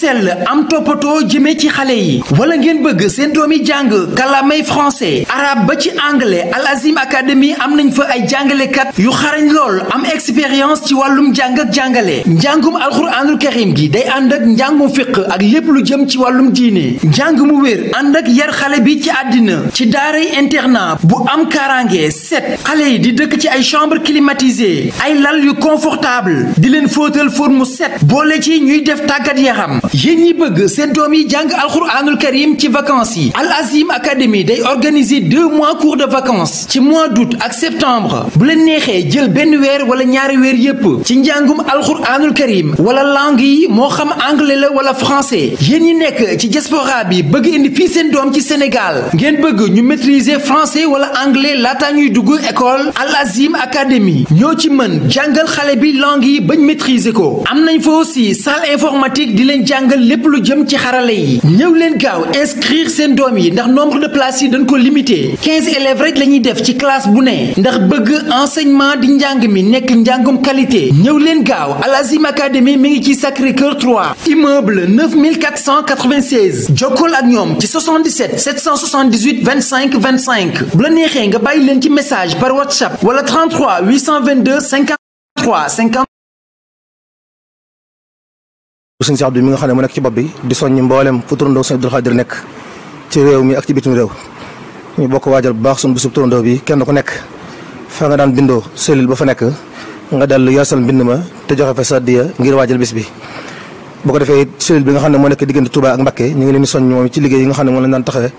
sell am toppatoo jëmee ci xale yi wala ngeen bëgg seen doom yi jàng kalamay français arabe ba ci anglais Al Azim Academy am nañ fa ay jàngalekat yu xarañ lool am expérience ci wàllum jàng ak jàngale njàngum alxuraanul karim gi day ànd ak njàngum fiq ak lépp lu jëm ci wàllum diine njàng mu wér ànd ak yar xale bi ci àddina ci daaray internat bu am kaaraange set xale yi di dëkk ci ay chambre climatisée ay lal yu confortable di leen fóotal fóot mu set boole ci ñuy def tàggat yaram yéen ñi bëgg seen doom yi jàng alxuraanul karim ci vacances yi Al Azim day organiser deux mois cours de vacances ci mois d'août ak septembre bu la neexee jël benn weer wala ñaari weer yépp ci njàngum alxuraanul karim wala langue yi moo xam anglais la wala français yéen yi nekk ci diaspora bi bëgg indi fii seen doom ci Sénégal ngeen bëgg ñu maîtriser français wala anglais laataa ñuy dugg école Al Azim Academy ñoo ci mën jàngal xale bi langue yi bañ maîtriser ko jàngal lépp lu jëm ci xarala yi ñëw leen gaaw inscrire seen doom yi ndax nombre de places yi dañ ko limité 15 élèves rek la ñuy def ci classe bu ne ndax bëgg enseignement di njàng mi nekk njàngum qualité ñëw leen gaaw Alazim Academy mi ngi ci Sacré Cœur 3 immeuble 9496 jokkool ak ñoom ci 77 778 25 25 bu la neexee nga bàyyi leen ci message par WhatsApp wala 33 822 53 50 sëñ si Abdou mi nga xam ne mu nekk ci bopp bi di soññ mboolem fu turandoo sëñ Abdul Xaadir nekk ci réew mi ak ci bitim réew ñu bokk waajal bu baax suñu bisub turandoo bi kenn ku nekk fa nga daan bindoo selil ba fa nekk nga dellu yeesal mbind ma te joxe fa sàddiya ngir waajal bis bi bu ko defee selil bi nga xam ne moo nekk diggante Touba ak Mbacké ñu ngi leen di soññ moom ci liggéey yi nga xam ne moom lañ daan taxawee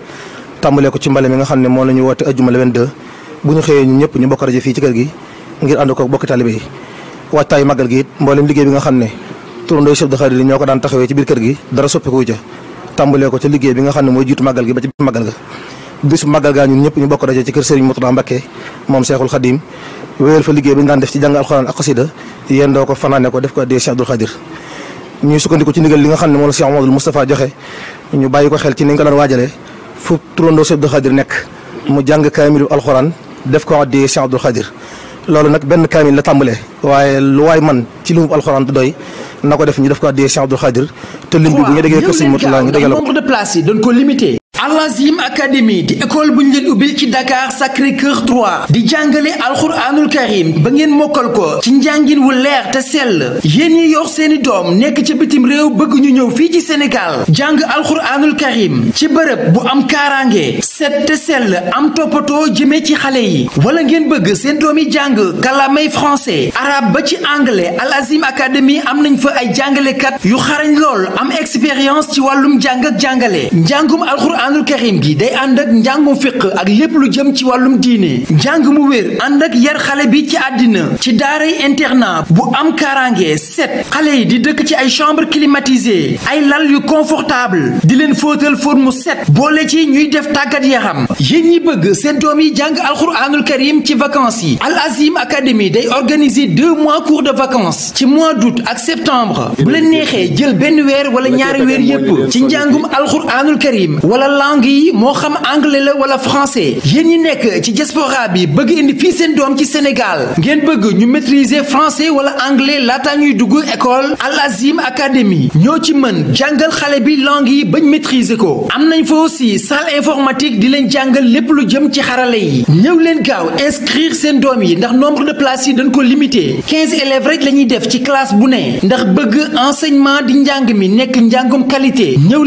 tàmbalee ko ci mbale mi nga xam ne moo la ñu woote ajjuma le 22 bu ñu ñu ñëpp ñu bokk rajo fii ci gi ngir ànd ko bokki talibé yi waajtaayu màggal gi it mboolem nga xam ne turandoo chef de ñoo ko daan taxawee ci biir kër gi dara soppiku ca tàmbalee ko ca liggéey bi nga xam ne mooy jiitu màggal gi ba ci màggal ga ñun ñëpp ñu bokk daje ci kër Serigne Moutala Mbacké moom Cheikhul Khadim wéyal fa liggéey bi ñu daan def ci jàng alxuraan ak xasida yéen doo ko fanaane ko def ko addee Cheikh Abdoul Khadir ñuy sukkandiku ci ndigal li nga xam ne moom la Cheikh Amadou Moustapha joxe ñu bàyyi ko xel ci ni nga ko daan waajalee fu turandoo Cheikh Abdoul Khadir nekk mu jàng kaamilu alxuraan def ko addee Cheikh loolu nag benn kaamil la tàmbalee waaye lu waay man ci limub alxuraan du doy na ko def ñu def ko addiyee Cheikh Abdoul Khadir te lim bi bu ñu déggee kër sëñ ñu déggal ko nombre de place ko Al Azim Academy di école bu ñu leen ubbil ci Dakar Sacré Cœur 3 di jàngale alxuraanul karim ba ngeen mokkal ko ci njàngin wu leer te sell yéen yi yor seeni doom nekk ca bitim réew bëgg ñu ñëw fii ci Sénégal jàng alxuraanul karim ci bërëb bu am kaaraange set te sell am toppatoo jëmee ci xale yi wala ngeen bëgg seen doom yi jàng kalamay français arabe ba ci anglais Al Azim Academy am nañ fa ay jàngalekat yu xarañ lool am expérience ci wàllum jàng ak jàngale njàngum alxuraan alxuraanul karim day ànd ak njàngum fiq ak lépp lu jëm ci wàllum diine njàng mu wér ànd ak yar xale bi ci àddina ci daaray internat bu am kaaraange set xale yi di dëkk ci ay chambre climatisée ay lal yu confortable di leen fóotal fóot mu set boole ci ñuy def tàggat yaram yéen ñi bëgg seen doom yi jàng alxuraanul karim ci vacances yi Al Azim Academy day organiser deux mois cours de vacances ci mois d'août ak septembre bu leen neexee jël benn weer wala ñaari weer yépp ci njàngum alxuraanul karim wala langue yi moo xam anglais la wala français yéen ñi nekk ci diaspora bi bëgg indi fii seen doom ci Sénégal ngeen bëgg ñu maîtriser français wala anglais laataa ñuy dugg école Al Azim Academy ñoo ci mën jàngal xale bi langue yi bañ maîtriser ko am nañ fa aussi salle informatique di leen jàngal lépp lu jëm ci xarale yi ñëw leen gaaw inscrire seen doom yi ndax nombre de places yi dañ ko limité 15 élèves rek la ñuy def ci classe bu ne ndax bëgg enseignement di njàng mi nekk njàngum qualité ñëw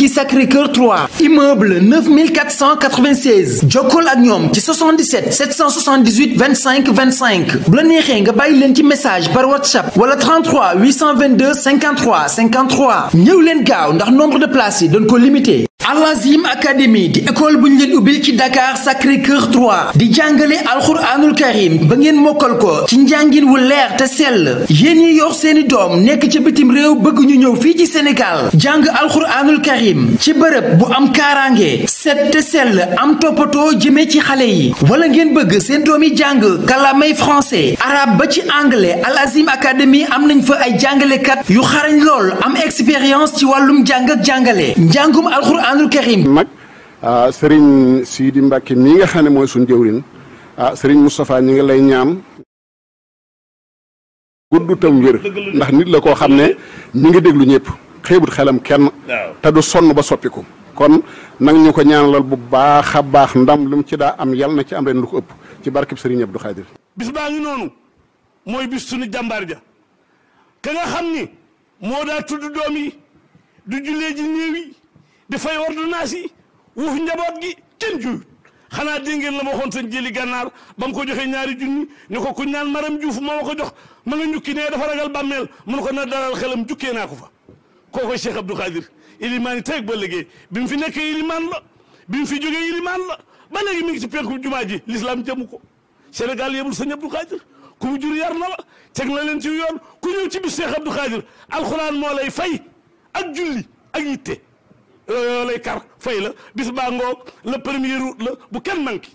ci Sacré Cœur 3 immeuble 9496 jokkool ak ñoom ci 77 778 25 25 bu la neexee nga bàyyi leen ci message par WhatsApp wala 33 822 53 53 ñëw leen gaaw ndax nombre de places yi dañ ko limité. Al Azim Academy di école bu leen ubbil ci Dakar Sacré Cœur 3 di jàngale alxuraanul karim ba ngeen mokkal ko ci njàngin wu leer te sell yéen yi yor seeni doom nekk ca bitim réew bëgg ñu ñëw fii ci Sénégal jàng alxuraanul karim ci bërëb bu am kaaraange set te sell am toppatoo jëmee ci xale yi wala ngeen bëgg seen doom yi jàng kalamay français arabe ba ci anglais Al Azim Academy am nañ fa ay jàngalekat yu xarañ lool am expérience ci wàllum jàng ak jàngale njàngum alxuraan alquraanul karim mag ah, sëriñ Sidi Mbacke mii nga xam ne mooy suñ jëwrin ah sëriñ Moustapha ñu ngi lay ñaan gudd tam wér ndax nit la koo xam ne ñu ngi déglu ñëpp xeebut xelam kenn te du sonn ba soppiku kon nag ñu ko ñaanalal bu baax a baax ndam lu ci daa am yal na ci am ren lu ko ëpp ci barkeb sëriñ du Khadir bis baa ngi noonu mooy bis suñu jàmbaar ja ka nga xam ni moo daa tudd doom yi du jullee ji néew yi di fay ordonnance yi wuuf njaboot gi kenn juyut xanaa dégg ngeen la ma waxoon seen jëli gànnaar ba ko joxe ñaari junni ni ko kuñ naan maram Diouf moo ma ko jox ma nga ñukki ne dafa ragal bàmmeel mun ko na dalal xelam jukkee naa ko fa kookoy Cheikh Abdou Khadir ilimaan yi teg ba léegi bi mu fi nekkee ilimaan la bi mu fi jógee ilimaan la ba léegi mi ngi ci penku jumaa ji lislaam jëmu ko Sénégal yebul sëñ Abdou Khadir ku mu jur yar na la teg na leen ci yoon ku ñëw ci bis Cheikh Abdou Khadir alxuraan moo lay fay ak julli ak lay kar fay la bis baa ngoog le premier la bu kenn manqué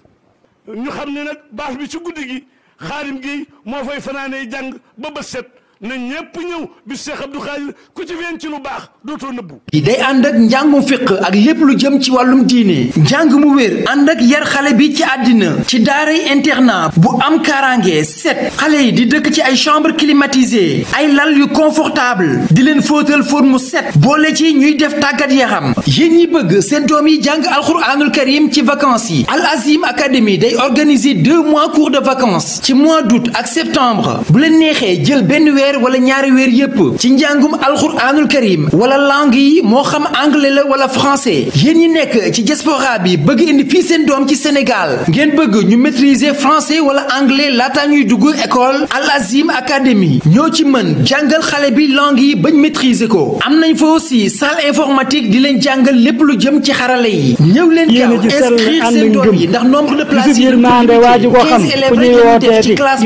ñu xam ne nag baax bi ci guddi gi xaadim gi moo fay fanaanee jàng ba bët set na ñëpp ñëw bi Cheikh Abdou Khadir ku ci ween ci lu baax dootoo nëbbu. day ànd ak njàngum fiq ak lépp lu jëm ci wàllum diine njàng mu wér ànd ak yar xale bi ci àddina ci daaray internat bu am kaaraange set xale yi di dëkk ci ay chambre climatisée ay lal yu confortable di leen fóotal fóot mu set boole ci ñuy def tàggat yaram yéen yi bëgg seen doom yi jàng alxuraanul karim ci vacances yi Al Azim Academy day organiser deux mois cours de vacances ci mois d'août ak septembre bu leen neexee jël weer wala ñaari weer yépp ci njàngum alxuraanul karim wala langue yi moo xam anglais la wala français yéen ñi nekk ci diaspora bi bëgg indi fii seen doom ci Sénégal ngeen bëgg ñu maîtriser français wala anglais laataa ñuy dugg école Al Azim Academy ñoo ci mën jàngal xale bi langue yi bañ maîtriser ko am nañ fa aussi salle informatique di leen jàngal lép lu jëm ci xarale yi ñëw leen gaaw inscrire seen doom yi ndax nombre de places yi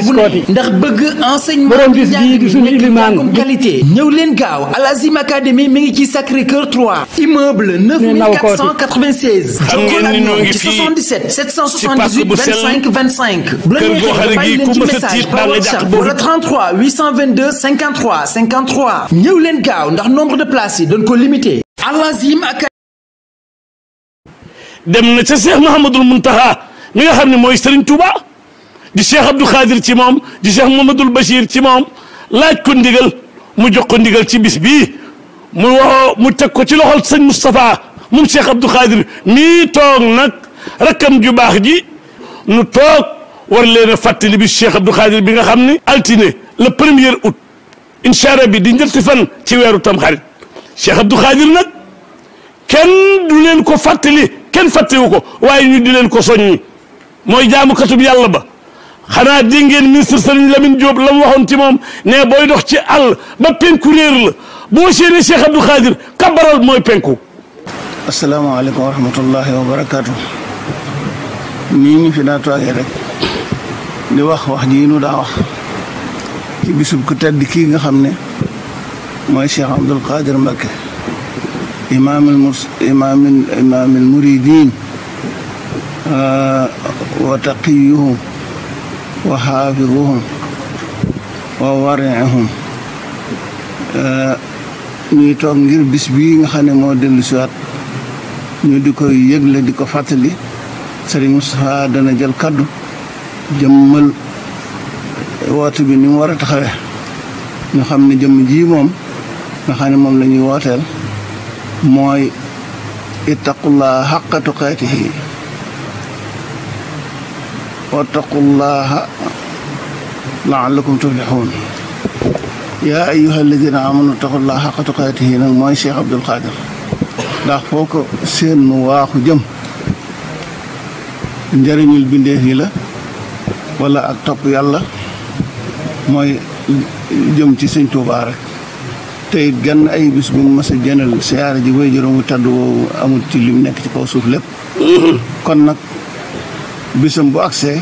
bu ne ndax bëgg enseignement suñu ilimaan qualité ñëw leen gaaw Al Azim Academy mi ngi ci Sacré Cœur 3 immeuble 9496 xam ngeen ni ñoo ngi fii 77 778 25 25 bu la neexee bàyyi leen ci message par WhatsApp wala 33 822 53 53 ñëw leen gaaw ndax nombre de places yi dañ ko limité Al Azim Academy dem na ca Cheikh Mouhamadul Muntaha mi nga xam ne mooy Serigne Touba di Cheikh Abdou Khadir ci moom di Cheikh Mouhamadul Bachir ci moom laaj ko ndigal mu jox ko ndigal ci bis bii mu waxoo mu teg ko ci loxol sëñ Moustapha moom Cheikh Abdou Khadir mii toog nag rakkam ju baax ji nu toog war leen a fàttali bi Cheikh Abdou Khadir bi nga xam ni altine le premier août incha bi di njëlti fan ci weeru tam xarit Cheikh Abdou Khadir nag kenn du leen ko fàttali kenn fàttewu ko waaye ñu di leen ko soññi mooy jaamukatub yàlla ba xanaa dégg ngeen ministre Serigne Lamine Diop la mu waxoon ci moom ne booy dox ci àll ba penku réer la boo séenee Cheikh Abdou Khadir kabaral mooy penku. asalaamaaleykum wa rahmatullahi wa barakaatu. nii ñu fi daa toogee rek. di wax wax ji nu daa wax. ci bisub ku tedd kii nga xam ne. mooy Cheikh Abdoul Khadir Mbacké. imaamul murs imaamul imaamul muridin wa taqiyuhu وحافظوهم وورعهم ñuy toog ngir bis bii nga xam ne moo dellu siwaat ñu di koy yëgle di ko fàttali Serigne Moustapha dana jël kàddu jëmmal woote bi ni mu war a taxawee ñu xam ne jëmm ji moom nga xam ne moom lañuy ñuy wooteel mooy ittaqullaa xaqqa tuqaatihi واتقوا الله لعلكم تفلحون yaa ayyuha alladina amanu taqullaha xaqa tuqaatihi yi nag mooy Cheikh Abdul Qadir ndax foo ko séen mu waaxu jëm njëriñul bindeef yi la wala ak topp yàlla mooy jëm ci sëñ Tuubaa rek te it gann ay bis bu mas a jënal siyaare ji way juróom wu tedd woowu amul ci lim nekk ci kaw suuf lépp mm-hmm. kon nag bisam bu agsee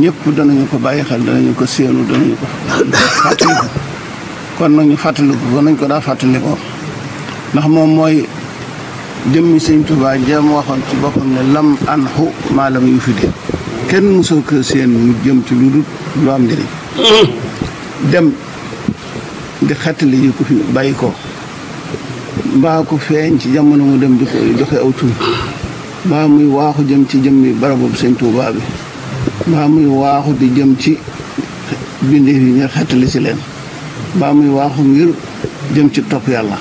ñëpp danañu ko bàyyi xel danañu ko séenu danañu ko fàttaliku kon nag ñu fàttaliku ko nañ ko daa fàttalikoo ndax moom mooy jëmmi sëñ Tuubaa jéem waxoon ci boppam ne lam an xu maalam yu fi de kenn musoo ko seen mu jëm ci lu dul lu am njëriñ dem di xettali yi ku fi bàyyi ko ko feeñ ci jamono mu dem di ko joxe aw tur mbaa muy waaxu jëm ci jëmmi barabub sëñ Tuubaa bi mbaa muy waaxu di jëm ci bindéef yi ngir xettali si leen mbaa muy waaxu ngir jëm ci topp yàlla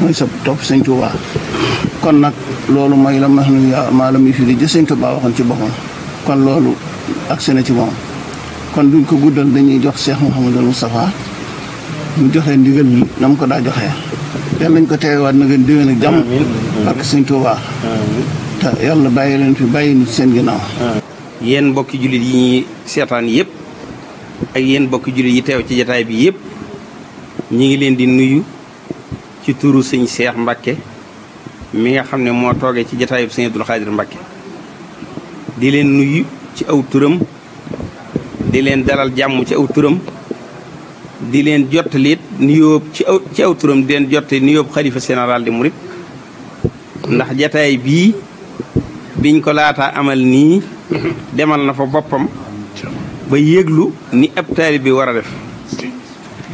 mooy sa topp sëñ Tuubaa kon nag loolu mooy la max nu maalam yi fi jë sëñ Tuubaa ci boppam kon loolu agsi na ci moom kon duñ ko guddal dañuy jox Cheikh Mouhamadul Moustapha mu joxe ndigal li na mu ko daa joxe yàlla nañ ko teewaat na ngeen déwén ak jàmm ak sëñ Tuubaa te yàlla bàyyi leen fi bàyyi seen ginnaaw. Ah. yéen mbokki jullit yi ñuy seetaan yëpp ak yéen mbokki jullit yi teew ci jataay bii yëpp ñi ngi leen di nuyu ci turu sëñ Cheikh Mbacke mi nga xam ne moo toogee ci jataay bi sëñ Abdou Khadre Mbacke di leen nuyu ci aw turam di leen dalal jàmm ci aw turam di leen jottaliit nuyoo ci aw ci aw turam di leen jottali nuyoo xalifa général di murit ndax jataay bii. biñ ko laata amal nii demal na fa boppam ba yëglu ni ab taalibe bi war a def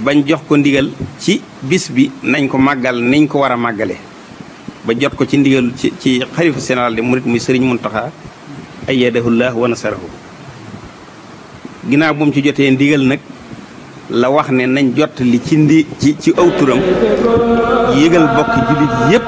bañ jox ko ndigal ci bis bi nañ ko màggal nañ ko war a màggale ba jot ko ci ndigal ci ci xalifa général de murit muy sëriñ Muntaxa ayyadahullah wa nasarahu ginnaaw bu mu ci jotee ndigal nag la wax ne nañ jot li ci ndi ci ci aw turam bokk jullit yépp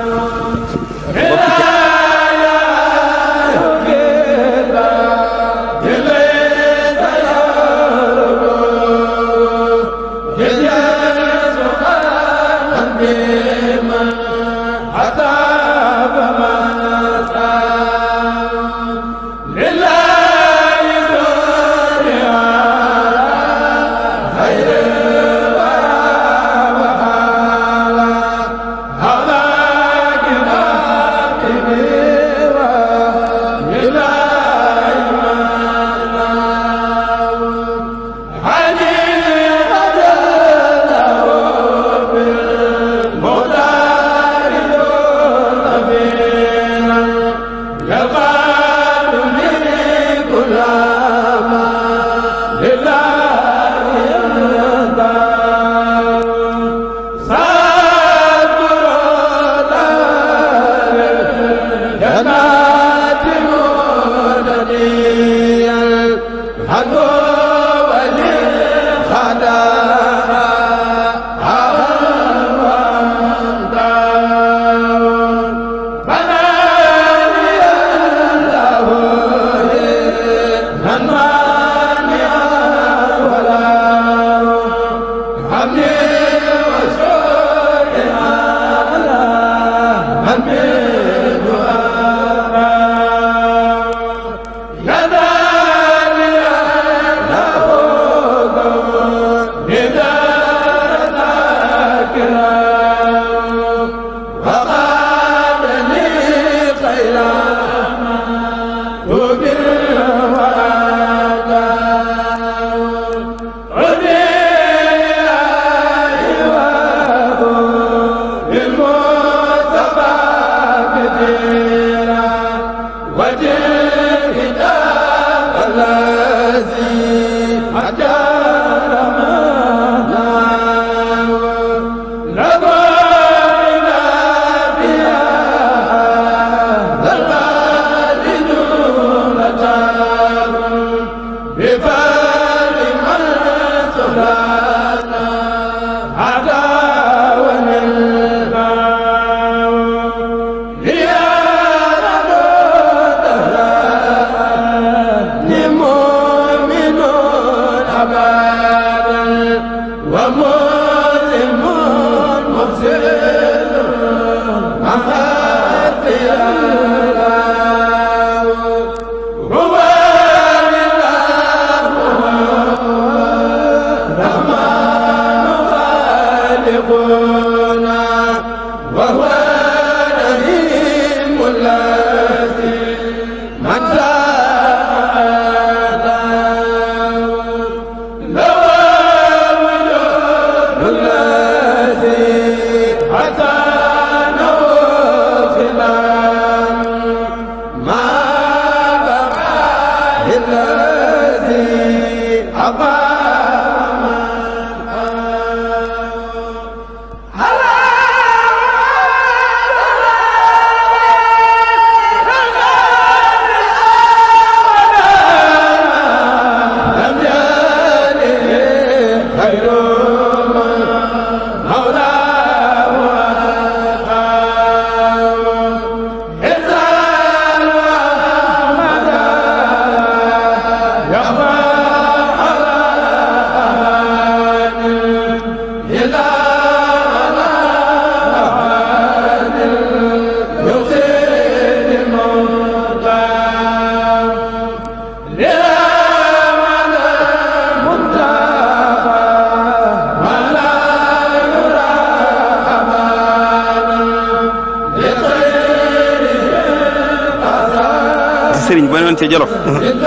sëriñ ba noon ca Jolof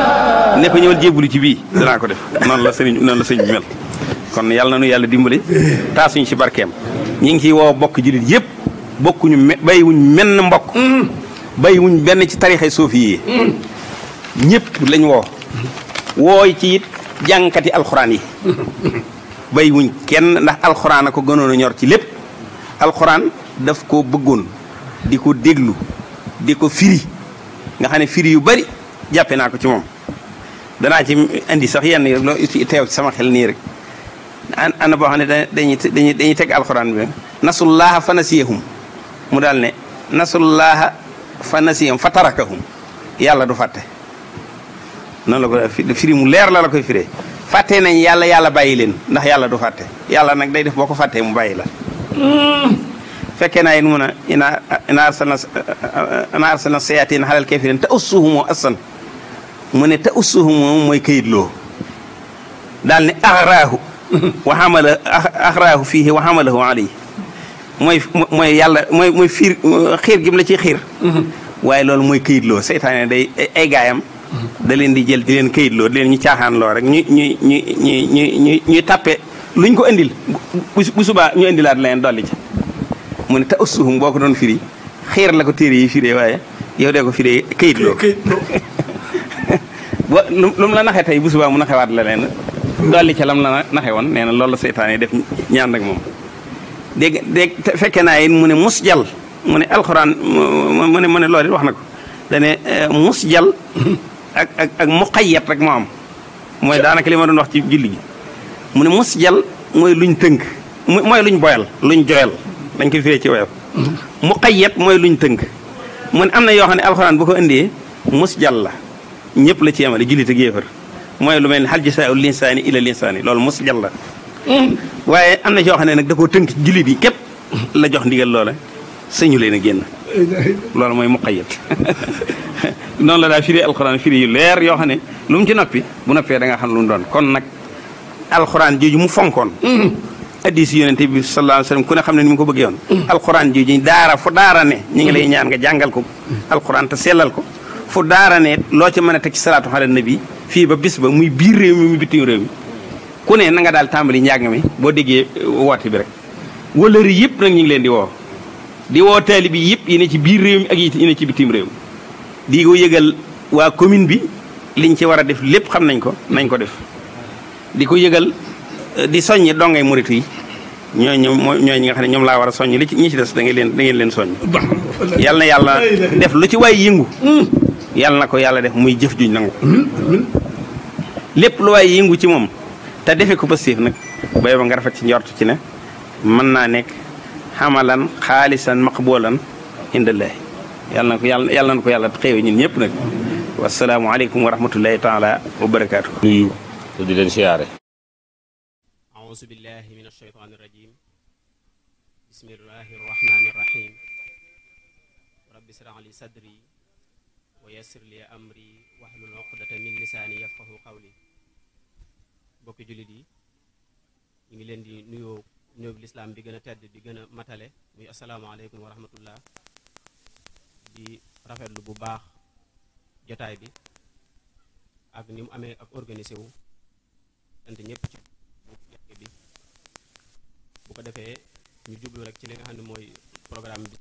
ne ko ñëwal jébbalu ci bii danaa ko def noonu la sëriñ la sëriñ bi mel kon yàlla na nu yàlla dimbali taasuñ ci barkeem ñi ngi ciy woo bokk jullit yëpp bokkuñu me bàyyiwuñ menn mbokk mm-hmm. bàyyiwuñ benn ci tarixa suufi yi mm-hmm. ñëpp lañ woo mm-hmm. wooy ci it jànkati alxuraan yi bàyyiwuñ kenn ndax alxuraan a ko gënoon a ñor ci lépp alxuraan daf ko bëggoon di ko déglu di ko firi nga xam ne firi yu bari jàppe naa ko ci moom danaa ci indi sax yenn yi rek teew sama xel nii rek ana boo xam ne dañuy dañuy dañuy teg alxuraan bi nasullaaha fa nasiyahum mu daal ne nasullaaha fa nasiyahum fa tarakahum yàlla du fàtte noonu la mu leer la la koy firee fàtte nañ yàlla yàlla bàyyi leen ndax yàlla du fàtte yàlla nag day def boo ko fàttee mu bàyyi la mm. fekkee naa yit mun a ina ina arsalna ina arsalna sayatin xalal kafirin te ussuhumoo assan mu ne te ussuhumoo mooy kayitloo daal ne axraahu wa xamala axraahu fiihi wa xamalahu alayhi mooy mooy yàlla mooy mooy fiir xiir gim la ci xiir waaye loolu mooy kayitloo seytaane day ay gaayam da leen di jël di leen kayitloo di leen ñu caaxaan loo rek ñu ñu ñu ñu ñu ñuy luñ ko indil bu subaa ñu indilaat leen dolli ca mu ne ta ussuhum boo ko doon firi xeer la ko téere yi firee waaye yow dee ko firee kayit loo ba lu mu la naxee tey bu subaa mu naxewaat la leen li ca lam la naxe woon nee na loolu la seytaane def ñaan ak moom dégg dégg fekkee naa yéen mu ne mus jal mu ne alxuraan mu ne mu ne loolu wax na ko dane eh, mus jal ak ak ak rek moo am mooy daanaka li ma doon wax ci julli gi mu ne mus jal mooy luñ tënk mooy luñ boyal luñ joyal lañ koy firee ci woyof yet mooy luñ tënk mu am na yoo xam ne alxuraan boo ko indee mus jàll la ñëpp la ci yemale jullit ak yéefar mooy lu mel ni ne hal jasaa'u linsaani illa linsaani lool mus jàll la hmm. waaye am na yoo xam ne nag da koo tënk jullit yi képp la jox ndigal loola sëñu leen a génn loolu mooy muqayyad noonu la daa firi alxuraan firi yu leer yoo xam ne lu mu ci noppi bu noppee danga nga xam lu mu doon kon nag alxuraan jooju mu fonkoon hmm. addis yonent bi sallallahu alayhi wasallam xam ne ni mu ko bëggee oon alxuraan ji daara fu daara ne ñu ngi lay ñaan nga jàngal ko alxuraan te sellal ko fu daara ne loo ci mën a teg ci salaatu ala nabi fii ba bis ba muy biir réew mi muy bitim réew mi ku ne na daal tàmbali njàng mi boo déggee uh, woote bi rek wëlëri yëpp nag ñu ngi leen di woo di woo taalibe bi yëpp yi ci biir réew mi ak yi ne ci bitim réew di ko yëgal waa commune bi liñ ci war a def lépp xam nañ ko nañ ko def ko yëgal di soññi dongay muritu yi ñooñu mooy ñooñu ñi nga xam ne ñoom laa war a soññ li ci ñi ci des da leen da ngeen leen soññ. yal na yàlla def lu ci waay yëngu. yal na ko yàlla def muy jëf juñ nangu. lépp lu waay yëngu ci moom te defee ko positif nag bay ba nga rafet ci njort ci ne mën naa nekk xamalan xaalisan maqboolan indallaahi yal na ko yàlla yal na ko yàlla xéewe ñun ñëpp nag. wasalaamualeykum wa rahmatullahi taala wa barakaatu. nuyu di أعوذ بالله من الشيطان الرجيم بسم الله الرحمن الرحيم رب اشرح jullit yi ñu ngi leen di nuyoo lislaam bi gën a tedd bi gën a matale muy asalaamaaleykum wa rahmatullah di rafetlu bu baax jotaay bi ak ni mu amee ak organisé wu ci bu ko defee ñu jublu rek ci li nga xam ne mooy programme bi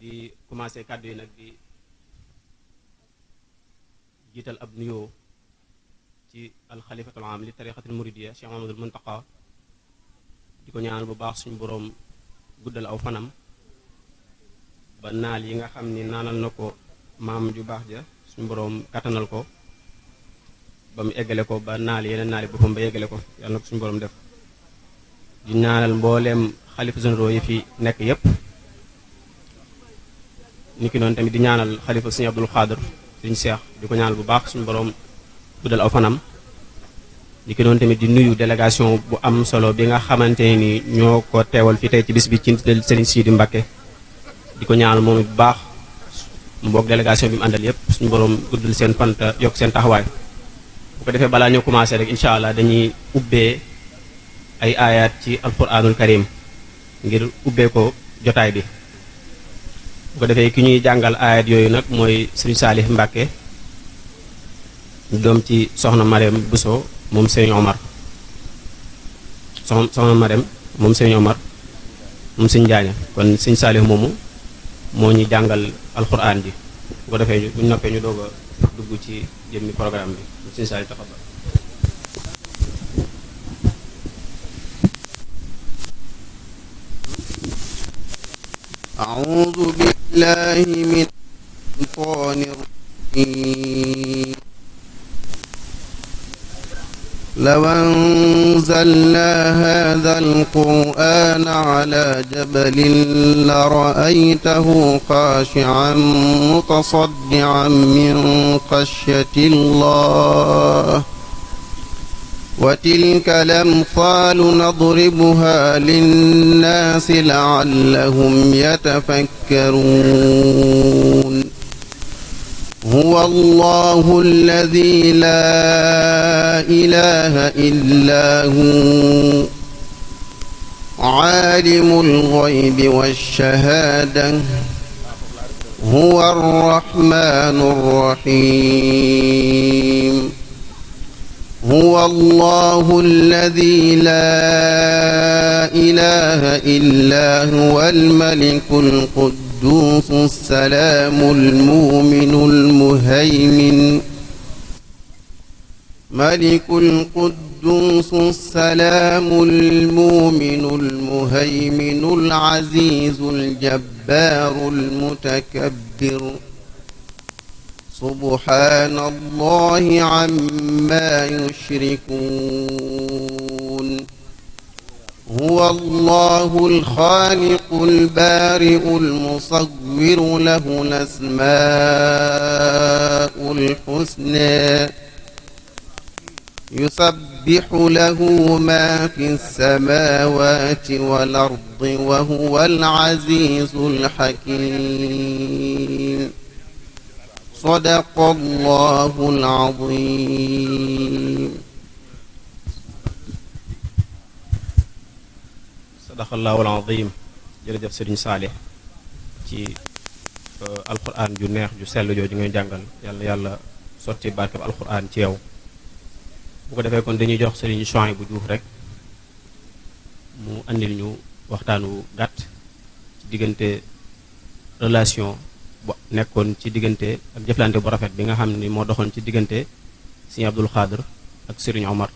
di commencé kàddu yi nag di jiital ab nuyoo ci alxalifatul am li tariqatul muridiya Cheikh Mamadul Muntaqa di ko ñaanal bu baax suñu boroom guddal aw fanam ba naal yi nga xam ni naanal na ko maam ju baax ja suñu boroom kattanal ko ba mu eggale ko ba naal yeneen naali boppam ba yeggale ko yàlla na ko suñu boroom def di ñaanal mbooleem xalifa généraux yi fi nekk yépp ni ki noonu tamit di ñaanal xalifa suñu Abdul Xaadir suñu seex di ko ñaanal bu baax suñu boroom guddal aw fanam ni ki doon tamit di nuyu délégation bu am solo bi nga xamante ni ñoo ko teewal fi tey ci bis bi ci Sëriñ Sidi Mbàkke di di ko ñaanal moom bu baax mboog délégation bi mu àndal yépp suñu boroom guddal seen fanta yokk seen taxawaay bu ko defee balaa ñoo commencé rek incha allah dañuy ubbee ay ayaat ci alquranul karim ngir ubbee ko jotaay bi bu ko defee ki ñuy jàngal aayat yooyu nag mooy sëriñ Saalih Mbàkke doom ci soxna Marem Buso moom sëriñ Omar soxna soxna Marem moom sëriñ Omar moom sëriñ Njaaña kon sëriñ Saalih moomu moo ñuy jàngal alquran bi bu ko defee bu ñu noppee ñu doog dugg ci jëmmi programme bi sëriñ Saalih taxabal أعوذ بالله من الشيطان الرجيم لو أنزلنا هذا القرآن على جبل لرأيته خاشعا متصدعا من خشية الله وتلك الأمثال نضربها للناس لعلهم يتفكرون هو الله الذي لا إله إلا هو عالم الغيب والشهادة هو الرحمن الرحيم هو الله الذي لا إله إلا هو الملك القدوس السلام المؤمن المهيمن ملك القدوس السلام المؤمن المهيمن العزيز الجبار المتكبر سبحان الله عما يشركون هو الله الخالق البارئ المصور له الأسماء الحسنى يسبح له ما في السماوات والأرض وهو العزيز الحكيم sadaqallahul aziim sadaqallahul aziim jërëjëf sëriñ Saalih ci euh, alquran ju neex ju sell jooju ngay jàngal yàlla yàlla sotti barkeb alquran ci yow bu ko defee kon dañuy jox sëriñ Chouaïb bu Juuf rek mu andil ñu waxtaanu gàtt ci diggante relation nekkoon ci diggante ak jëflante bu rafet bi nga xam ni moo doxoon ci diggante sëñ Abdul Xaadir ak sëriñ Omar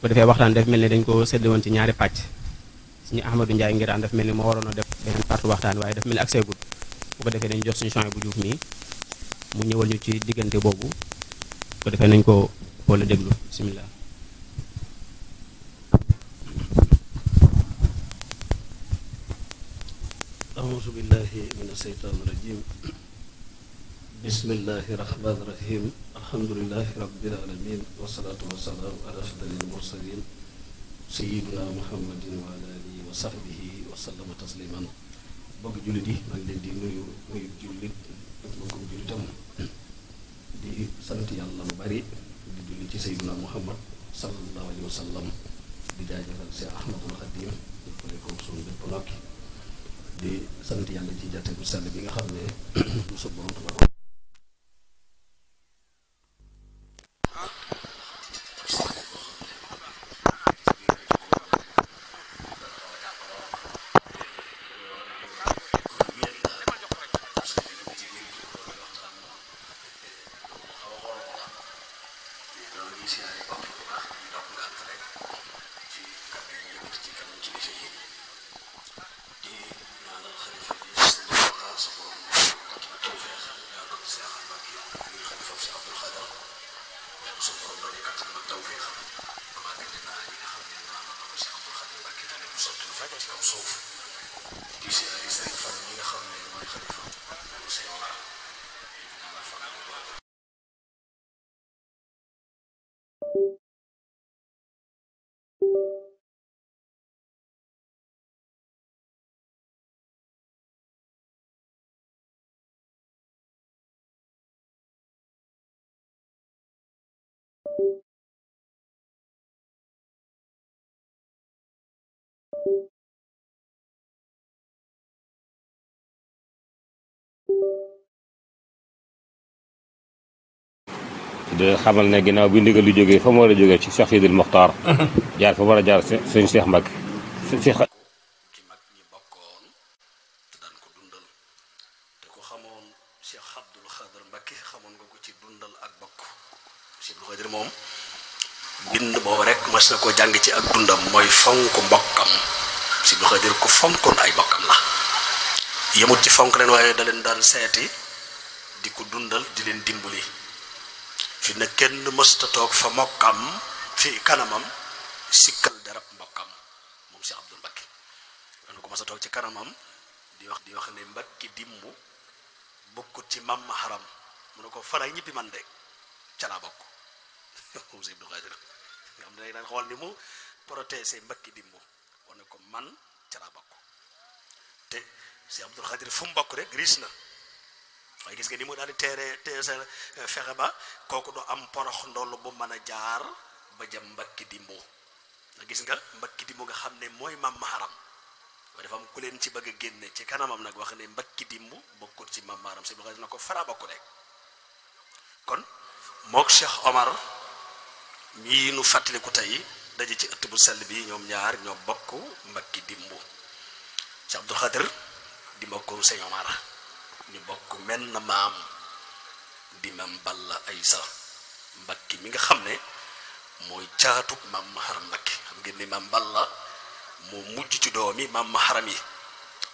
bu defee waxtaan def mel ni dañ ko séddale woon ci ñaari pàcc sëñ Ahmadou Ndiaye ngiraan daf mel ni moo waroon a def beneen partie waxtaan waaye daf mel ni ak seegul bu ko defee dañ jox suñu champs bu juuf nii mu ñëwal ci diggante boobu bu defee nañ ko xool déglu bisimilah. أعوذ بالله من الشيطان الرجيم بسم الله الرحمن الرحيم الحمد لله رب العالمين والصلاة والسلام على أفضل المرسلين سيدنا محمد وعلى آله وصحبه jullit yi maa leen di nuyu nuyu jullit ak bokkum jullitam di sant yàlla bu bari di julli ci Seydina Muhammad sallallahu alayhi wa sallam di si Ahmadul Xadim di ko suñu bépp di sant yàlla ci jàtte bu sell bi nga xam ne mosul borom tubaab di xamal na ginaaw bi ndigal lu jógee fa mu war a jógee ci Cheikh Sidil Mokhtar. jaar fa war a jaar sëñ Cheikh Mbacke. ci mag ñi bokkoon ko dundal te ko xamoon Cheikh xamoon nga ko ci dundal ak bokk Cheikh Abdoul Khader moom bind boobu ko jàng ci ak dundam mooy fonk mbokkam Cheikh Abdoul Khader ku fonkoon ay bokkam la yemut ci fonk leen waaye da leen daan seeti di ko dundal di leen dimbali. fi na kenn mësta toog fa mbokkam fi kanamam sikkal darab mbokkam moom Cheikh Abdoul Mbacke doon ko mësta toog ci kanamam di wax di wax ne mbakki dimbu bokkut ci mam haram mu ne ko faray ñippi man de ca laa bokk moom Cheikh Abdoul Khadir nga xam ne xool ni mu protéger mbakki dimbu wane ko man ca bokk te Cheikh Abdoul Khadir fu mu rek riis na waaye gis nga ni mu daal di teere teesal euh, fexe ba kooku du am porox ndoll bu mën a jaar ba jëm mbakki dimbo gis nga mbakki dimbo nga xam ne mooy mam maharam waaye ku leen ci bëgg a génne ci kanamam nag wax ne mbakki dimbo bokkut ci mam maharam si boo xam ne ko fara bokku rek kon mook Cheikh Omar mii nu fàttaliku tey daje ci ëtt bu sell bi ñoom ñaar ñoo bokk mbakki dimbo Cheikh Abdul Xadir di mbokkum Sëñ Omar ñu bokk menn maam di maam Balla Aysa mbakki mi nga xam ne mooy caatub maam Maharam xam ngeen ni maam la moo mujj ci doomi maam Maharam yi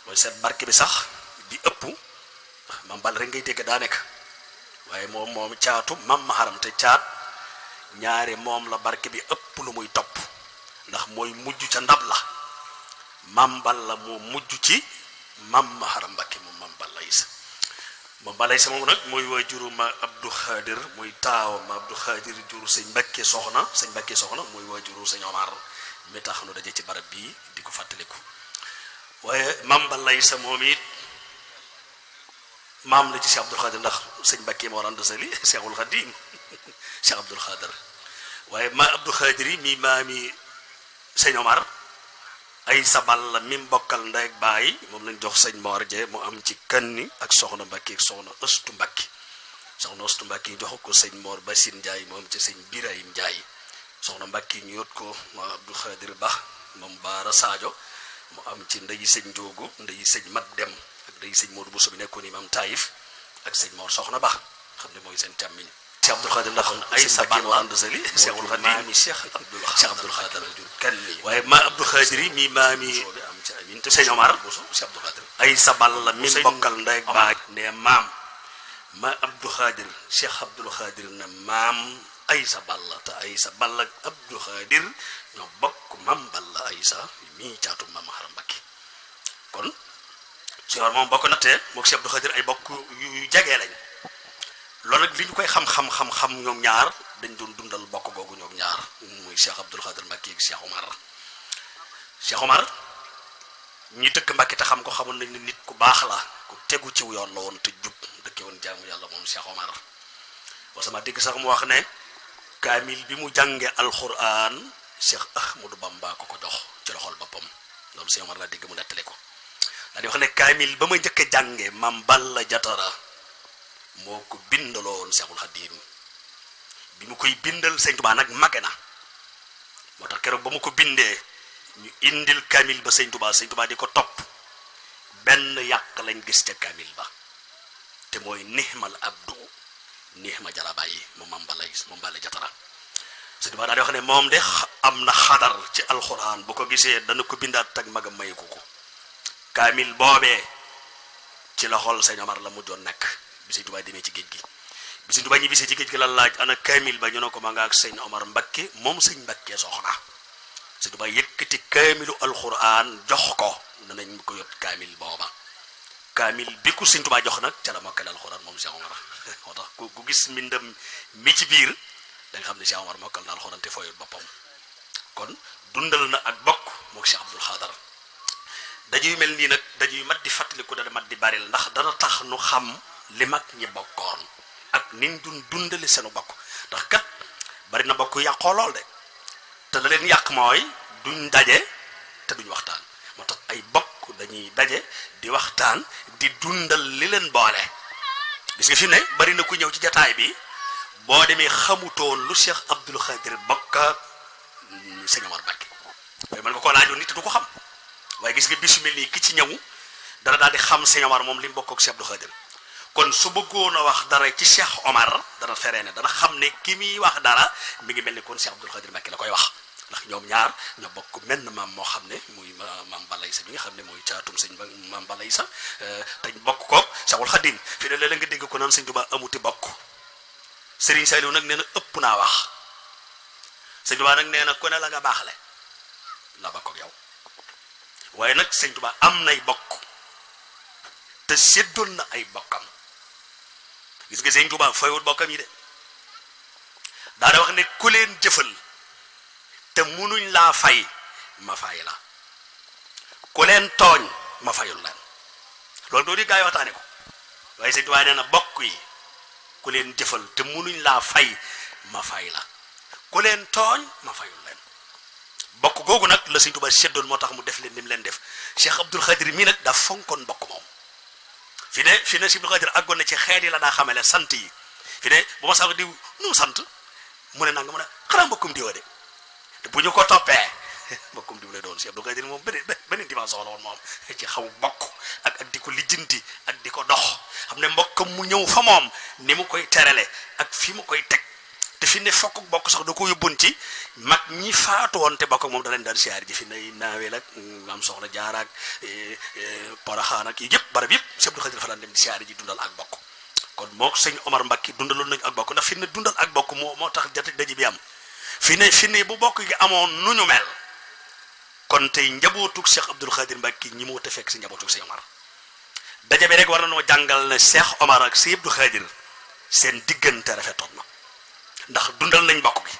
mooy seet barke sax di ëpp maam rek ngay dégg daa waaye moom moom caatub maam te caat ñaari moom la barke bi ëpp lu muy topp ndax mooy mujj ca ndab la maam Balla moo mujj ci maam Maharam Mbàkke moom maam Balla ma balay sama moom nag mooy waajuru ma Abdou Khadir mooy taaw ma Abdou Khadir juru sëñ Mbàkke soxna sëñ Mbàkke soxna muy waajuru sëñ Omar mi tax nu daje ci barab bii di ko fàttaliku waaye ma balay sa moom it maam la ci Cheikh Abdou Khadir ndax sëñ Mbàkke moo rand sali Cheikhul Khadim Cheikh Abdou waaye ma Abdou Khadir yi mi maami sëñ Omar ay sabal la mi mbokkal ndey ak baay moom lañ jox sëñ moor Dieng mu am ci kanni ak soxna Mbacke ak soxna Ëstu Mbacke soxna Ëstu Mbacke yi jox ko sëñ Mor Bassine Ndiaye moom ci sëñ ay Ndiaye soxna Mbacke ñu yot ko ma Abdou Khadir Ba moom Baara Sadio mu am ci ndeyi sëñ Ndiogo ndeyi sëñ Mat Dem ak ndeyi sëñ Modou Bousso bi nekkoon imam Taïf ak sëñ Mor soxna Ba xam ne mooy seen càmmiñ Cheikh Abdoul Khadir ndax ay sa baat la àndasali Cheikhul Khadim maami Cheikh Abdoul Khadir mi ay sa baat la mi bokkal ndey ak baay ne maam ma Abdoul Khadir Cheikh Abdoul Khadir te ay sa baat ñoo bokk maam Balla ay mi caatu maam Haram Mbakke kon Cheikh moom bokk na te moog Cheikh Abdoul Khadir ay bokk yu jege lañ loolu li ñu koy xam-xam xam-xam ñoom ñaar dañ doon dundal bokk googu ñoom ñaar muy Cheikh Abdoul Khadir Mbacké ak Cheikh Omar Cheikh Omar ñi dëkk Mbacké te xam ko xamoon nañ ne nit ku baax la ku tegu ci yoon la woon te jub dëkke woon jaamu yàlla moom Cheikh Omar sama dégg sax mu wax ne kaamil bi mu jànge alxuraan Cheikh Ahmadou Bamba ko ko jox ci loxol boppam loolu Cheikh Omar laa dégg mu nettali ko daa di wax ne kaamil ba ma njëkk a mam maam Balla Jatara moo ko bindaloo woon Seexul Xadiim bi mu koy bindal sëñ Tuubaa nag mage na moo tax keroog ba mu ko bindee ñu indil kaamil ba sëñ Tuubaa di ko topp benn yàq lañ gis ca kaamil ba te mooy nihmal abdu nihma jarabaa yi mu mambalay mu mbale jatara sëñ Tuubaa daal wax ne moom de am na xadar ci alxuraan bu ko gisee dana ko bindaat tag maga mayu ko ko kaamil boobee ci la xool sëñ Omar la mujjoon nekk bi sëñ Tuubaa demee ci géej gi bi sëñ Tuubaa ñibbisee ci géej gi la laaj ana kaamil ba ñu ne ko ma nga ak sëñ Omar Mbakke moom sëñ Mbakke soxna sëñ Tuubaa yëkkati kaamilu alxuraan jox ko danañ ko yot kaamil booba kaamil bi ku sëñ Tuubaa jox nag ca la mokkal alxuraan moom Cheikh Omar moo tax ku gis mi ci biir da xam ne Cheikh Omar mokkal na alxuraan te fooyut boppam kon dundal na ak bokk moog Cheikh Abdul Xaadar dajuy mel nii nag dajuy mat di fàttaliku dana mat di bari la ndax dana tax nu xam li mag ñi bokkoon ak niñ dun dundali seenu bokk ndax kat bari na bokk yàqoo lool de te la leen yàq mooy duñ daje te duñ waxtaan moo tax ay bokk dañuy daje di waxtaan di dundal li leen boole gis nga fi ne bari na ku ñëw ci jataay bi boo demee xamutoon lu Cheikh Abdou Khadre bokk ak sëñ Omar Mbacké waaye mën nga koo laajoon nit te du ko xam waaye gis nga bisu mel ki ci ñëw dana daal di xam sëñ Omar moom li mu bokk ak Cheikh kon su bëggoon a wax dara ci Cheikh Omar dana feree ne dana xam ne ki muy wax dara mi ngi mel ni kon Cheikh Abdoul Khadir Mbacké la koy wax ndax ñoom ñaar ñoo bokk menn maam moo xam ne muy maam Balay sa bi nga xam ne mooy caatum sëñ maam Balay sa eh, te bokk ko Cheikhul Khadim fi ne léeg nga dégg ko naan sëñ Tuubaa amuti bokk Serigne Saliou nag nee ëpp naa wax sëñ Tuubaa nag na ku ne la la bokk ak yow nag sëñ Tuubaa am nay bokk te séddoon na ay bokkam. gis nga sëñ Tuubaa fayul bokkam yi de daana wax ne ku leen jëfal te munuñ laa fay ma fay la ku leen tooñ ma fayul la loolu doo di gaa yi ko waaye sëñ Tuubaa nee na bokk yi ku leen jëfal te munuñ laa fay ma fay la ku leen tooñ ma fayul leen bokk googu nag la sëñ Tuubaa seddoon moo tax mu def leen ni mu leen def Cheikh Abdoul Khadir mii nag daa fonkoon bokk moom fi ne fi ne Cheikh Abdou Khadre na ci xeet yi la daa xamale sant yi fi ne bu ma sax diw nu sant mu ne nanga mën a xanaa mbokkum diwa de bu ñu ko toppee mbokkum diw lay doon Cheikh Abdou Khadre moom beneen beneen dimension la woon moom ci xaw bokk ak ak di ko lijjanti ak di ko dox xam ne mbokkam mu ñëw fa moom ni mu koy terale ak fi mu koy teg te fi ne fokk bokk sax da ko yóbboon ci mag ñi faatu woon te bokk moom da leen daan siyaar ji fi ne naaweel ak mm, maam soxla jaaraak eh, eh, Poroxaan ak yëpp barab yëpp Sëñ Abdu Xaadir dafa daan dem di siyaar ji dundal ak bokk kon moo sëñ Omar ki dundaloon nañu ak bokk ndax fi ne dundal ak bokk moo moo tax jati daji bi am fi ne fi bu bokk gi amoon nu ñu mel kon tey njabootug Cheikh Abdoul Khadir Mbacke ñi moo te fekk si njabootug sëñ Omar daje bi rek war na noo jàngal ne Cheikh Omar ak sëñ Abdoul Khadir seen diggante rafetoon na ndax dundal nañ bokk gi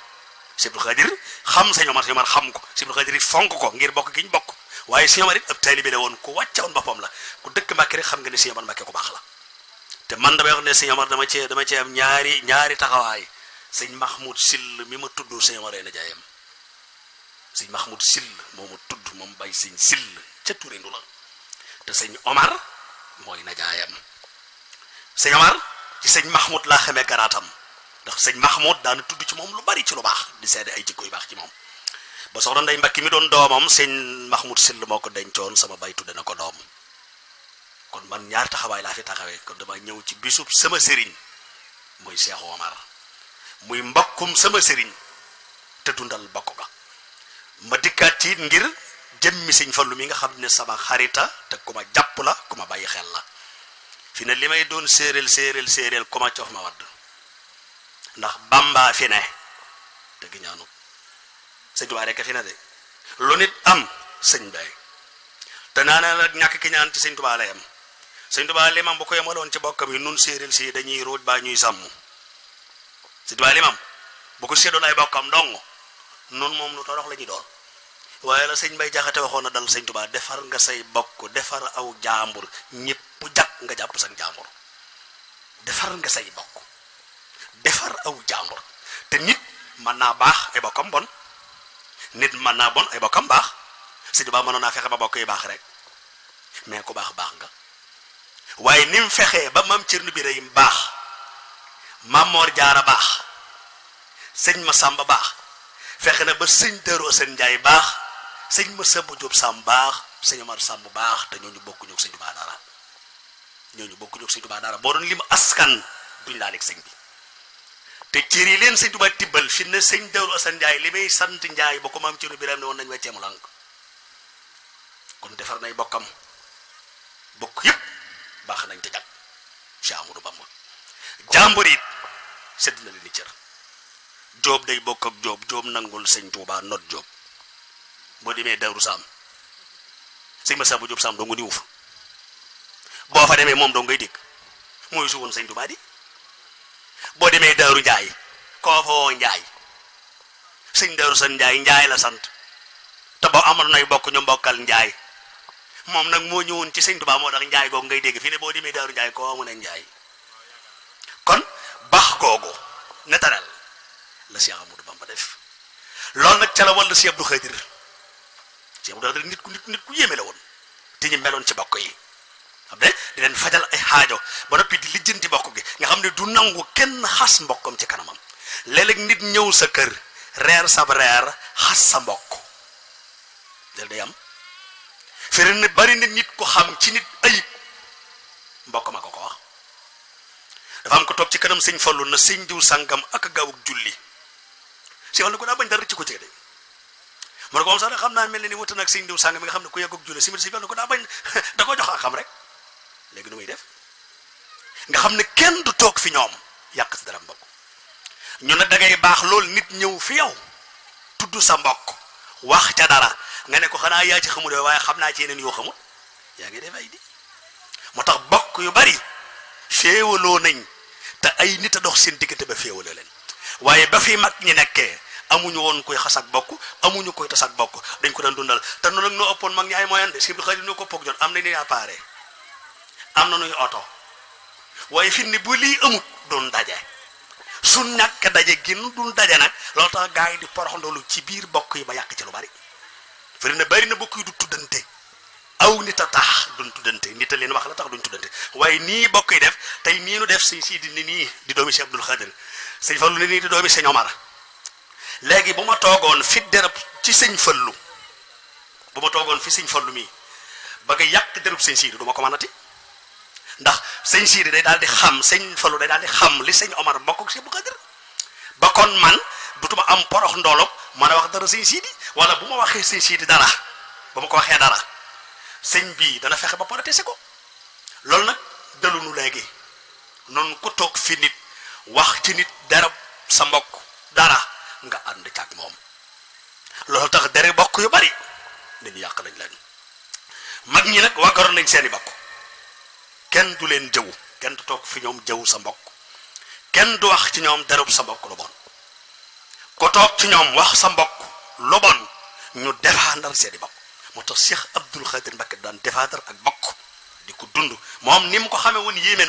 Sëñ Xaadir xam Sëñ Omar Sëñ Omar xam ko Sëñ Xaadir yi fonk ko ngir bokk gi ñu bokk waaye Sëñ Omar it ab taalibe la woon ku wàccawoon boppam la ku dëkk Mbàkke rek xam nga ne Sëñ Omar Mbàkke ku baax la te man damay wax ne Sëñ Omar dama cee dama cee am ñaari ñaari taxawaay sëñ Mahmoud Sill mi ma tudd Sëñ Omar ay na jaayam sëñ Mahmoud Sill moo ma tudd moom bay sëñ Sill ca Touré Ndula te sëñ Omar mooy najaayam sëñ Omar ci sëñ Mahmoud laa xamee garaatam ndax sëñ Mahmoud daana tudd ci moom lu bari ci lu baax di seede ay jikko koy baax ci moom ba soxna Ndey Mbakki mi doon doomam sëñ Mahmoud Sill moo ko dencoon sama bay tudde na ko doom kon man ñaar taxawaay laa fi taxawee kon dama ñëw ci bisub sama sëriñ muy Cheikh Omar muy mbokkum sama sëriñ te dundal bokk ga ma dikkaat ci ngir jëmmi sëñ falu mi nga xam ne sama xarita te ku ma jàpp la ku ma bàyyi xel la fi ne li may doon séeréel séeréel séeréel ku ma ma wadd ndax bàmbaa fi ne dëgg ñaanu sëñ Tuubaa rekk fi ne de lu nit am sëñ bay te naa ne la ñàkk ki ñaan ci sëñ Tuubaa lay am sëñ Tuubaa limam bu ko yemaloon ci bokkam yi nun séeréel si dañuy ruuj baa ñuy sàmm sëñ Tuubaa limam bu ko séddoon ay bokkam moom lu torox la ñuy waaye la sëñ bay jaxate waxoon na dal sëñ Tuubaa defar nga say bokk defar aw jaambur ñépp jàkk nga jàpp sax jaambur defar nga say bokk defar aw jàmbur te nit mën naa baax ay bokkam bon nit mën naa bon ay bokkam baax sëñ baa mënoon naa fexe ba bokk yi rek mais ku baax baax nga waaye ni mu fexee ba maam Cerno Birahim baax maam Moor Jaara baax sëñ ma Sàmba baax fexe na ba sëñ Darou Assane Ndiaye baax sëñ ma Samba Diop Samb baax sëñ Omar Samb baax te ñooñu bokkuñu ak sëñ Tuubaa ñoo ñu bokkuñu ak sëñ baa dara boo doon ma askan duñ laaleeg sëñ bi. te cër yi leen sëñ Tuubaa tibbal fi ne sëñ Daaru Asan Njaay li may sant Njaay ba ko maam ci nu Biraam ne woon nañ wàccee mu lànk kon defar nay bokkam bokk yëpp baax nañ te jag Cheikh Amadou Bamba jàmbur it sedd na leen i cër Jóob day bokk ak Jóob Jóob nangul sëñ Tuubaa not Jóob boo demee Daaru Saam sëñ ma Samba Jóob Saam boo fa demee moom doo ngay dégg mooy su woon sëñ Tuubaa di boo demee daaru njaay koo fa woo njaay sëñ daaru san njaay njaay la sant te ba amoon nay bokk ñu mbokkal njaay moom nag moo ñëwoon ci sëñ Tuubaa moo tax njaay googu ngay dégg fii ne boo demee daaru njaay koo amu ne njaay kon baax googu netaral la Cheikh Amadou Bamba def loolu nag ca la wàllu Cheikh Abdou Khadir nit ku nit ku nit ku yéeme la woon te ñu meloon ci bokk yi xam di leen fajal ay xaajo ba noppi di lijjanti mbokk gi nga xam ne du nangu kenn xas mbokkam ci kanamam léeg nit ñëw sa kër reer sab reer xas sa mbokk del day am firi ne bari na nit ko xam ci nit ayib mbokk ma ko ko wax dafa am ko toog ci kanam sëñ Fallu na sëñ diw ak gaawuk julli si wàllu ko daa bañ dara rëcc ko ci de mu ne ko moom sax da xam naa mel ne ni wuta nag sëñ diw sàngam mi nga xam ne ku yeggoog julli si si wàllu ko daa bañ da ko jox ak xam rek léegi nu muy def nga xam ne kenn du toog fi ñoom yàq si dara mbokk ñoo ne dangay baax loolu nit ñëw fi yow tudd sa mbokk wax ca dara nga ne ko xanaa yaa ci xamul waaye xam naa ci yeneen yoo xamul yaa ngi def ay di moo tax bokk yu bari féewaloo nañ te ay nit a dox seen diggante ba féewaloo leen waaye ba fi mag ñi nekkee amuñu woon koy xas ak bokk amuñu koy tas ak bokk dañ ko daan dundal te noonu nag noo ëppoon mag ñi ay moyen de si bi xëy na ko poog am na nuy oto waaye fi ni bu lii amut dun daje su ñàkk daje gin dun daje nag loolu tax gaa yi di poroxandoolu ci biir bokk yi ba yàq ci lu bari fëri na bari na bokk yi du tuddante aw nit a tax dun tuddante nit a leen wax la tax duñ tuddante waaye nii bokk yi def tey nii nu def sëñ sii di ni nii di doomi si Abdul Xaadir sëñ Fallu ni nii di doomi sëñ Omar léegi bu ma toogoon fi derab ci sëñ Fallu bu ma toogoon fi sëñ Fallu mii ba nga yàq derab sëñ sii ndax sëñ Siidi day daal di xam sëñ Fallou day daal di xam li señ Omar bokk si bu Kadir ba kon man dutuma am porox ndoolom man a wax dara sëñ Siidi wala bu ma waxee sëñ Siidi dara ba ma ko waxee dara sëñ bii dana fexe ba protéger ko loolu nag dalunu léegi noonu ko toog fi nit wax ci nit dara sa mbokk dara nga ànd ak moom loolu tax dere bokk yu bari dañu yàq lañ leen mag ñi nag wàggaroon nañ seeni bokk kenn du leen jëw kenn du toog fi ñoom jëw sa mbokk kenn du wax ci ñoom derub sa mbokk lu bon ko toog ci ñoom wax sa mbokk lu bon ñu défendre seeni mbokk moo tax Cheikh Abdoul Khadir Mbacké ak mbokk di ko dund moom ni mu ko xamee woon yéeme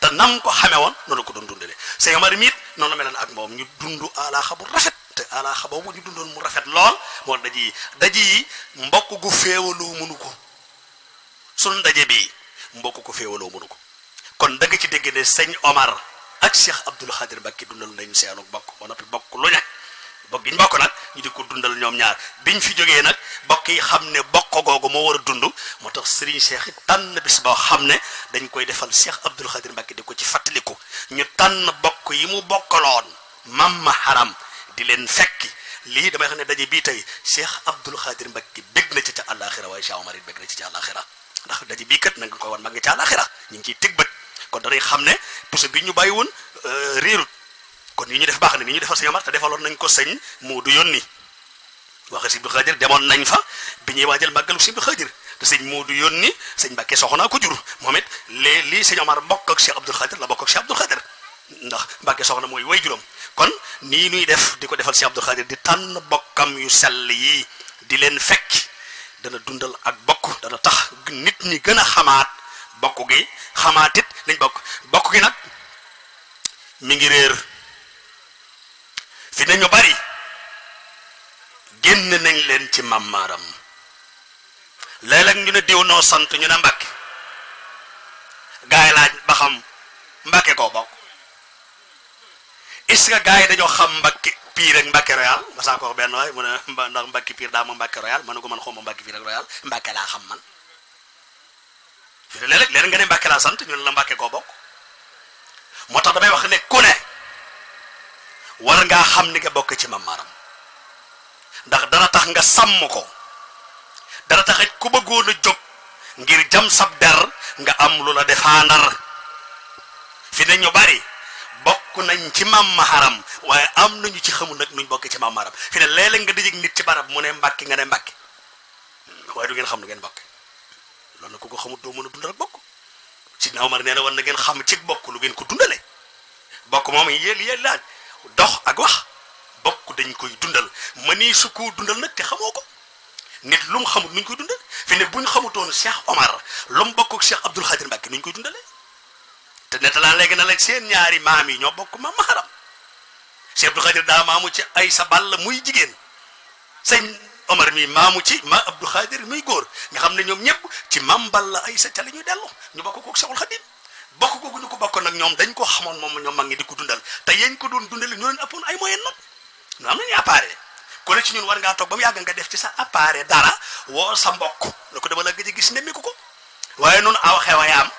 te nam xamee woon noonu ko doon dundale Cheikh Omar noonu meloon ak moom ñu dund alaaxa bu rafet te alaaxa boobu ñu dundoon mu rafet lool moo daji daji yi mbokk gu féewaloo mënu ko suñ daje bii mbokk ko féewaloo mënu ko kon da nga ci dégg ne sëñ Omar ak Cheikh Abdoul Khadir Mbacké dundal nañ seenu bokk ba noppi bokk lu ñàkk bokk gi ñu bokk nag ñu di ko dundal ñoom ñaar biñ fi jógee nag bokk yi xam ne bokk googu moo war a dund moo tax Serigne Cheikh tànn bis boo xam ne dañ koy defal Cheikh Abdoul Khadir Mbacké di ko ci fàttaliku ñu tànn bokk yi mu bokkaloon mam ma haram di leen fekki lii damay xam ne daje bii tey Cheikh Abdoul Khadir Mbacké bég na ci ca àllaaxira waaye Cheikh Omar it bég na ci ca àllaaxira ndax daje bii kat nag ñu koy wan mag ñi ca àllaaxira ñu ngi ciy teg bët kon danañ xam ne pousse bi ñu bàyyi woon euh, réerut kon yi ñu def baax ne ni ñu defal sëñ Amar te defaloon nañ ko sëñ moo du yónni waxe sëñ bi xaajër demoon nañ fa bi ñuy waajal màggalu sëñ bi xaajër te sëñ moo du yónni sëñ Mbàkke soxna ko jur moom it lée lii sëñ Amar mbokk ak Cheikh Abdoul Xaadir la bokk ak Cheikh Abdoul Xaadir ndax Mbàkke soxna mooy way juróom kon nii nuy def di ko defal Cheikh Abdoul Xaadir di tànn bokkam yu sell yii di leen fekk dana dundal ak bokk dana tax nit ñi gën a xamaat bokk gi xamaatit liñ bokk bokk gi nag mi ngi réer fi nañu bari génn nañ leen ci mammaaram léeg-léeg ñu ne diw noo sant ñu ne mbàkke gaay laaj ba xam mbàkke koo bokk est gaay dañoo xam mbàkke piir ak mbàkke royal ma saa ko wax benn waay mu ne ndax piir daa ma mbàkke royal ma ko man xaw ma mbàkki piir ak royal mbàkke laa xam man léeg-léeg léeg nga ne laa sant ñu la mbàkke koo bokk moo tax damay wax ne ku ne war ngaa xam ni nga bokk ci ma maaram ndax dana tax nga sàmm ko dana taxit ku bëggoon a jóg ngir jam sab der nga am lu la defaandar fi ne ñu bari bokk nañ ci maam maharam waaye am nañu ci xamul nag nuñ bokk ci maam maharam fi ne léeg-léeg nga dijeg nit ci barab mu ne mbàkki nga ne mbàkki hmm, waaye du ngeen xam nu ngeen bokk loolu nag ku ko xamut doo mën a dund rek bokk Sidna Omar nee na war na ngeen xam ci bokk lu ngeen ko dundale bokk moom yéel yéel laaj dox ak wax bokk dañ koy dundal mënii su ko dundal nag te xamoo ko nit lu mu xamut nuñ koy dundal fi ne bu ñu xamutoon Cheikh Omar lu mu bokk ak Cheikh Abdoul Khadir Mbacke nuñ koy dundale te nettalaa léegi na la seen ñaari maam yi ñoo bokk ma maharam Cheikh Abdou Khadir daa maamu ci ay sa ball muy jigéen sëñ Omar mi maamu ci ma Abdou Khadir muy góor nga xam ne ñoom ñëpp ci maam la ay sa ca la ñuy dellu ñu bokk kook Cheikhul Khadim bokk googu ñu ko bokkoon nag ñoom dañ koo xamoon moom ñoom mag ngi di ko dundal te yeen ko doon dundal ñu leen ëppoon ay moyen noonu ñu am nañu appareil ku ne ci ñun war ngaa toog ba mu yàgg nga def ci sa appareil dara woo sa mbokk la ko dama gis nemmi ko waaye noonu aw xewayaam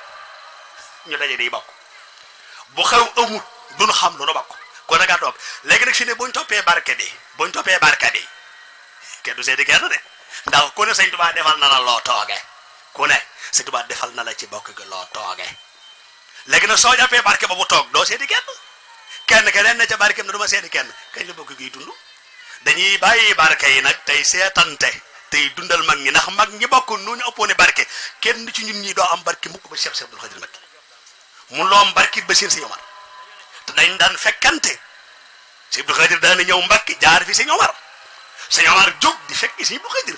ñu daje di bokk bu xew amut duñu xam lu nu bokk kon nag a toog léegi nag si ne buñ toppee barke bi buñ toppee barke bi kenn du seeti kenn de ndax ku ne sëñ Tuubaa na la loo tooge ku ne sëñ Tuubaa defal na la ci bokk gi loo tooge léegi soo jàppee barke ba toog doo seeti kenn kenn na ca barkeem na du ma seeti kenn kañ la bokk giy dund dañuy bàyyi barke yi nag tey seetante tey dundal mag ñi ndax mag ñi bokk nu ñu ëppoone barke kenn ci ñun ñi doo am barke mukk ba Cheikh Cheikh Abdoul Khadir Mbacké mun loom barki Basiir Sëñ Omar te dañ daan fekkante Sëñ Abdou Khadir daan ñëw Mbàkke jaar fi Sëñ Omar Sëñ Omar jóg di fekk Sëñ Abdou Khadir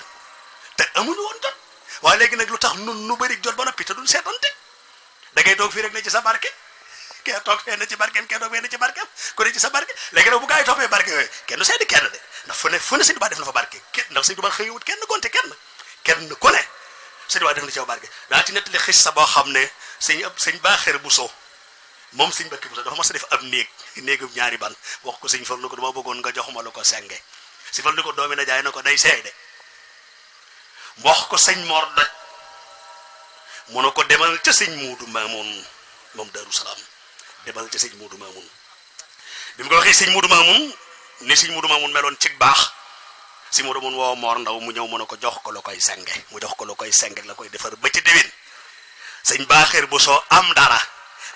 te amuñu woon jot waaye léegi nag lu tax nun nu bëri jot ba noppi te duñ seetante da ngay toog fii ne ci sa barke kee toog fee ci barkeem kee toog fee na ci ne ci sa barke léegi nag bu gaa yi toppee barke yooyu kenn du seeti kenn de ndax fu ne fu ne Sëñ Tuubaa def na fa barke kenn ndax Sëñ Tuubaa xëyewut kenn gonte kenn kenn ku ne Sëñ def na ci barke daa ci xis sa boo xam ne sëñ ab sëñ bu Bousso moom sëñ Bakki Bousso dafa mas a def ab néeg néegu ñaari ban wax ko sëñ Fallu ne ko dama bëggoon nga jox ma lu ko senge sëñ Fallu ne ko doomi na jaay na ko day seey de wax ko sëñ Mor daj mu ko demal ca sëñ Muudu Maamun moom Daaru Salaam demal ca sëñ Muudu Maamun bi mu ko waxee sëñ Muudu Maamun ni sëñ Muudu Maamun meloon ci baax si Muudu Maamun woo Mor Ndaw mu ñëw mu ne ko jox ko la koy senge mu jox ko la koy senge la koy defar ba ci déwén sëñ baaxir bu soo am dara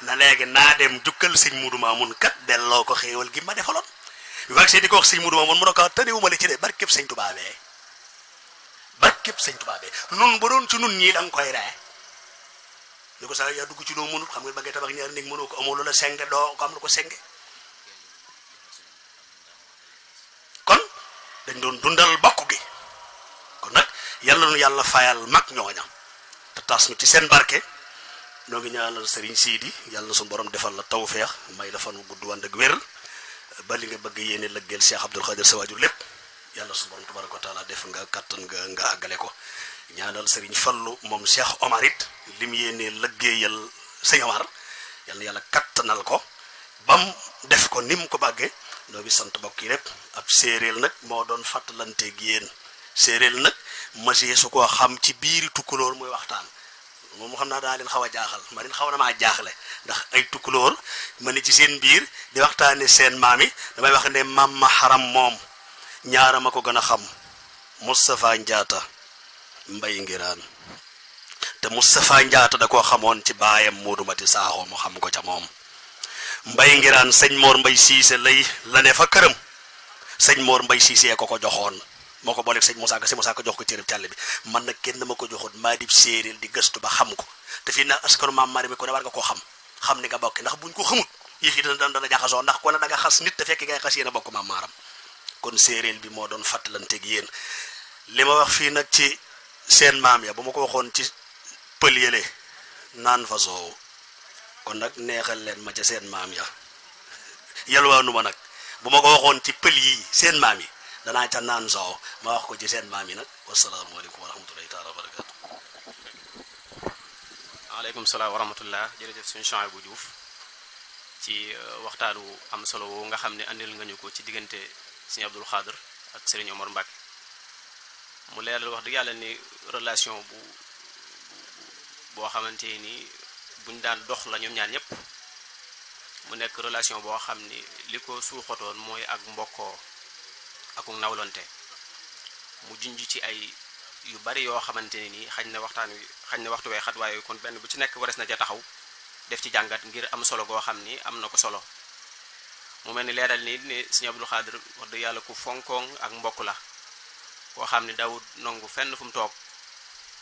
na léegi naa dem jukkal sëñ Mudu Maamun kat delloo ko xéewal gi ma defaloon bi ma agsee di ko wax sëñ Mudu Maamun mu ne ko tëddiwuma li ci de barkeb sëñ Tuubaa bee barkeb sëñ nun bu doon ci nun ñii da nga koy ree ni ko saa yaa dugg ci loo mënut xam nga ba ngay tabax ñaari néeg mënoo ko amoo loola senge doo ko am la ko senge kon dañ doon dundal bokk gi kon nag yàlla nu yàlla fayal mag ñooña te tas ñu ci seen barke noo ngi ñaanal Serigne Sidi yàlla na suñu borom defal la tawféex may la fan wu gudd wànd ak wér ba li nga bëgg yéene lëggeel Cheikh Abdoul Khadir sa waajur lépp yàlla su borom tabaraka wa taala def nga kàttan nga nga àggale ko ñaanal Serigne Fallou moom Cheikh Omar it lim yéene lëggéeyal Sëñ Omar yàlla na yàlla kattanal ko bam def ko ni mu ko bàggee noo ngi sant mbokk yi lépp ab séeréel nag moo doon fàttalanteeg yéen séeréel nag magie su ko xam ci biir tukkulóor mooy waxtaan. moom xam naa daa den xaw a jaaxal ma leen xaw na maa jaaxle ndax ay tukkulóor ma ne ci seen biir di waxtaane seen maam yi damay wax ne maam ma xaram moom ñaaram ma ko gën a xam Moustapha Ndiatta Mbay Ngiraan te Moustapha Ndiatta da koo xamoon ci baayam Modou Mati Saaxo mu xam ko ca moom Mbay Ngiraan sëñ Mor Mbay Siise lay la ne fa këram sëñ Mor Mbay Siise ko ko joxoon moo ko booleeg sëñ Moussa Ka sëñ Moussa ko téeréb càll bi man nag kenn ma ko joxoon maa dib séeréel di gëstu ba xam ko te fii nag askanu maam mari mi ko war nga koo xam xam ni nga bokk ndax buñ ko xamut yéex yi dana dana jaxasoo ndax ko ne da nga xas nit te fekk ngay kon séeréel bi moo doon fàttalanteeg yéen li ma wax fii nag ci seen maam ya bu ma ko waxoon ci pël yële naan fa soow kon nag neexal leen ma ca seen maam ya yalwaanu ma nag bu ma ko waxoon ci pël yii seen maam yi danaa ca naan soow ma wax ko ci seen maam yi nag wasalaamaaleykum wa rahmatulahi taala wa barakaatu. waaleykum salaam wa rahmatullah jërëjëf suñu champs bu juuf ci euh, waxtaan wu am solo woo nga xam ne andil nga ñu ko ci diggante sëñ Abdul Xaadir ak Serigne Omar Mbacke mu leeral wax dëgg yàlla ni relation bu boo xamante ni buñ daan dox la ñoom ñaar ñëpp. mu nekk relation boo xam ni li ko suuxatoon mooy ak mbokkoo akuk nawlonte mu junj ci ay yu bari yoo xamante ne nii xañ na waxtaan wi xañ na waxtu wee xat kon benn bu ci nekk wares na ja taxaw def ci jàngat ngir am solo goo xam ni am na ko solo mu mel ni leeral ni ne Sëriñ Abdul Xaadir wax dëgg yàlla ku fonkoon ak mbokk la koo xam ni daawut nangu fenn fu mu toog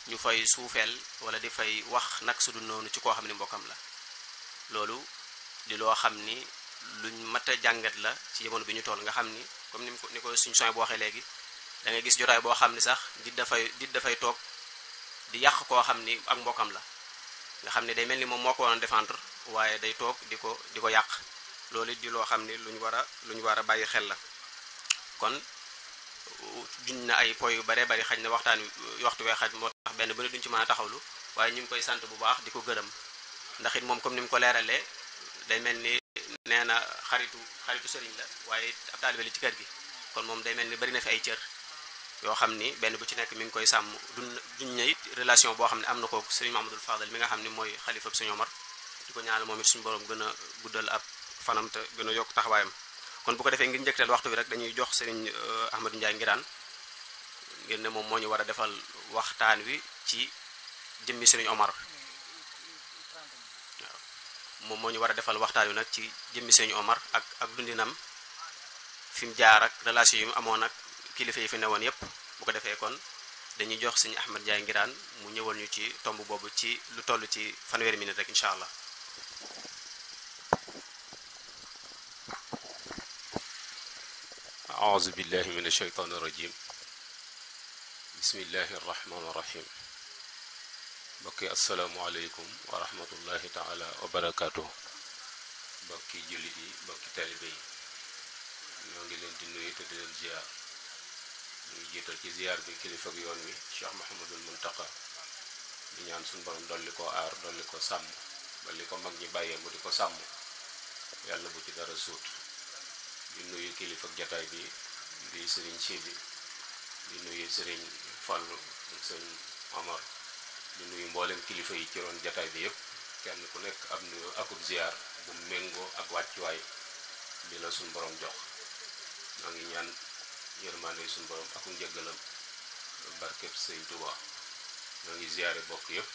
ñu fay suufeel wala di fay wax nag su dul noonu ci koo xam ni mbokkam la loolu di loo xam ni luñ mat jàngat la ci jamono bi ñu toll nga xam ni comme ni mu ko ni ko suñu soñ bu waxee léegi da gis jotaay boo xam ni sax dit dafay dit dafay toog di yàq koo xam ni ak mbokkam la nga xam ne day mel ni moom moo ko waroon défendre waaye day toog di ko di ko yàq loolu it di loo xam ni lu ñu war a lu ñu war a bàyyi xel la kon juñ na ay poy yu bare bari xaj na waxtaan waxtu wee xaj moo tax benn bëri duñ ci mën a taxawlu waaye ñu ngi koy sant bu baax di ko gërëm ndax moom comme ni mu ko leeralee day nee na xaritu xaritu sëriñ la waaye ab taalibe la ci kër gi kon moom day mel ni bari na fi ay cër yoo xam ni benn bu ci nekk mi ngi koy sàmm duñ duñ ne it relation boo xam ne am na ko sëriñ Mamadou Fadal mi nga xam ne mooy xalifab sëñ Omar di ko ñaanal moom it suñu boroom gën a guddal ab fanam gën a yokk taxawaayam kon bu ko defee ngir njëkkteel waxtu bi rek dañuy jox sëriñ euh, Ahmadou njaay Ngiraan ngir ne moom moo ñu war a defal waxtaan wi ci jëmmi sëriñ Omar moom moo ñu war a defal waxtaan wi nag ci jëmmi sëñ Omar ak ak dundinam fi mu jaar ak relation yi mu amoon ak kilifa yi fi newoon yépp bu ko defee kon dañuy jox sëñ Ahmed Ndiaye Ngiraan mu ñëwal ñu ci tomb boobu ci lu toll ci fanweeri minute rek allah. aouzu billahi min ashaytaani rajim bismillahi mbokki asalaamualeykum wa rahmatullahi taala wa barakaatu. mbokki jullit yi mbokki taalibe yi ñoo ngi leen di nuyu te di ñuy jiital ci ziar bi kilifa yoon wi Cheikh Mouhamadul Muntaqa di ñaan suñu borom dolli ko aar dolli ko sàmm dolli ko mag ñi bàyyee mu di ko sàmm yàlla bu ci dara suut di nuyu kilifa ak jataay bi di sëriñ si di nuyu sëriñ Fallou sëriñ Omar di nuyu mboolem kilifa yi ci roon jataay bi yëpp kenn ku nekk ab nuyu akub ziar bu méngoo ak wàccuwaay bi la suñ boroom jox maa ngi ñaan yërmande suñ borom aku njëggalam barkeb sëñ Tuubaa maa ngi ziare bokk yëpp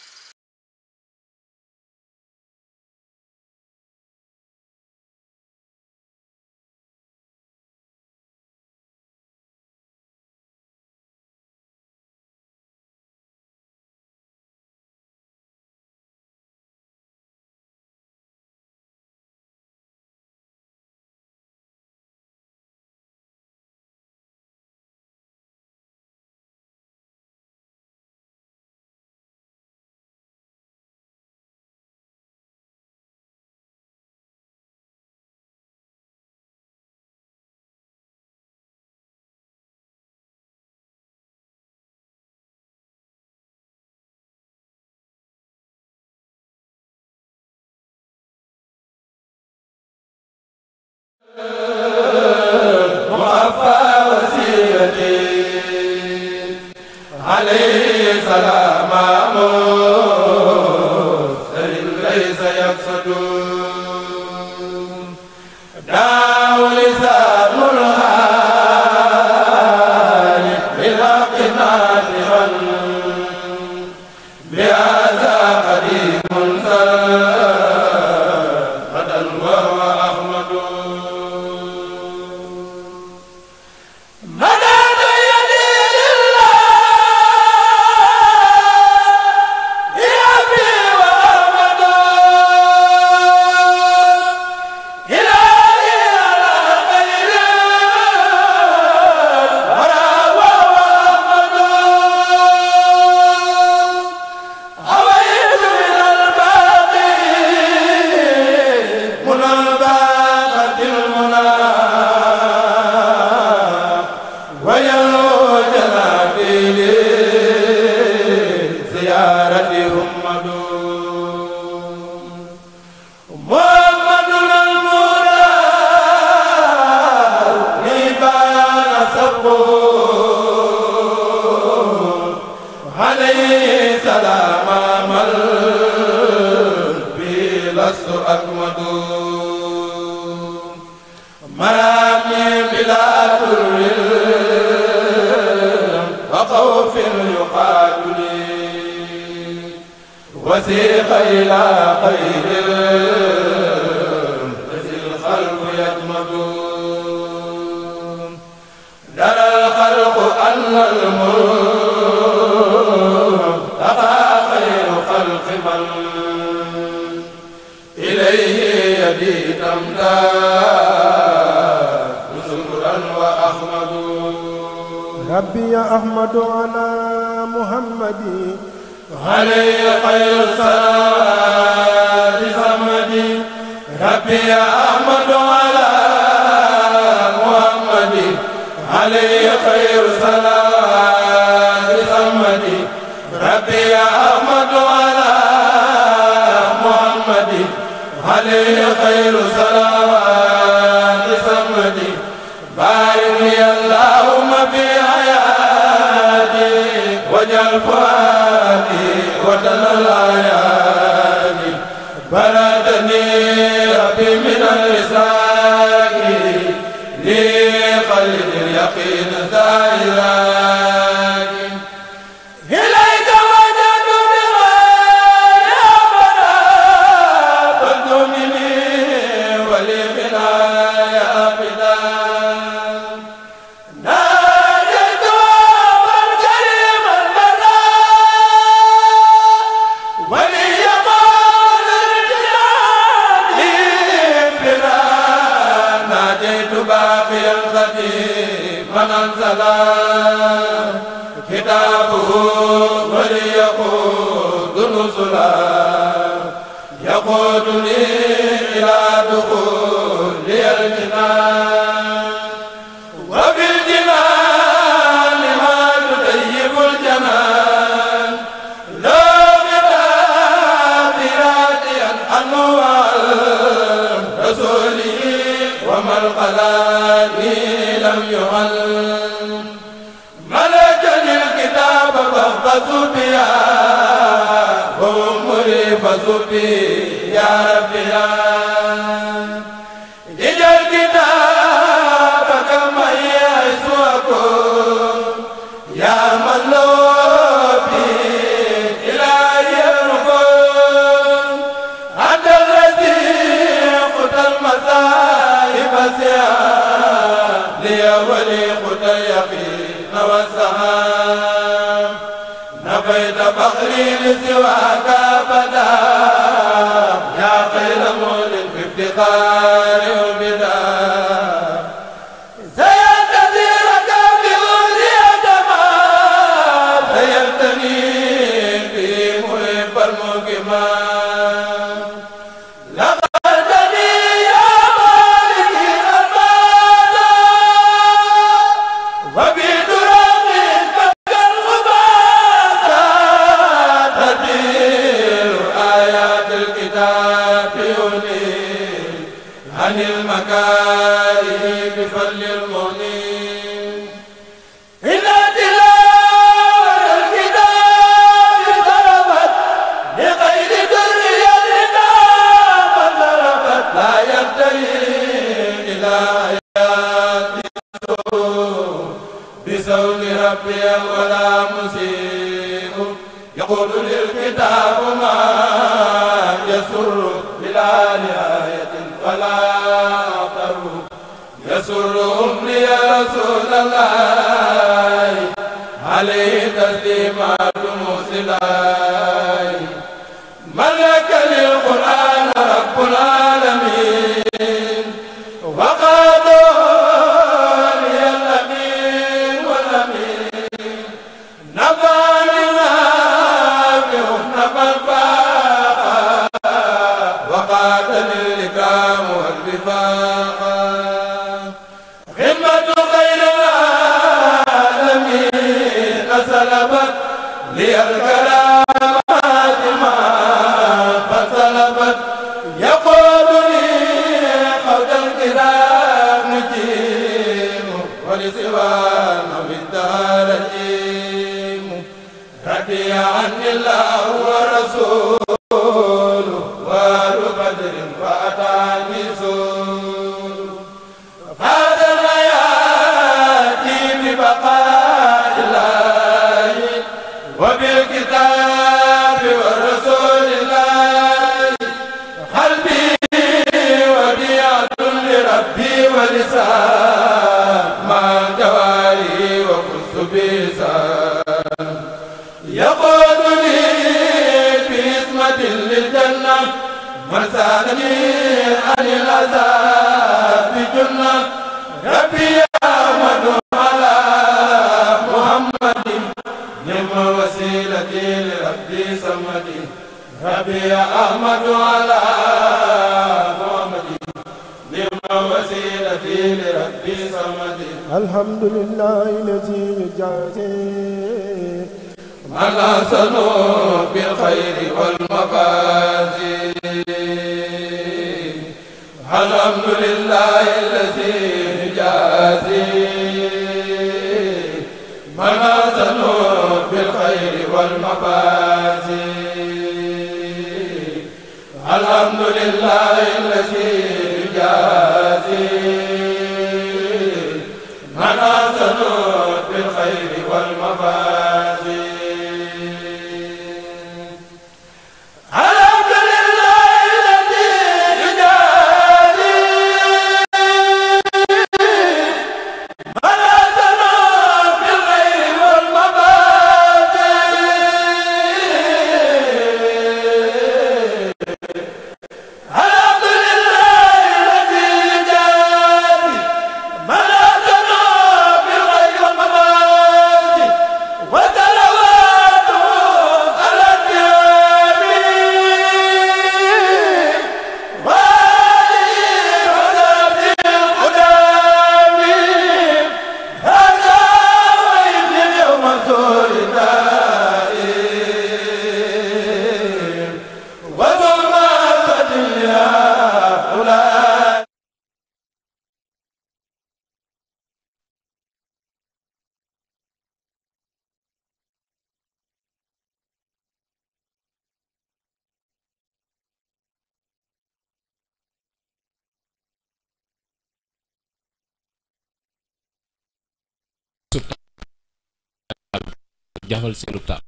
jafal seenu taal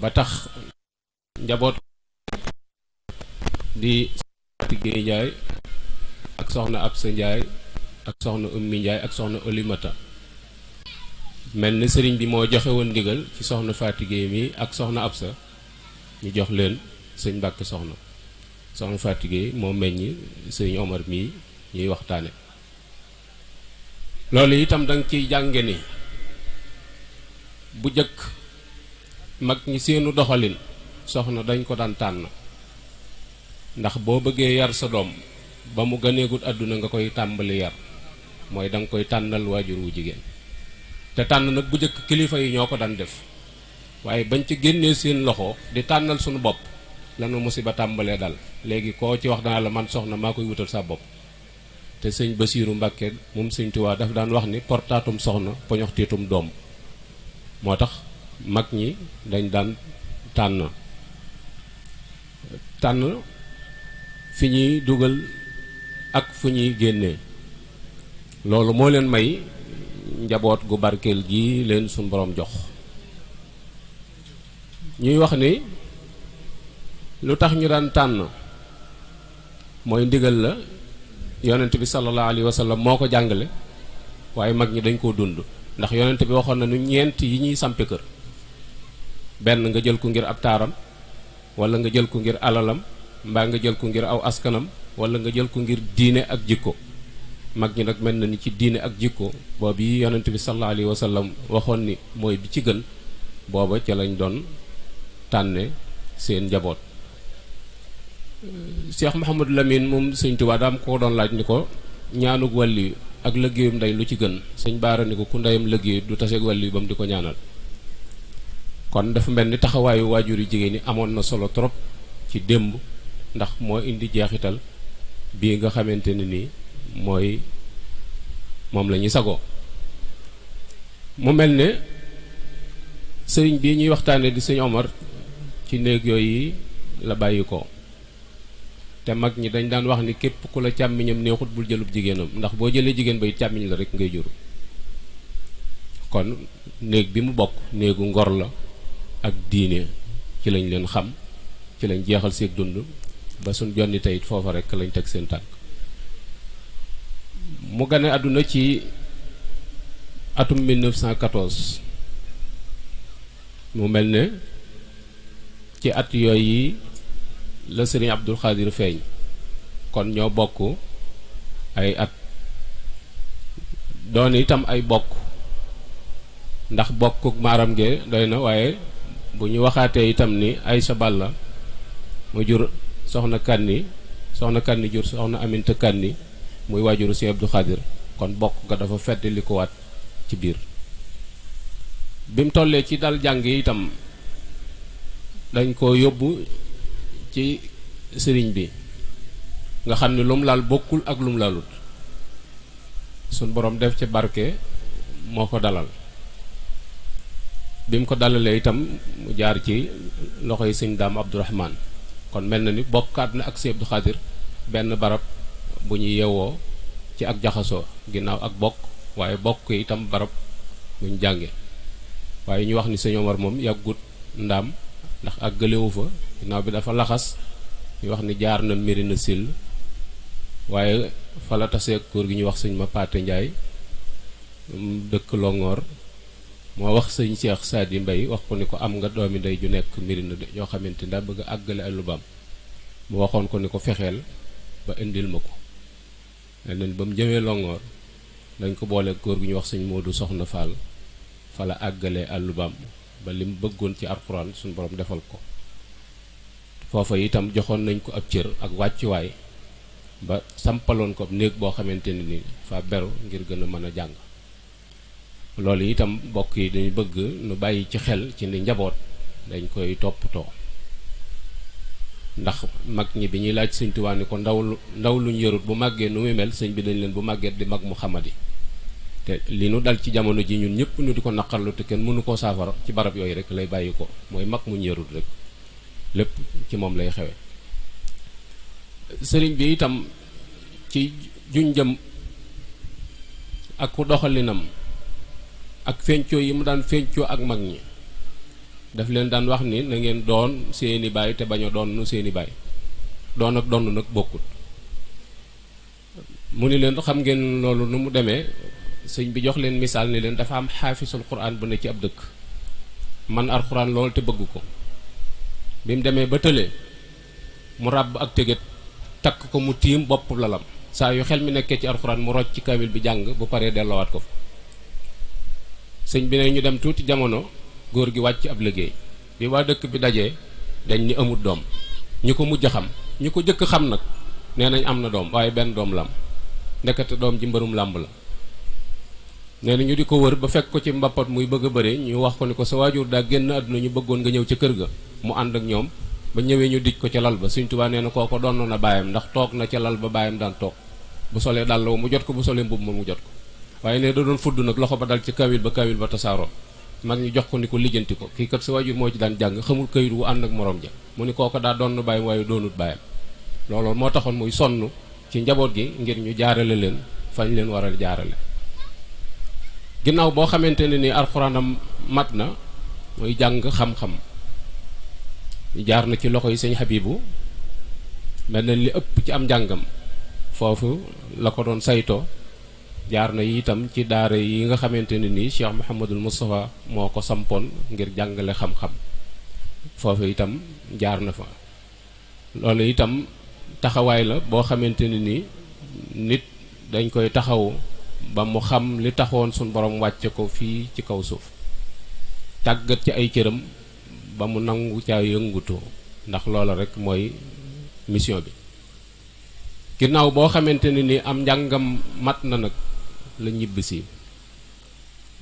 ba tax njaboot di Tigee Njaay ak soxna Absa Njaay ak soxna Ummi Njaay ak soxna Olimata mel ni sëriñ bi moo joxewoon ndigal ci soxna Fatigee mi ak soxna Absa ñu jox leen sëñ Mbàkke soxna soxna Fatigé moo meññ sëñ Omar mii ñuy waxtaane loolu itam danga ciy jànge ni bu jëkk mag ñi seenu doxalin soxna dañ ko daan tànn ndax boo bëggee yar sa doom ba mu gëneegut àdduna nga koy tàmbali yar mooy danga koy tànnal waajur wu jigéen te tànn nag bu jëkk kilifa yi ñoo ko daan def waaye bañ ci génnee seen loxo di tànnal suñu bopp lanu musiba tàmbalee dal léegi koo ci wax dana la man soxna maa koy wutal sa bopp te sëñ Basiiru Mbàkke moom sëñ Tuubaa daf daan wax ni portaatum soxna poñoxtiitum doom moo tax mag ñi dañ daan tànn tànn fi ñuy dugal ak fu ñuy génnee loolu moo leen may njaboot gu barkeel gi leen suñ boroom jox ñuy wax ni lu tax ñu daan tànn mooy ndigal la yonent bi sallallahu alayhi wa sallam moo ko jàngale waaye mag ñi dañ koo dund ndax yonent bi waxoon na nu ñeent yi ñuy sampe kër benn nga jël ko ngir ab taaram walla nga jël ko ngir alalam mbaa nga jël ko ngir aw askanam walla nga jël ko ngir diine ak jikko mag ñi nag mel na ni ci diine ak jikko boobu yi yonent bi sallallahu alayhi wa sallam waxoon ni mooy bi ci gën booba ca lañ doon tànne seen njaboot Cheikh Mouhamadou Lamine moom sëñ Tuubaa daam ko doon laaj ni ko ñaanug wàlli ak liggéeyum ndey lu ci gën sëñ Baara ni ko ku ndeyam liggéey du taseeg wàlli ba mu di ko ñaanal kon dafa mel ni taxawaayu waajur yu jigéen ñi amoon na solo trop ci démb ndax moo indi jeexital bii nga xamante ne nii mooy moom la ñuy sagoo mu mel ne sëriñ bii ñuy waxtaane di sëñ Omar ci néeg yooyu la bàyyi ko te mag ñi dañ daan wax ni képp ku la càmmiñam neexut bul jëlub jigéenam ndax boo jëlee jigéen ba it càmmiñ la rek ngay jur kon néeg bi mu bokk néegu ngor la ak diine ci lañ leen xam ci lañ jeexal seeg dund ba suñ jonni tey foofa rek lañ teg seen tànk mu gane àdduna ci atum 1914 mu mel ne ci at yooyu la sëriñ Abdul Xaadir feeñ kon ñoo bokk ay at doon itam ay bokk ndax bokkuk maaram ge doy na waaye bu ñu waxaatee itam ni ay Aysa Balla mu jur soxna Kanni soxna Kanni jur soxna Aminta Kanni muy waajuru sëriñ Abdul Xaadir kon bokk ga dafa fedd li ci biir bi mu tollee ci dal jàng yi itam dañ ko yóbbu ci sëriñ bi nga xam ne lu mu laal bokkul ak lu mu laalut suñ boroom def ci barke moo ko dalal bi ko dalalee itam mu jaar ci loxoy sëñ daam Abdourahman kon mel na ni bokkaat na ak sëñ Abdou Khadir benn barab bu ñu yewoo ci ak jaxasoo ginnaaw ak bokk waaye bokk itam barab bu ñu waaye ñu wax ni sëñ Omar moom yàggut ndaam ndax àggalewu fa naaw bi dafa laxas ñu wax ni jaar na Mérina sil waaye fa la tasee góor gi ñu wax sëñ ma Paate Njaay dëkk Longoor moo wax sëñ Cheikh yi Mbay wax ko ni ko am nga doom doomi ndey ju nekk Mérina yoo xamante ni daa bëgg a àggale ay lubaam mu waxoon ko ni ko fexeel ba indil ma ko leneen ba mu jëmee Longoor dañ ko boole góor gi ñu wax sëñ Moodu Soxna Fall fa la àllu baam ba lim bëggoon ci alxuraan suñu borom defal ko foofa itam joxoon nañ ko ab cër ak wàccuwaay ba sampaloon ko ab néeg boo xamante ne ni fa beru ngir gën a mën a jàng loolu itam mbokk yi dañu bëgg nu bàyyi ci xel ci ni njaboot dañ koy toppatoo ndax mag ñi bi ñuy laaj sëñ Tuubaa ni ko ndaw lu ndaw luñ yarut bu màggee nu muy mel sëñ bi dañ leen bu màgget di mag mu xamadi te li nu dal ci jamono ji ñun ñëpp nu di ko naqarlu te kenn mënu koo saafara ci barab yooyu rek lay bàyyi ko mooy mag mu ñeerul rek lépp ci moom lay xewe sëriñ bi itam ci junjam ak ku doxalinam ak fencoo yi mu daan fencoo ak mag ñi daf leen daan wax ni na ngeen doon seeni baay te bañ a doon seeni baay doon ak doon nag bokkut mu ni leen xam ngeen loolu nu mu demee sëñ bi jox leen misaal ni leen dafa am xaafisul quran bu ne ci ab dëkk man alquran lool te bëgg ko bi mu demee ba tële mu ràbb ak tëgët takk ko mu tiim bopp lalam saa yu xel mi nekkee ci alquran mu rocc ci kaamil bi jàng bu paree dellowaat ko fa sëñ bi ne ñu dem tuuti jamono góor gi wàcc ab liggéey bi waa dëkk bi dajee dañ ni amut doom ñu ko mujj xam ñu ko jëkk xam nag nee nañ am na doom waaye benn doom lam ndekete doom ji mbërum làmb la nee na ñu di ko wër ba fekk ko ci mbappat muy bëgg a bëre ñu wax ko ni ko sa waajur daa génn àdduna ñu bëggoon nga ñëw ca kër ga mu ànd ak ñoom ba ñëwee ñu dij ko ca lal ba Sëñ Tuubaa nee na kooko doon na baayam ndax toog na ca lal ba baayam daan toog bu solee dàll mu jot ko bu solee mbubb ma mu jot waaye ne da doon fudd nag loxo ba dal ci kawil ba kawil ba tasaaroo mag ñu jox ko ni ko lijjanti ko kiikat kat sa waajur moo ci daan jàng xamul kayit wu ànd ak morom ja mu ni kooko daa doon bàyyam waaye doonut bàyyam looloo moo taxoon muy sonn ci njaboot gi ngir ñu jaarale leen fañ leen waral jaarale ginnaaw boo xamante ne ni alxuraanam mat na mooy jàng xam-xam jaar na ci loxo yi sëñ Habibu mel na li ëpp ci am jàngam foofu la ko doon sayto jaar na itam ci daara yi nga xamante ne nii Cheikh Mouhamadul Moustapha moo ko sampoon ngir jàngale xam-xam foofu itam jaar na fa loolu itam taxawaay la boo xamante ne nii nit dañ koy taxaw ba mu xam li taxoon suñ borom wàcce ko fii ci kaw suuf tàggat ci ay cëram ba mu nangu caa yëngutoo ndax loola rek mooy mission bi ginnaaw boo xamante ne ni am njàngam mat na nag la ñibbisi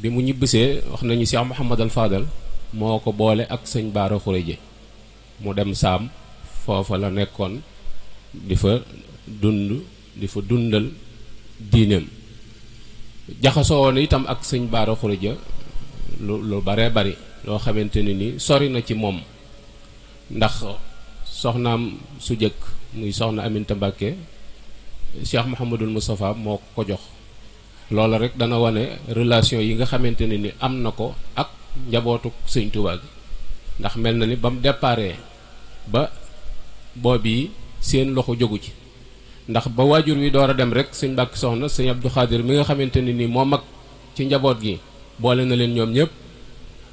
bi mu ñibbisee wax nañu Cheikh Mouhamad al Fadal moo ko boole ak sëñ Baara Xureje mu dem saam foofa la nekkoon di fa dund di fa dundal diineem jaxasoo woon itam ak sëñ Baara Xurija lu lu baree bari loo xamante ne ni sori na ci moom ndax soxnaam su jëkk muy soxna Aminta Mbàkke Cheikh Mouhamadul Moustapha moo ko jox loola rek dana wane relation yi nga xamante ne ni am na ko ak njabootu sëñ Tuubaa gi ndax mel na ni ba mu ba ba boobu seen loxo jógu ci ndax ba waajur wi door a dem rek sëñ Mbàkke soxna sëñ Abdou Khadir mi nga xamante ne nii moo mag ci njaboot gi boole na leen ñoom ñëpp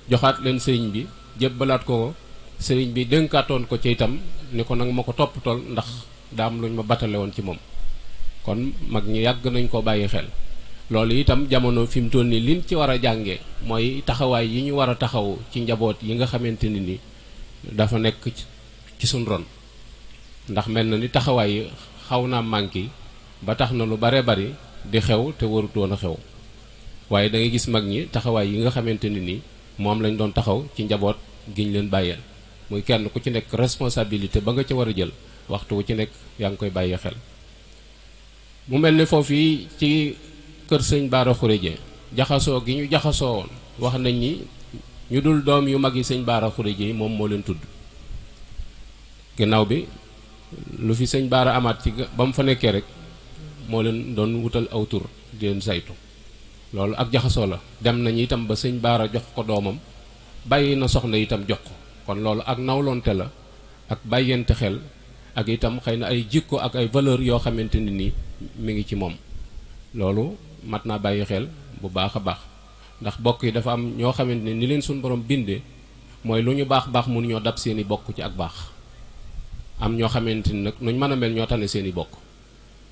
joxaat leen sëriñ bi jébbalaat ko ko sëriñ bi dénkaatoon ko ci itam ni ko nag ma ko toppatool ndax daam luñ ma batale woon ci moom kon mag ñu yàgg nañ ko bàyyi xel loolu itam jamono fi mu toll nii liñ ci war a jàngee mooy taxawaay yi ñu war a taxaw ci njaboot yi nga xamante ni ni dafa nekk ci suñ ron ndax mel na ni taxawaay yi xaw naa manqué ba tax na lu bare bari di xew te warut woon a xew waaye dangay gis mag ñi taxawaay yi nga xamante ne ni moom lañ doon taxaw ci njaboot giñ leen bàyyeel muy kenn ku ci nekk responsabilité ba nga ci war a jël waxtu wu ci nekk yaa ngi koy bàyyi xel. mu mel ni foofu yi ci kër sëñ Baara Khouréje jaxasoo gi ñu jaxasoo woon wax nañ ni ñu dul doom yu mag yi sëñ Baara Khouréje moom moo leen tudd ginnaaw bi. lu fi sëñ Baara amaat ci ba mu fa nekkee rek moo leen doon wutal aw tur di leen saytu loolu ak jaxasoo la dem nañ itam ba sëñ Baara jox ko doomam bàyyi na soxna itam jox ko kon loolu ak nawlonte la ak bàyyente xel ak itam xëy na ay jikko ak ay valeur yoo xamante ne nii mi ngi ci moom loolu mat naa bàyyi xel bu baax a baax ndax bokk yi dafa am ñoo xamante ne ni leen suñu borom bindee mooy lu ñu baax baax ñoo dab seeni bokk ci ak baax am ñoo xamante ni nag nuñ mën a mel ñoo tane seen i bokk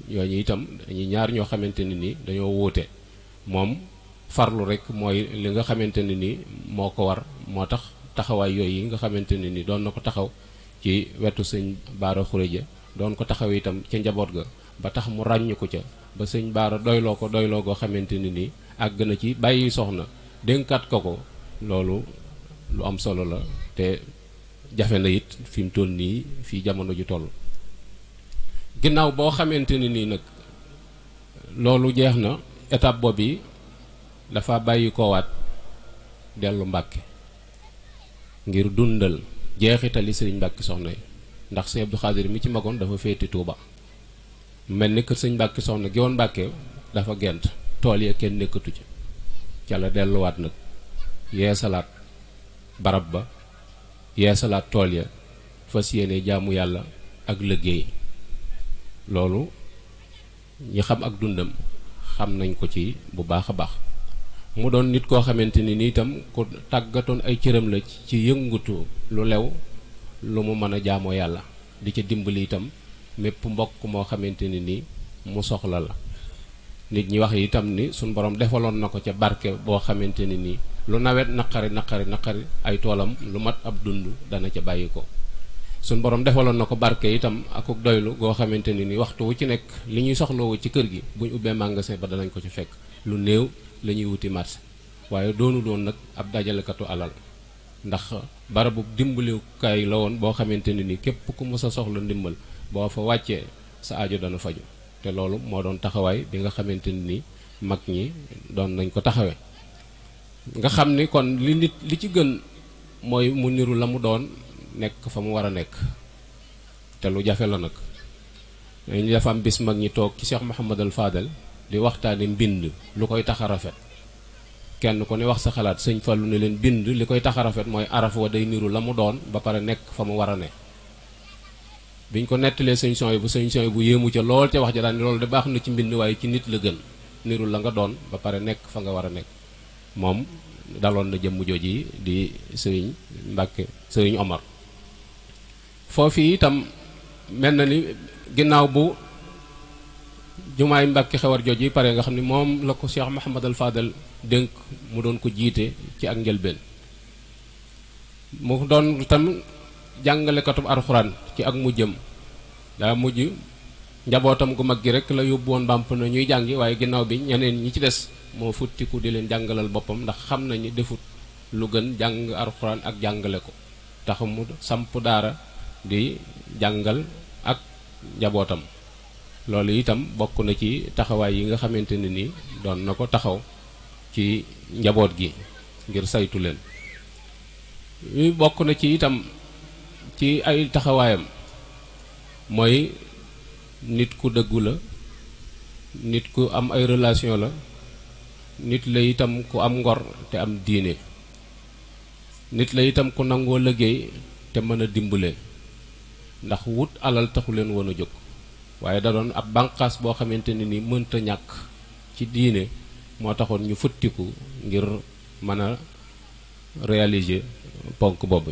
ñooñu itam dañuy ñaar ñoo xamante ne ni dañoo wuute moom farlu rek mooy li nga xamante ne ni moo ko war moo tax taxawaay yooyu yi nga xamante ne ni doon na ko taxaw ci wetu sëñ Baara Xuréja doon ko taxaw itam ca njaboot ga ba tax mu ràññu ko ca ba sëñ Baara doyloo ko doyloo goo xamante ne ni àgg na ci bàyyi soxna dénkaat ko ko loolu lu am solo la te jafe na it fi mu toll nii fii jamono ju toll ginnaaw boo xamante ne nii nag loolu jeex na étape boobu yi dafa bàyyi koowaat dellu Mbàkke ngir dundal jeexitali sëriñ Mbàkke soxna yi ndax sëñ Abdou Khadir mi ci magoon dafa féete tuuba mel ni kër sëñ Mbàkke soxna gi woon Mbàkke dafa gent tool ya kenn nekkatu ci ca la delluwaat nag yeesalaat barab ba yeesalaat tool ya fas yéene jaamu yàlla ak liggéey loolu ñi xam ak dundam xam nañ ko ci bu baax a baax mu doon nit koo xamante ni nii itam ku tàggatoon ay cëram la ci yëngutu lu lew lu mu mën a jaamoo yàlla di ca dimbali itam mépp mbokk moo xamante ni nii mu soxla la nit ñi wax itam ni suñ borom defaloon na ko ca barke boo xamante ne nii lu nawet naqari naqari naqari ay toolam lu mat ab dund dana ca bàyyi ko suñ borom defaloon na ko barke itam akuk doylu goo xamante ni nii waxtu wu ci nekk li ñuy soxlawoo ci kër gi bu ñu ubbee magasin ba danañ ko ci fekk lu néew la ñuy wuti marché waaye doonu doon nag ab dajalekatu alal ndax barabu dimbalikaay la woon boo xamante ne ni képp ku mës a soxla ndimbal boo fa wàccee sa aajo dana faju te loolu moo doon taxawaay bi nga xamante ni mag ñi doon nañ ko taxawee nga xam ni kon li nit li ci gën mooy mu niru la mu doon nekk fa mu war a nekk te lu jafe la nag ñu dafa am bis mag ñi toog ci Cheikh Mouhamadal Fadal di waxtaani mbind lu koy tax a rafet kenn ko ne wax sa xalaat sëñ Fallou ne leen bind li koy tax a rafet mooy araf wa day niru la mu doon ba pare nekk fa mu war a ne biñ ko nettalee sëñ son bu sëñ son bu yéemu ca lool ca wax ja daal ni loolu de baax na ci mbind waaye ci nit la gën nirul la nga doon ba pare nekk fa nga war a nekk moom daloon na jëmm jooji di sëriñ Mbàkke sëriñ Omar foofu itam mel na ni ginnaaw bu jumaay Mbàkke xewar jooji pare nga xam ni moom la ko Cheikh Mouhamad al Fadal dénk mu doon ko jiite ci ak njëlbeen mu doon tam jàngalekatub alxuraan ci ak mujjam daa mujj njabootam gu mag gi rekk la yóbbu woon bàmp na ñuy jàngi waaye ginnaaw bi ñeneen ñi ci des moo futtiku di leen jàngalal boppam ndax xam nañu defut lu gën jàng alxuraan ak jàngale ko tax mu samp daara di jàngal ak njabootam loolu itam bokk na ci taxawaay yi nga xamante ne ni doon na ko taxaw ci njaboot gi ngir saytu leen bokk na ci itam ci ay taxawaayam mooy nit ku dëggu la nit ku am ay relation la nit la itam ku am ngor te am diine nit la itam ku nangoo liggéey te mën a dimbale ndax wut alal taxu leen woon a jóg waaye da doon ab bànqaas boo xamante ne ni mënta ñàkk ci diine moo taxoon ñu futtiku ngir mën a réalise ponk boobu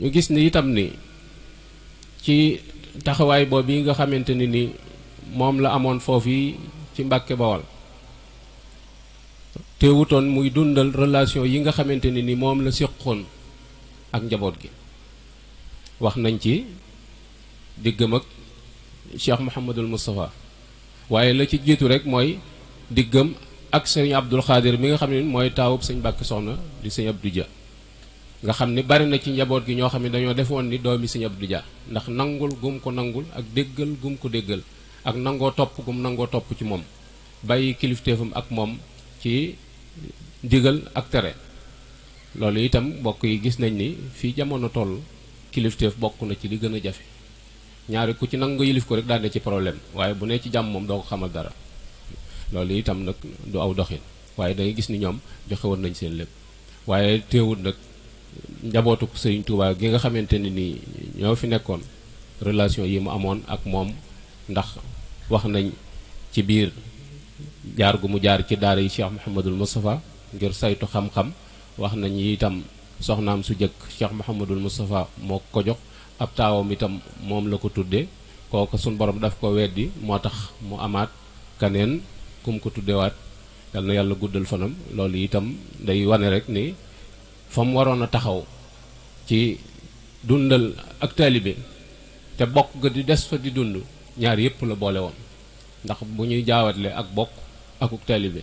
ñu gis ni itam ni ci taxawaay boobu yi nga xamante ni ni moom la amoon foofu yi ci Mbàkke te teewutoon muy dundal relation yi nga xamante ni ni moom la séqoon ak njaboot gi wax nañ ci diggam ak Cheikh Mouhamadul Moustapha waaye la ci jiitu rek mooy diggam ak sëñ Abdul Xaadir bi nga xam ne mooy taawub sëñ Mbàkke Soxna di sëñ Abdou Dia nga xam ni bari na ci njaboot gi ñoo xam ne dañoo defoon ni doomi Sëñ Abdou Dia ndax nangul gum ko nangul ak déggal gum ko déggal ak nangoo topp gum nangoo topp ci moom bàyyi kilifteefam ak moom ci ndigal ak tere loolu itam mbokk yi gis nañ ni fii jamono toll kilifteef bokk na ci li gën a jafe ñaari ku ci nangu yilif ko rek daal ci problème waaye bu ne ci jàmm moom doo ko xamal dara loolu itam nag du aw doxin waaye dangay gis ni ñoom joxe nañ seen lépp waaye teewul nag njabootu Serigne Touba gi nga xamante ne nii ñoo fi nekkoon relation yi mu amoon ak moom ndax wax nañ ci biir jaar gu mu jaar ci daara yi Cheikh Mouhamadul Moustapha ngir saytu xam-xam wax nañ itam soxnaam su jëkk Cheikh Mouhamadul Moustapha moo ko jox ab taawam itam moom la ko tuddee kooku suñ borom daf ko weddi moo tax mu amaat kaneen kum ko tuddeewaat yal na yàlla guddal fanam loolu itam day wane rek ni. fa mu waroon a taxaw ci dundal ak taalibe te bokk ga di des fa di dund ñaar yëpp la boole woon ndax bu ñuy jaawatle ak bokk akuk taalibe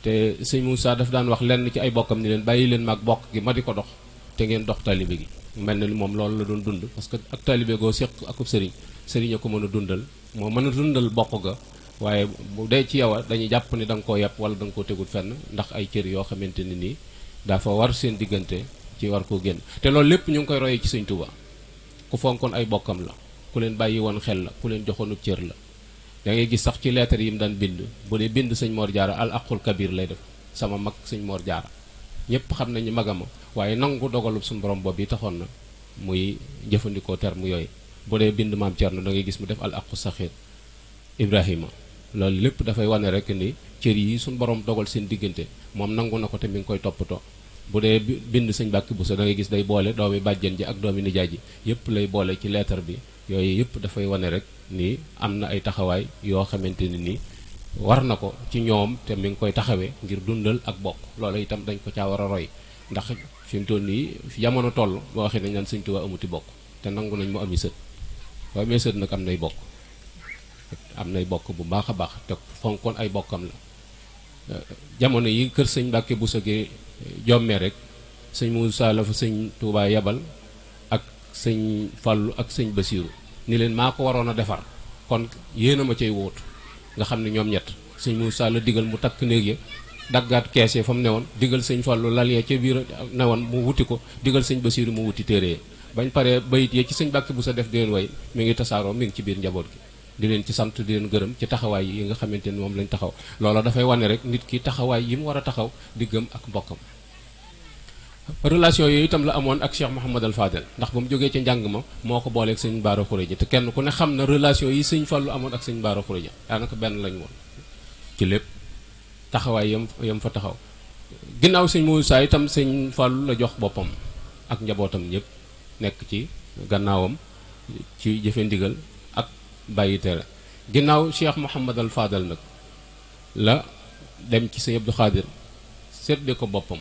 te sëñ Moussa daf daan wax lenn ci ay bokkam ni leen bàyyi leen mag bokk gi ma di ko dox te ngeen dox taalibe gi mel na ni moom loolu la doon dund parce que ak taalibe goo séq akub sëriñ sëriñ ko mën a dundal moo mën a dundal bokk ga waaye bu dee ci yow dañuy jàpp ni da nga koo yepp wala da koo tegul fenn ndax ay cër yoo xamante ne nii dafa war seen diggante ci war koo génn te loolu lépp ñu ngi koy royee ci sëñ Tuuba ku fonkoon ay bokkam la ku leen bàyyi woon xel la ku leen joxoonub cër la da ngay gis sax ci leetar yi mu daan bind bu dee bind sëñ Mor Jaara al aqul kabir lay def sama mag sëñ Mor Jaara ñëpp xam nañu magama waaye nangu dogalub suñu borom boobu yi taxoon na muy jëfandikoo terme yooyu bu dee bind maam Cerno da gis mu def al aqu saxir Ibrahima loolu lépp dafay wane rek ni cër yi suñu borom dogal seen diggante moom nangu na ko te mi ngi koy toppatoo bu dee bind sëñ Mbàkke Buso da ngay gis day boole doomi bàjjen ji ak doomi nijaay ji yépp lay boole ci leetar bi yooyu yëpp dafay wane rek nii am na ay taxawaay yoo xamante ne nii war na ko ci ñoom te mi ngi koy taxawee ngir dundal ak bokk loolu itam dañ ko caa war a roy ndax fi mu toll nii jamono toll boo waxee nañ naan sëñ Tuubaa amuti bokk te nangu nañ mu ami sët waaye amee sët nag am nay bokk am nay bokk bu baax a baax te fonkoon ay bokkam la jamono yi kër sëñ Mbàkke bu sëgee eh, jommee rek sëñ Moussa la fa sëñ Touba yabal ak sëñ Fallou ak sëñ Basiiru ni leen maa ko waroon a defar kon yéen a ma cay wóotu nga xam ne ñoom ñett sëñ Moussa la digal mu takk néeg ya daggaat kees ya fa mu newoon digal sañ Fallou lal ya ca biir a newoon mu wuti ko digal sañ Basiiru mu wuti téere bañ paree bayit ya ci sëñ Mbàkke bu sa def déen way mu ngi tasaaroo mi ngi ci biir njaboot gi di leen ci sant di leen gërëm ci taxawaay yi nga xamante ni moom lañ taxaw loola dafay wane rek nit ki taxawaay yi mu war a taxaw di gëm ak mbokkam relation yooyu itam la amoon ak Cheikh Mouhamadal Fadel ndax ba mu jógee njàng ma moo ko booleeg sëñ Baara Khourédia te kenn ku ne xam na relation yi sëñ falu amoon ak sëñ Baara Khourédia daanaka benn lañu woon ci lépp taxawaay yam yam fa taxaw ginnaaw sëñ Moussa itam sëñ Fallou la jox boppam ak njabootam ñëpp nekk ci gannaawam ci jëfe ndigal bàyyi tere ginnaaw Cheikh Mouhamadal Fadal nag la dem ci sëñ Abdou Khadir séddee ko boppam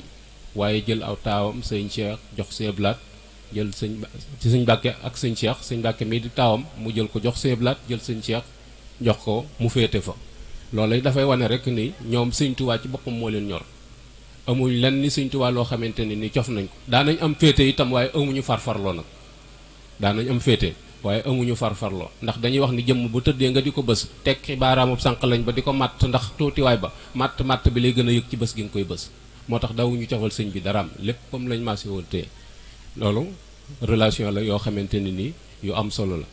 waaye jël aw taawam sëñ Cheikh jox sëñ Abdou jël sëñ ci ak sëñ sëñ Mbàkke mii di taawam mu jël ko jox sëñ Abdou jël sëñ jox ko mu féete fa. loolu dafay wane rek ni ñoom sëñ Tuubaa ci boppam moo leen ñor amuñ lenn ni sëñ Tuubaa loo xamante ne ni cof nañ ko daanañ am féete itam waaye amuñu farfarloo nag daanañ am féete. waaye amuñu far farfarloo ndax dañuy wax ni jëmm bu tëddee nga di ko bës tekki baaraamu sànq lañ ba di ko matt ndax tuutiwaay ba matt matt bi lay gën a yëg ci bës gi nga koy bës moo tax dawuñu cofal sëñ bi dara lépp comme lañ maasee woon loolu relation la yoo xamante ne nii yu am solo la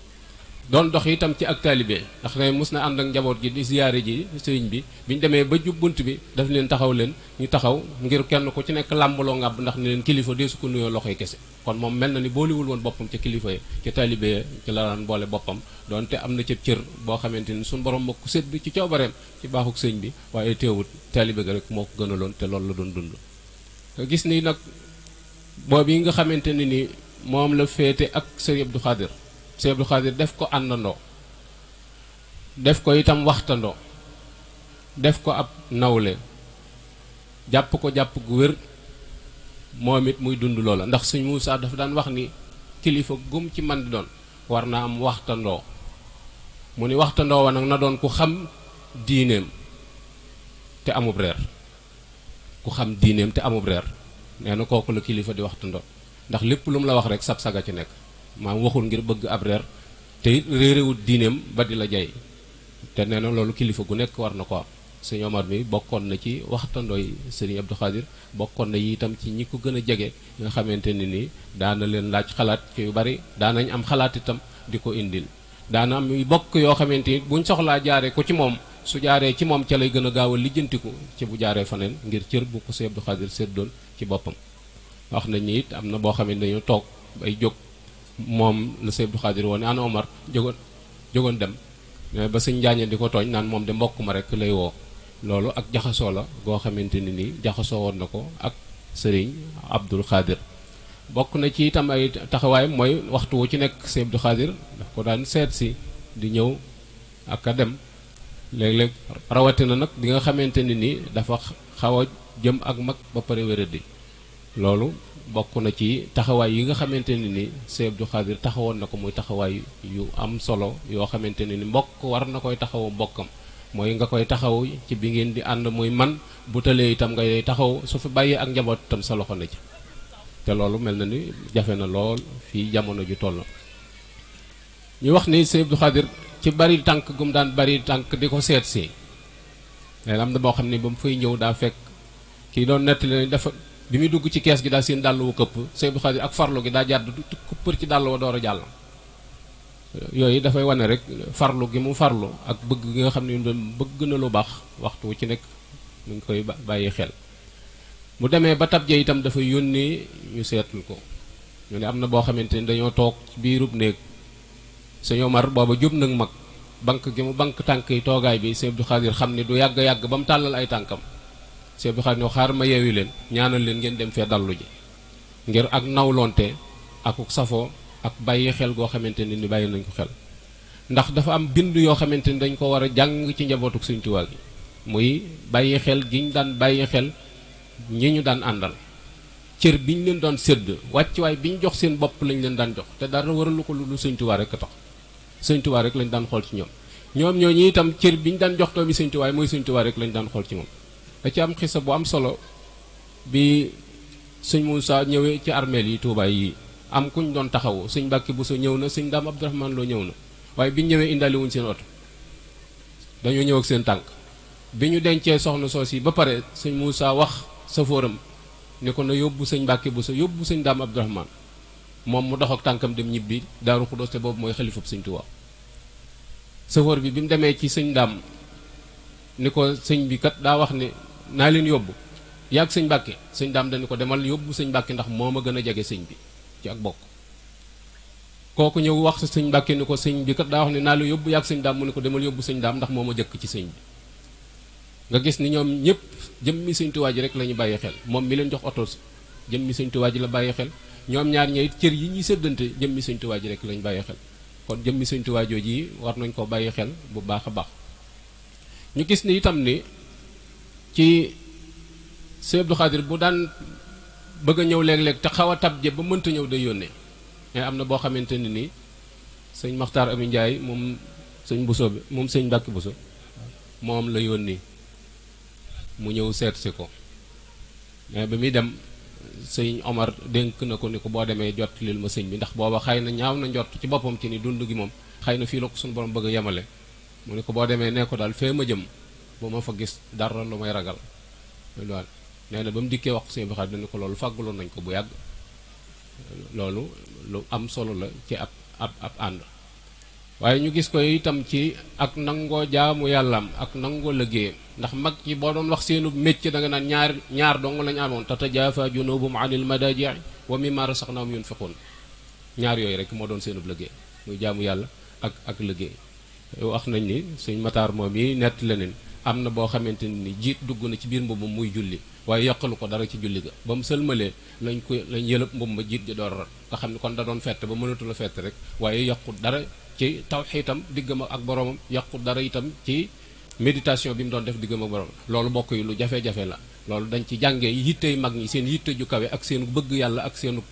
doon dox itam ci ak taalibe ndax ne mus na ànd ak njaboot gi di ziyaare ji sëriñ bi bi ñu demee ba jub bunt bi daf leen taxaw leen ñu taxaw ngir kenn ku ci nekk làmbaloo ngàbb ndax ne leen kilifa dee su ko nuyoo loxoy kese kon moom mel na ni boolewul woon boppam ci kilifa yi ci taalibe yi ci la daan boole boppam doonte am na cëb cër boo xamante ni suñu borom mbokk sët bi ci coobareem ci baaxuk sëñ bi waaye teewut taalibe gi rek moo ko gënaloon te loolu la doon dund gis ni nag boobu yi nga xamante ne ni moom la féete ak sëriñ Abdou Khadir Sëñ Abdou Khadir def ko àndandoo def ko itam waxtandoo def ko ab nawle jàpp ko jàpp gu wér moom it muy dund loola ndax suñ Moussa dafa daan wax ni kilifa gum ci man di doon war naa am waxtandoo mu ni waxtandoo wa nag na doon ku xam diineem te amub reer ku xam diineem te amub reer nee na kooku la kilifa di waxtandoo ndax lépp lu la wax rek sab saga ci nekk maam waxul ngir bëgg ab reer te it diineem ba di la jay te nee na loolu kilifa gu nekk war na ko am sëñ Omar mi bokkoon na ci waxtandooy sëriñ Abdou Khadir bokkoon na itam ci ñi ko gën a jege nga xamante ne ni daana leen laaj xalaat yu bari daanañ am xalaat itam di ko indil daana am bokk yoo xamante ni buñ soxlaa jaaree ko ci moom su jaaree ci moom ca lay gën a gaaw a lijjantiku ci bu jaaree faneen ngir cër bu ko sëñ Abdou Khadir séddoon ci boppam wax nañ ni am na boo xam ne dañoo toog ay jóg moom la Sëñ Abdou Khadir woon an Omar jógoon jógoon dem mais eh, ba sëñ Njaañe di ko tooñ naan moom de mbokk ma rek lay woo loolu ak jaxasoo la goo xamante ni nii jaxasoo woon na ko ak sëriñ Abdul Khadir bokk na ci itam ay taxawaayam mooy waxtu wu ci nekk Sëñ Abdou Khadir daf ko daan seet si di ñëw ak a dem léeg-léeg rawatina nag di nga xamante ni nii dafa xaw a jëm ak mag ba pare wéradi loolu bokk na ci taxawaay yi nga xamante ne ni Sëñ Abdou Khadir taxawoon na ko muy taxawaay yu am solo yoo xamante ne ni mbokk war na koy taxawu mbokkam mooy nga koy taxaw ci bi ngeen di ànd muy man bu tëlee itam ngay taxaw su fi bàyyee ak njaboot itam sa loxo na ci te loolu mel na ni jafe na lool fii jamono ju toll. ñu wax ni Sëñ Abdou Khadir ci bari tànk gum daan bari tànk di ko seet see am na boo xam ne ba mu fay ñëw daa fekk kii doon nettali dafa. bi muy dugg ci kees gi daal seen dàll wu këpp sëñ bu xaadir ak farlu gi daa jàdd kuppër ci dàll wa door a jàll yooyu dafay wane rek farlu gi mu farlu ak bëgg gi nga xam ne doon bëgg na lu baax waxtu ci nekk mu ngi koy bàyyi xel mu demee ba tabje itam dafa yónnee ñu seetul ko ñu am na boo xamante ni dañoo toog ci biirub néeg sëñ mar booba jub nag mag banque gi mu banque tànk yi toogaay bi sëñ Abdou Xaadir xam ni du yàgg-yàgg ba mu tàllal ay tànkam Cheikh Abdou Khadre ñoo xaar ma yeewi leen ñaanal leen ngeen dem fee dallu ji ngir ak nawlonte ak safoo ak bàyyi xel goo xamante ni ni bàyyi nañ ko xel ndax dafa am bind yoo xamante ni dañ ko war a jàng ci njabootu Sëriñ Tuubaa gi muy bàyyi xel gi ñu daan bàyyi xel ñi ñu daan àndal cër bi ñu leen doon sédd wàccuwaay bi ñu jox seen bopp lañ leen daan jox te dara waralu ko lu lu Sëñ Tuubaa rek a tax Sëñ Tuubaa rek lañ daan xool ci ñoom ñoom ñoo ñooñu itam cër bi ñu daan jox doomi Sëñ Tuubaa mooy Sëñ Tuubaa rek lañ daan xool ci moom da ci am xisa bu am solo bi sëñ Moussa ñëwee ci armeel yi tuubaay yi am kuñ doon taxawu sëñ bu sa ñëw na sëñ Daam Abdourahmane loo ñëw na waaye biñ ñëwee indaale wuñ seen oto dañoo ñëw ak seen tànk bi ñu dencee soxna soos yi ba pare sëñ Moussa wax safóoram ni ko na yóbbu sëñ bu sa yóbbu sëñ Daam Abdourahmane moom mu dox ak tànkam dem ñibbi Daaru Xuddoos te boobu mooy xalifab sëñ Tuubaa safóor bi bi mu demee ci sëñ Daam ni ko sëñ bi kat daa naa leen yóbbu yàgg sëñ Mbàkke sëñ daam dañu ko demal yóbbu sëñ Mbàkke ndax moo ma gën a jege sëñ bi ci ak bokk kooku ñëw wax sëñ Mbàkke ni ko sëñ bi kat daa wax ne naa leen yóbbu yàgg sëñ daam mu ne ko demal yóbbu sëñ daam ndax moo ma jëkk ci sëñ bi nga gis ni ñoom ñëpp jëmmi sëñ Tuubaa ji rek la ñu bàyyi xel moom mi leen jox oto jëmmi sëñ Tuubaa ji la bàyyi xel ñoom ñaar ñooy cër yi ñuy séddante jëmmi sëñ Tuubaa ji rek lañ bàyyi xel kon jëmmi sëñ Tuubaa jooji war nañ koo bàyyi xel bu baax a baax ci Sëñ Abdou bu daan bëgg a ñëw léeg-léeg te xaw a tab je ba mënta ñëw day yónnee mais am na boo xamante ne nii sëñ Maxtaar Ami Njaay moom sëñ Buso bi moom sëñ Mbàkke Buso moom la yónni mu ñëw seet si ko mais ba muy dem sëñ Omar dénk na ko ni ko boo demee jot lil ma sëñ bi ndax booba xëy na ñaaw na njott ci boppam ci ni dund gi moom xëy na fii la ko suñu borom bëgg a yemale mu ne ko boo demee nee ko daal fee ma jëm bu ma fa gis dara lu may ragal loolu nee na ba mu dikkee wax ko sëñ bi xaar dana ko loolu fàgguloon nañ ko bu yàgg loolu lu am solo la ci ab ab ànd waaye ñu gis ko itam ci ak nangoo jaamu yàllaam ak nangoo liggéeyam ndax mag ci boo doon wax seenu métier da nga naan ñaar ñaar dong lañu amoon tatajafa junubum anil madaji wa mimma rasaqnahum yunfiqun ñaar yooyu rek moo doon seenub liggéey muy jaamu yàlla ak ak liggéey wax nañ ni suñ mataar moom yi nett leneen am na boo xamante ni jiit dugg na ci biir mbubb muy julli waaye yokkalu ko dara ci julli ga ba mu sëlmalee lañ ko lañ yëlëb mbubb ma jiit di door rot nga xam ne kon da doon fett ba mënatul a fett rek waaye yokku dara ci tawxiitam diggam ak boromam yokku dara itam ci méditation bi mu doon def diggam ak borom loolu bokk yi lu jafe la loolu dañ ci jàngee yittey mag ñi seen yitte ju kawe ak seenu bëgg yàlla ak seenu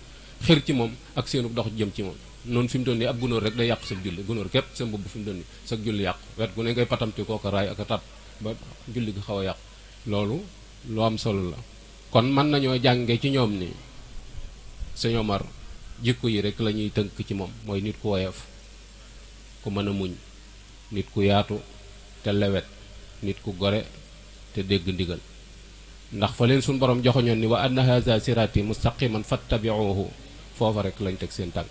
xër ci moom ak dox jëm ci moom noonu fi mu doon nii gunóor rek day yàqu sa julli gunóor képp sa mbubb fi mu doon nii sa julli yàqu wet gu ne ngay patamti kooka raay ak a tàpp ba julli gi xaw a yàqu loolu lu am solo la kon mën nañoo jànge ci ñoom ni sëñ Omar jikko yi rek lañuy tënk ci moom mooy nit ku woyof ku mën a muñ nit ku yaatu te lewet nit ku gore te dégg ndigal ndax fa leen suñ borom joxoñoon ni wa anna haza sirati mustaqiman fattabi'uhu foofa rek lañ teg seen tànk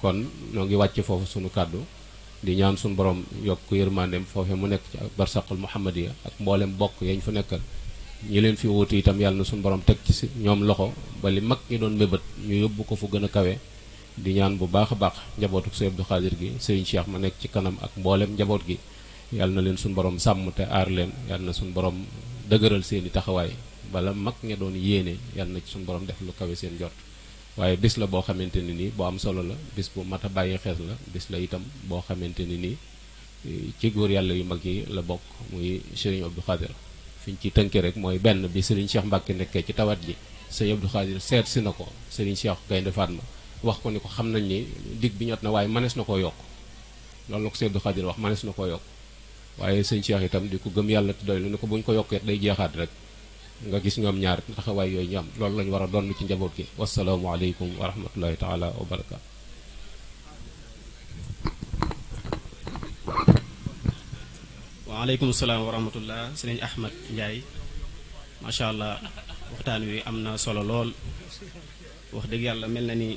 kon ñoo ngi wàcc foofu sunu kàddu di ñaan suñu borom yokk yërmandeem foofe mu nekk ci barsaqul muhammadiya ak mboolem bokk yañ fa nekkal ñi leen fi wuutu itam yàlla na suñu borom teg ci ñoom loxo ba li mag ñi doon mébét ñu yóbbu ko fu gën a kawe di ñaan bu baax a baax njabootu Sëriñ Abdou Khadir gi Sëriñ Cheikh ma nekk ci kanam ak mbooleem njaboot gi yàlla na leen suñu borom sàmm te aar leen yàlla na suñu borom dëgëral seeni taxawaay bala mag ña doon yéene yàlla na ci suñu borom def lu kawe seen jot waaye bis la boo xamante ne nii boo am solo la bis bu mat a bàyyi xel la bis la itam boo xamante ne nii eh, ci góor yàlla yu mag yi la bokk muy Serigne Abdou Khadir fi ñu ciy tënkee rek mooy benn bi Serigne Cheikh Mbacke nekkee ci tawat ji Serigne Abdou Khadir seet si na ko Serigne Cheikh Gaynde Fatma wax ko ni ko xam nañ ni digg bi ñot na waaye mënees na koo yokk loolu la ko Serigne Abdou Khadir wax mënees na koo yokk waaye Serigne Cheikh itam di ko gëm yàlla te doy lu ni ko bu ko yokkee day jeexaat rek nga gis ñoom ñaar taxawaay yooyu ñu am loolu lañu war a doon ci njaboot gi wasalaamualeykum wa rahmatullahi taala wa barakaatu. waaleykum salaam wa rahmatullah sëriñ Ahmad njaay macha allah waxtaan wi am na solo lool wax dëgg yàlla mel na ni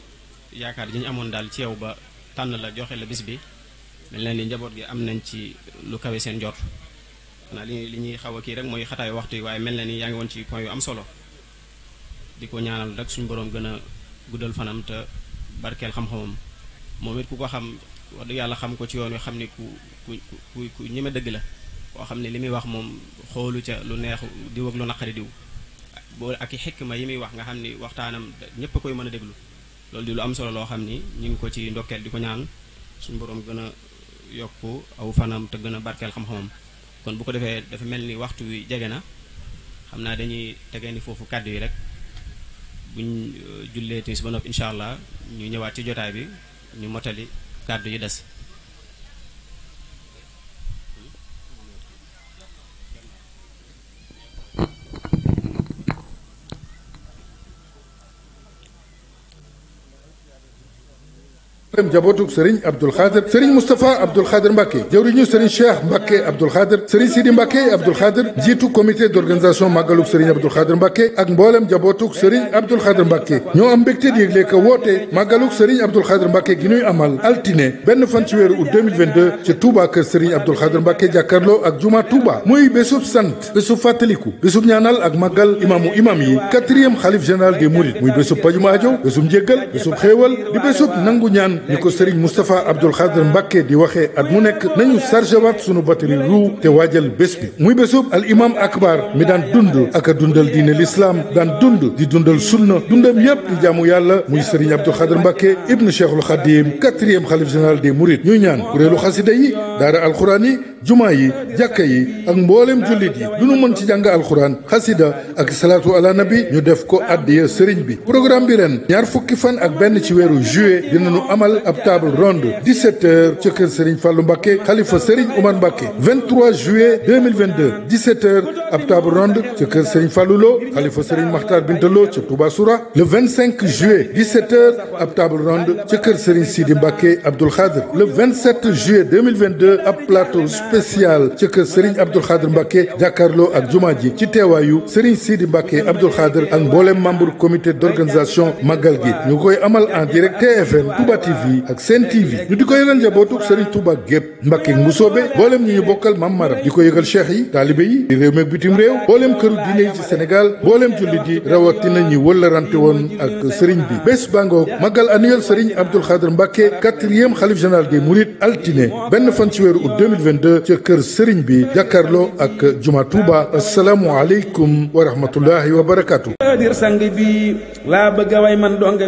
yaakaar ji ñu amoon daal ci yow ba tànn la joxe la bis bi mel na ni njaboot gi am nañ ci lu kawe seen jot. xanaa li li ñuy xaw a kii rek mooy xataay waxtu yi waaye mel na ni yaa ngi woon ci point yu am solo di ko ñaanal gën a guddal fanam te barkeel moom it ku xam wax dëgg yàlla xam ko ci yoon wi xam ni ku ku ku ku ñeme dëgg la koo xam ne li muy wax moom xoolu ca lu neex diw ak lu naqari diw boo ak i xikma yi muy wax nga xam ni waxtaanam ñépp a koy mën a déglu loolu di lu am solo loo xam ni ñu ngi ko ci ndokkeel di ko ñaan suñu boroom gën a yokk aw fanam te gën a barkeel xam-xamam kon bu ko defee dafa mel ni waxtu wi jege na xam naa dañuy tegee ni foofu kàddu yi rek buñ euh, jullee timis ba noppi incha allah ñu ñëwaat ci jotaay bi ñu motali kàddu yi des njabootuk sëriñ Abdul Xaadir sëriñ Moustapha Abdul Xaadir Mbàkke jëwriñu sëriñ Cheikh Mbàkke Abdul Xaadir sëriñ Sidi Mbàkke Abdul Xaadir jiitu comité d'organisation màggaluk sëriñ Abdul Xaadir Mbàkke ak mboolem njabootuk sëriñ Abdul Xaadir Mbàkke ñoo am mbégte di yëgle ko woote màggaluk sëriñ Abdul Xaadir Mbàkke gi ñuy amal altine benn fan ci weer août 2022 ci Touba kër sëriñ Abdul Xaadir Mbàkke jàkkarloo ak juma Touba muy bésub sant bésub fàttaliku bésub ñaanal ak màggal imaamu imam yi quatrième xalif général des mourides muy bésub pajum ñaan ni ko Serigne Moustapha Abdoul Khadr Mbacké di waxee at mu nekk nañu chargé waat sunu batterie ruu te waajal bés bi muy bésub al imam akbar mi daan dund ak a dundal diine l'islam daan dund di dundal sunna dundam yépp di jaamu yàlla muy Serigne Abdoul Khadr Mbacké ibnu Cheikhul Khadim quatrième xalif général des Mourides ñu ñaan kuréelu xasida yi daara alxuraan yi jumaa yi jàkka yi ak mboolem jullit yi lu nu mën ci jàng alxuraan xasida ak salaatu ala nabi ñu def ko addiya sëriñ bi amal ab table ronde 17h ci kër Serigne Fallou Mbacké xalifa Serigne Oumar Mbacké 23 juillet 2022 17h ab table ronde ci kër Serigne Fallou Lo xalifa Serigne Makhtar Binta Lo ci Touba Soura le 25 juillet 17h ab table ronde ci kër Serigne Sidi Mbacké Abdoul Khadr le 27 juillet 2022 ab plateau spécial ci kër Serigne Abdoul Khadr Mbacké jàkkaarloo ak juma ji ci teewaayu Serigne Sidi Mbacké Abdoul Khadr ak mboolem membre comité d'organisation màggal gi ñu koy amal en direct TFM Touba TV ak Sen TV ñu di ko yëgal njabootug Serigne Touba gépp Mbacke Mboussobé mboolem ñu ñu bokkal Mam di ko yëgal cheikh yi taalibe yi di réew meeg bitim réew mboolem këru diine ci Sénégal mboolem jullit yi rawatina ñi wëllarante woon ak Serigne bi bés bangoog magal annuel Serigne Abdoul Khadr Mbacke quatrième xalif général des Mourides altine benn fan ci weeru août 2022 ca kër Serigne bi jàkkaarloo ak Juma Touba asalaamu aleykum wa rahmatullahi wa barakatuh.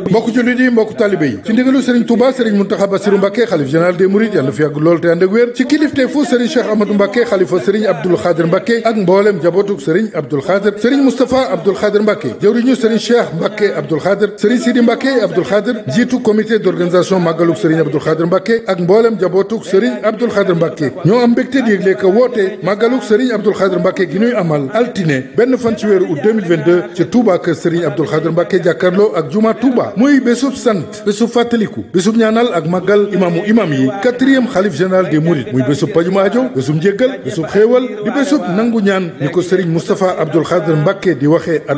mbokku jullit yi mbokku taalibe yi ci ndigalu Serigne Touba Touba Serigne ba Bassirou Mbacké xalif général des Mourides yàlla na fi yàgg lool te ànd ak wér ci kilifte fu Serigne Cheikh Amadou Mbacké xalifa Serigne Abdoul Khadir Mbacké ak mboolem jabotuk Serigne Abdoul Khadir Serigne Moustapha Abdoul Khadir Mbacké jëwriñu Serigne Cheikh Mbacké Abdoul Khadir Serigne Sidi Mbacké Abdoul Khadir jiitu comité d'organisation màggaluk Serigne Abdoul Khadir Mbacké ak mboolem jabotuk Serigne Abdoul Khadir Mbacké ñoo am mbégte di yëgle ko woote màggaluk Serigne Abdoul Khadir Mbacké gi ñuy altine benn fan ci weeru août 2022 ci Touba kër Serigne Abdoul Khadir Mbacké jàkkarloo ak juma Touba muy bésub sant bésub fàttaliku bésub ñaanal ak màggal imaamu imam yi quatrième xalif général des mourides muy bésub pajuma ajo bésub njéggal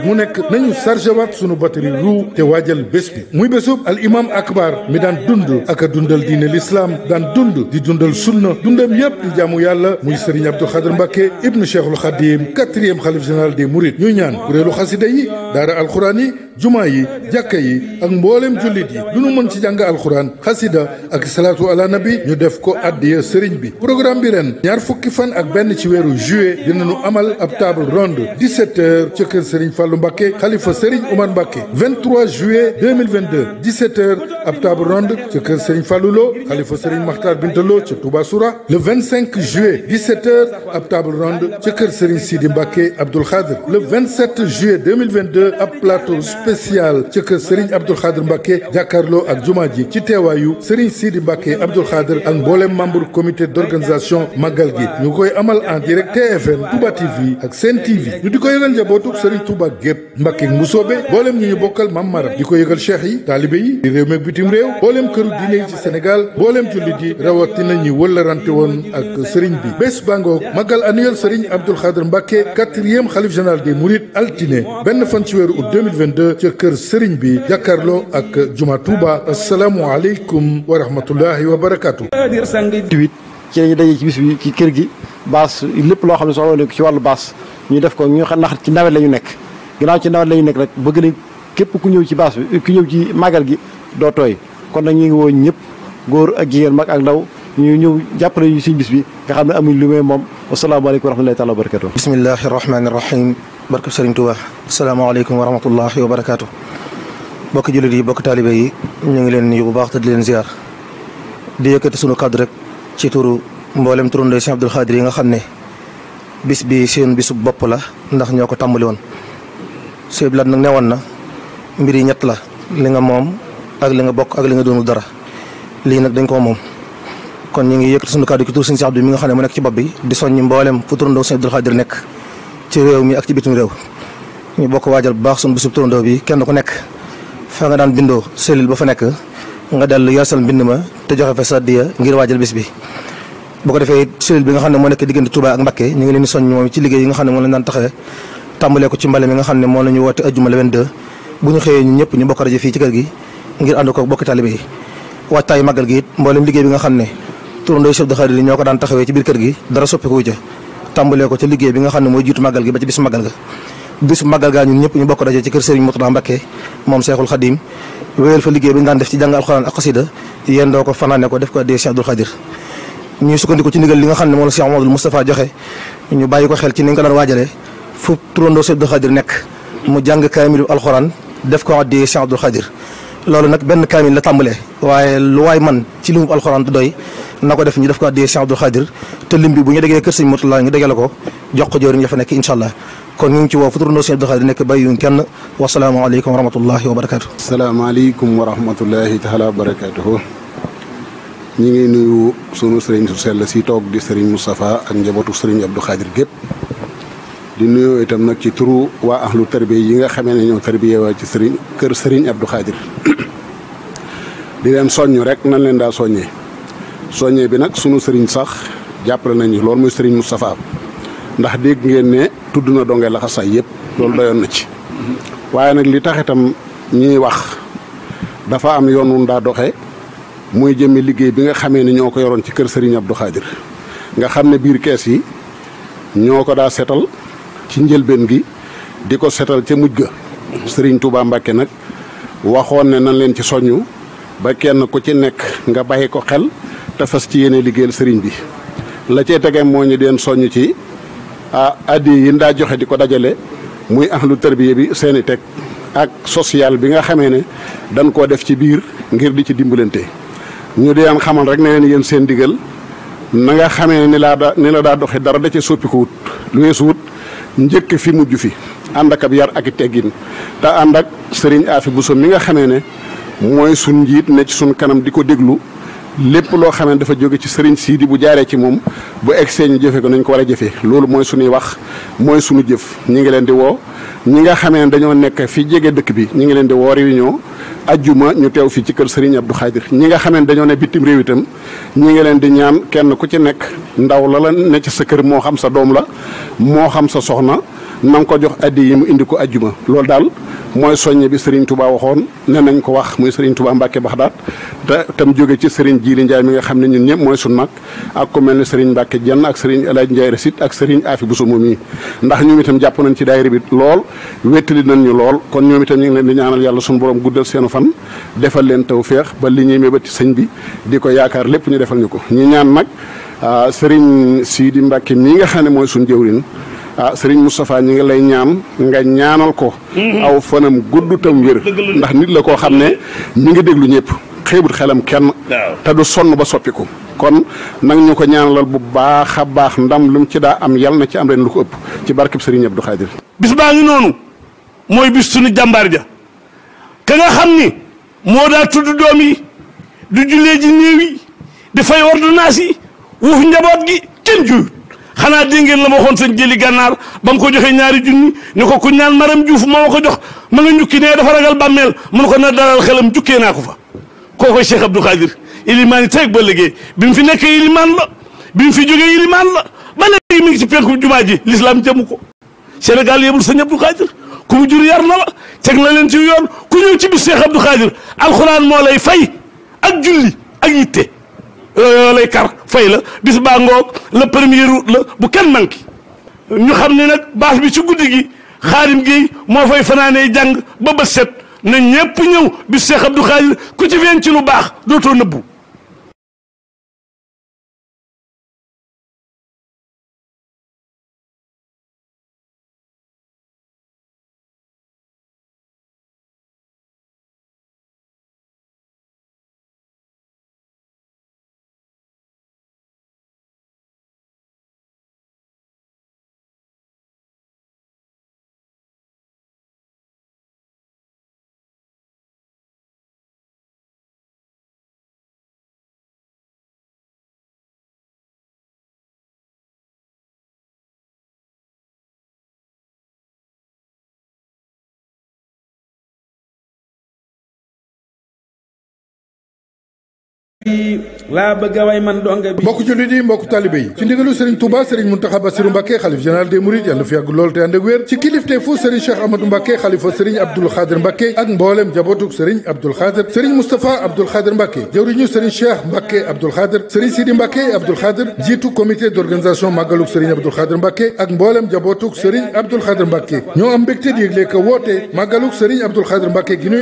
mu nekk nañu chargé waat sunu batterie ruu te waajal bés bi muy bésub al imam akbar mi daan dund ak a dundal diine l'islam daan dund di dundal sunna dundam yépp di jaamu yàlla muy sëriñ Abdoul Khadr Mbacké ibnu Cheikhul Khadim quatrième xalif général des mourides ñu ñaan kuréelu xasida yi daara alxuraan yi jumaa yi jàkka yi ak mboolem jullit yi lu nu mën ci jàng alxuraan alxuraan xasida ak salaatu ala nabi ñu def ko addiya sëriñ bi programme bi ren ñaar fukki fan ak benn ci weeru juillet dinañu amal ab table ronde 17 heures ci kër sëriñ Fallou Mbacké xalifa sëriñ Oumar Mbacké 23 juillet 2022 17 heures ab table ronde ci kër sëriñ Fallou Lo xalifa sëriñ Makhtar Binta Lo ci Touba Soura le 25 juillet 17 heures ab table ronde ci kër sëriñ Sidi Mbacké Abdoul Khadr le 27 juillet 2022 ab plateau spécial ci kër sëriñ Abdoul Khadr Mbacké jàkkaarloo ak juma ji ci teewaayu Serigne Sidi Mbacké Abdoul Khader ak mboolem membre comité d'organisation màggal gi ñu koy amal en direct TFM Touba TV ak Sen TV ñu di ko yëgal njabootuk Serigne Touba gépp Mbacké Mbusoobe mboolem ñu ñu bokkal Mam Maram di ko yëgal cheikh yi taalibe yi di réew meeg bitim réew mboolem këru diine yi ci Sénégal mboolem jullit yi rawatina ñi wëllarante woon ak Serigne bi bés bangoog màggal annuel Serigne Abdoul Khader Mbacké quatrième xalif général des Mourides altine benn fan ci weeru août 2022 ca kër Serigne bi jàkkaarloo ak Juma Touba asalaamu asalaamaaleykum wa rahmatullahi wa barakaatu. 28 ci la ñuy daje ci bis bi ci kër gi baas lépp loo xam ne soxla ko ci wàllu baas ñu def ko ñu xam ndax ci nawet la ñu nekk ginnaaw ci nawet la ñu nekk rek bëgg nañ képp ku ñëw ci baas bi ku ñëw ci màggal gi doo kon nag ñu woo ñëpp góor ak jigéen mag ak ndaw ñu ñëw jàppale ñu suñ bis bi nga xam ne amuñ lu may moom asalaamaaleykum wa rahmatullahi taala wa barakatu bismillahi rahmaani rahim barke sëriñ Tuubaa asalaamaaleykum wa rahmatullahi wa barakatu bokki jullit yi bokki taalibe yi ñu ngi leen nuyu bu baax te di leen ziar di yëkkati sunu kàddu rek ci turu mboolem turandoo Sëñ Abdul Xaadir yi nga xam ne bis bi seen bisu bopp la ndax ñoo ko tàmbali woon. Sëñ Bilane nag newoon na mbir yi ñett la li nga moom ak li nga bokk ak li nga doonul dara lii nag dañ koo moom. kon ñu ngi yëkkati sunu kàddu ci turu Sëñ Abdul mi nga xam ne mu nekk ci bopp bi di soññ mboolem fu turandoo Sëñ Abdul Xaadir nekk ci réew mi ak ci bitim réew ñu bokk waajal bu baax sunu bisu turandoo bi kenn ko nekk. fa nga daan bindoo cellule ba fa nekk nga dellu yeesal mbind ma te joxe fa sàddiya ngir waajal bis bi. bu ko defee cellule bi nga xam ne moo nekk diggante Touba ak Mbacké ñu ngi leen di soññ moom ci liggéey yi nga xam ne moom lañ daan taxawee tàmbalee ko ci mbale mi nga xam ne moom la ñu woote ajjuma le 22 bu ñu xëyee ñu ñëpp ñu bokk rajo fii ci kër gi ngir ànd ko bokki talibé yi waajtaayu màggal gi it liggéey bi nga xam ne turandoo chef de xarit taxawee ci biir kër gi dara soppiku ca nga xam ne mooy jiitu màggal gi ba ci bisu màggal gaa ñun ñëpp ñu bokk daje ci kër Serigne Mourtada Mbacké moom Cheikhul Khadim wéyal fa liggéey bi ñu daan def ci jàng alxuraan ak xasida yéen doo ko fanaane ko def ko dee Cheikh Abdoul Khadir sukkandiku ci ndigal li nga xam ne moom la Cheikh Amadou Moustapha joxe ñu bàyyi ko xel ci ni nga ko daan waajalee fu turandoo Cheikh Abdoul Khadir nekk mu jàng kaamilu alxuraan def ko addee Cheikh Abdoul Khadir loolu nag benn kaamil la tàmbalee waaye lu waaye man ci limub alxuraan du doy na ko def ñu def ko addee Cheikh Abdoul Khadir te lim bi bu ñu déggee kër Serigne Mourtada ñu dégale ko jox ko jëwriñ ya fa nekk incha allah kon ñu ngi ci woo futurandoo si Abdou Khadre nekk bàyyiwuñ kenn wasalaamaaleykum wa rahmatullahi wa barakaatu. salaamaaleykum wa rahmatullahi taala wa barakaatuhu. ñu ngi nuyu sunu sëriñ su sell si toog di sëriñ Moustapha ak njabootu sëriñ Abdou Khadre gépp di nuyoo itam nag ci turu waa ahlu tarbiya yi nga xamee ne ñoo tarbiya waa ci sëriñ kër sëriñ Abdou Khadre di leen soññ rek nan leen daa soññee soññee bi nag sunu sëriñ sax jàppale nañu loolu muy sëriñ Moustapha. ndax dégg ngeen ne tudd na donge laxasaay yëpp loolu doyoon na ci waaye nag li taxitam ñuy wax dafa am yoon wu daa doxe muy jëmmi liggéey bi nga xamee ni ñoo ko yoroon ci kër Serigne Abdou nga xam ne biir kees yi ñoo ko daa seetal ci njëlbéen gi di ko seetal ca mujj ga sëriñ Touba Mbacke nag waxoon ne nan leen ci soññu ba kenn ku ci nekk nga bàyyi ko xel te fas ci yeneen liggéeyal sëriñ bi la cee tege moo ñu deen soññ ci ah addi yi daa joxe di ko dajale muy ahlu tarbiya bi seen i teg ak social bi nga xamee ne dañ koo def ci biir ngir di ci dimbalante ñu di xamal rek ne leen yéen seen digal na nga xamee ni laa da ni la daa doxee dara da ca soppiku wut lu weesu wut njëkk fi mujj fi ànd ak yar ak i teggin te ànd ak sëriñ bu so mi nga xamee ne mooy suñ njiit ne ci suñ kanam di ko déglu. lépp loo xamee dafa jóge ci sëriñ siidi bu jaaree ci moom bu egsee ñu jëfe ko nañ ko war a jëfee loolu mooy suñuy wax mooy suñu jëf ñi ngi leen di woo ñi nga xamee ne dañoo nekk fi jege dëkk bi ñi ngi leen di woo réunion ajjuma ñu teew fii ci kër sëriñ du Khadir ñi nga xamee ne dañoo ne bitim réew itam ñi ngi leen di ñaan kenn ku ci nekk ndaw la la ne ci sa kër moo xam sa doom la moo xam sa soxna na nga ko jox addi yi mu indi ko ajjuma loolu daal mooy soññe bi Serigne Touba waxoon ne nañ ko wax muy Serigne Touba Mbacke Baxdaat te tam jóge ci Serigne Jili Ndiaye mi nga xam ne ñun ñëpp mooy sun mag ak ku mel ne Serigne Mbacke jan ak sëriñ El Hadj Ndiaye Rasit ak Serigne Afi Bousso moom yi ndax ñoom itam jàpp nañ ci daayira bi lool wéttali nañ ñu lool kon ñoom itam ñu ngi leen di ñaanal yàlla suñu borom guddal seenu fan defal leen tew feex ba li ñuy mébati sëñ bi di ko yaakaar lépp ñu defal ñu ko ñu ñaan nag ah, Serigne di Mbacke mii nga xam ne mooy suñ jëwrin ah Serigne Moustapha ñi ngi lay ñaan nga ñaanal ko. Mm-hmm. aw fanam gudd tam wér. ndax nit la koo xam ne mi ngi déglu ñëpp. xeebut xelam kenn. te du sonn ba soppiku. kon nag ñu ko ñaanalal bu baax a baax ndam lu mu ci daa am yal na ci am ren lu ko ëpp ci barkeb Serigne Abdou Khadir. bis baa ngi noonu mooy bis suñu jàmbaar ja ka nga xam ni moo daa tudd doom yi du jullee ji néew yi dafay ordonnance yi wuuf njaboot gi kenn juyut xanaa dégg ngeen la ma waxoon sëñ jëli gànnaar ba mu ko joxee ñaari junni ne ko ku ñaan maram juuf moo ko jox ma nga njukki nee dafa ragal bàmmeel mu ne ko na dalal xelam jukkee naa ko fa kookoy Cheikh Abdou Khadir ilimaan yi teeg ba liggéey bi mu fi nekkee ilimaan la bi mu fi jógee ilimaan la ba léegi mi ngi ci penku jumaa ji l'islam jëmu ko Sénégal yebul sëñ Abdou Khadir ku mu jur yar na la teg na leen ci yoon ku ñëw ci bis Cheikh Abdou Khadir alxuraan moo lay fay ak julli ak yitte lay kar fay la bis baa ngoog le premier la bu kenn manqué ñu xam ne nag bâche bi ci guddi gi xaarim gi moo fay fanaanee jàng ba bët set na ñépp ñëw bi seex Abdou Khadir ku ci ween ci lu baax dootoo nëbbu a way man donga bi mbokk jullit yi mbokk taalibé yi ci ndigalu Serigne Touba Serigne Mountakha Bassirou Mbacké xalif général des Mourides fi yàgg lool te ànd ak wér ci kilifte fu Serigne Cheikh Amadou Mbacké xalifa Serigne Abdoul Khadir Mbacké ak mboolem jabotuk Serigne Abdoul Khadir Serigne Moustapha Abdoul Khadir Mbacké jëwriñu Serigne Cheikh Mbacké Abdoul Khadir Serigne Sidi Mbacké Abdoul Khadir jiitu comité d'organisation màggaluk Serigne Abdoul Khadir Mbacké ak mboolem jabotuk Serigne Abdoul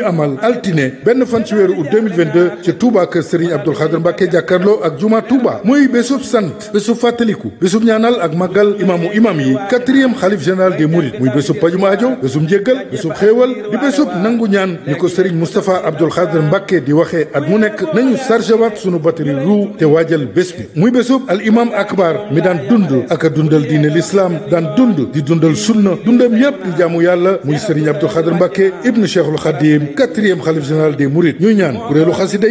am mbégte benn fan ci weeru août 2022 ci Touba kër Serigne Abdou Khadr Mbacke jàkkarloo ak juma Touba muy bésub sant bésub fàttaliku bésub ñaanal ak màggal imaamu imam yi quatrième xalif général des Mourides muy bésub pajum aajo bésub njéggal bésub xéewal di bésub nangu ñaan ñu ko Serigne Moustapha Abdou Khadr Mbacke di waxee ak mu nekk nañu chargé waat sunu batterie ruu te waajal bés bi muy bésub al imam akbar mi daan dund ak a dundal diine l'islam daan dund di dundal sunna dundam yépp di jaamu yàlla muy Serigne Abdou Khadr Mbacke ibnu Cheikhul Khadim quatrième xalif général des Mourides ñuy ñaan kuréelu xasida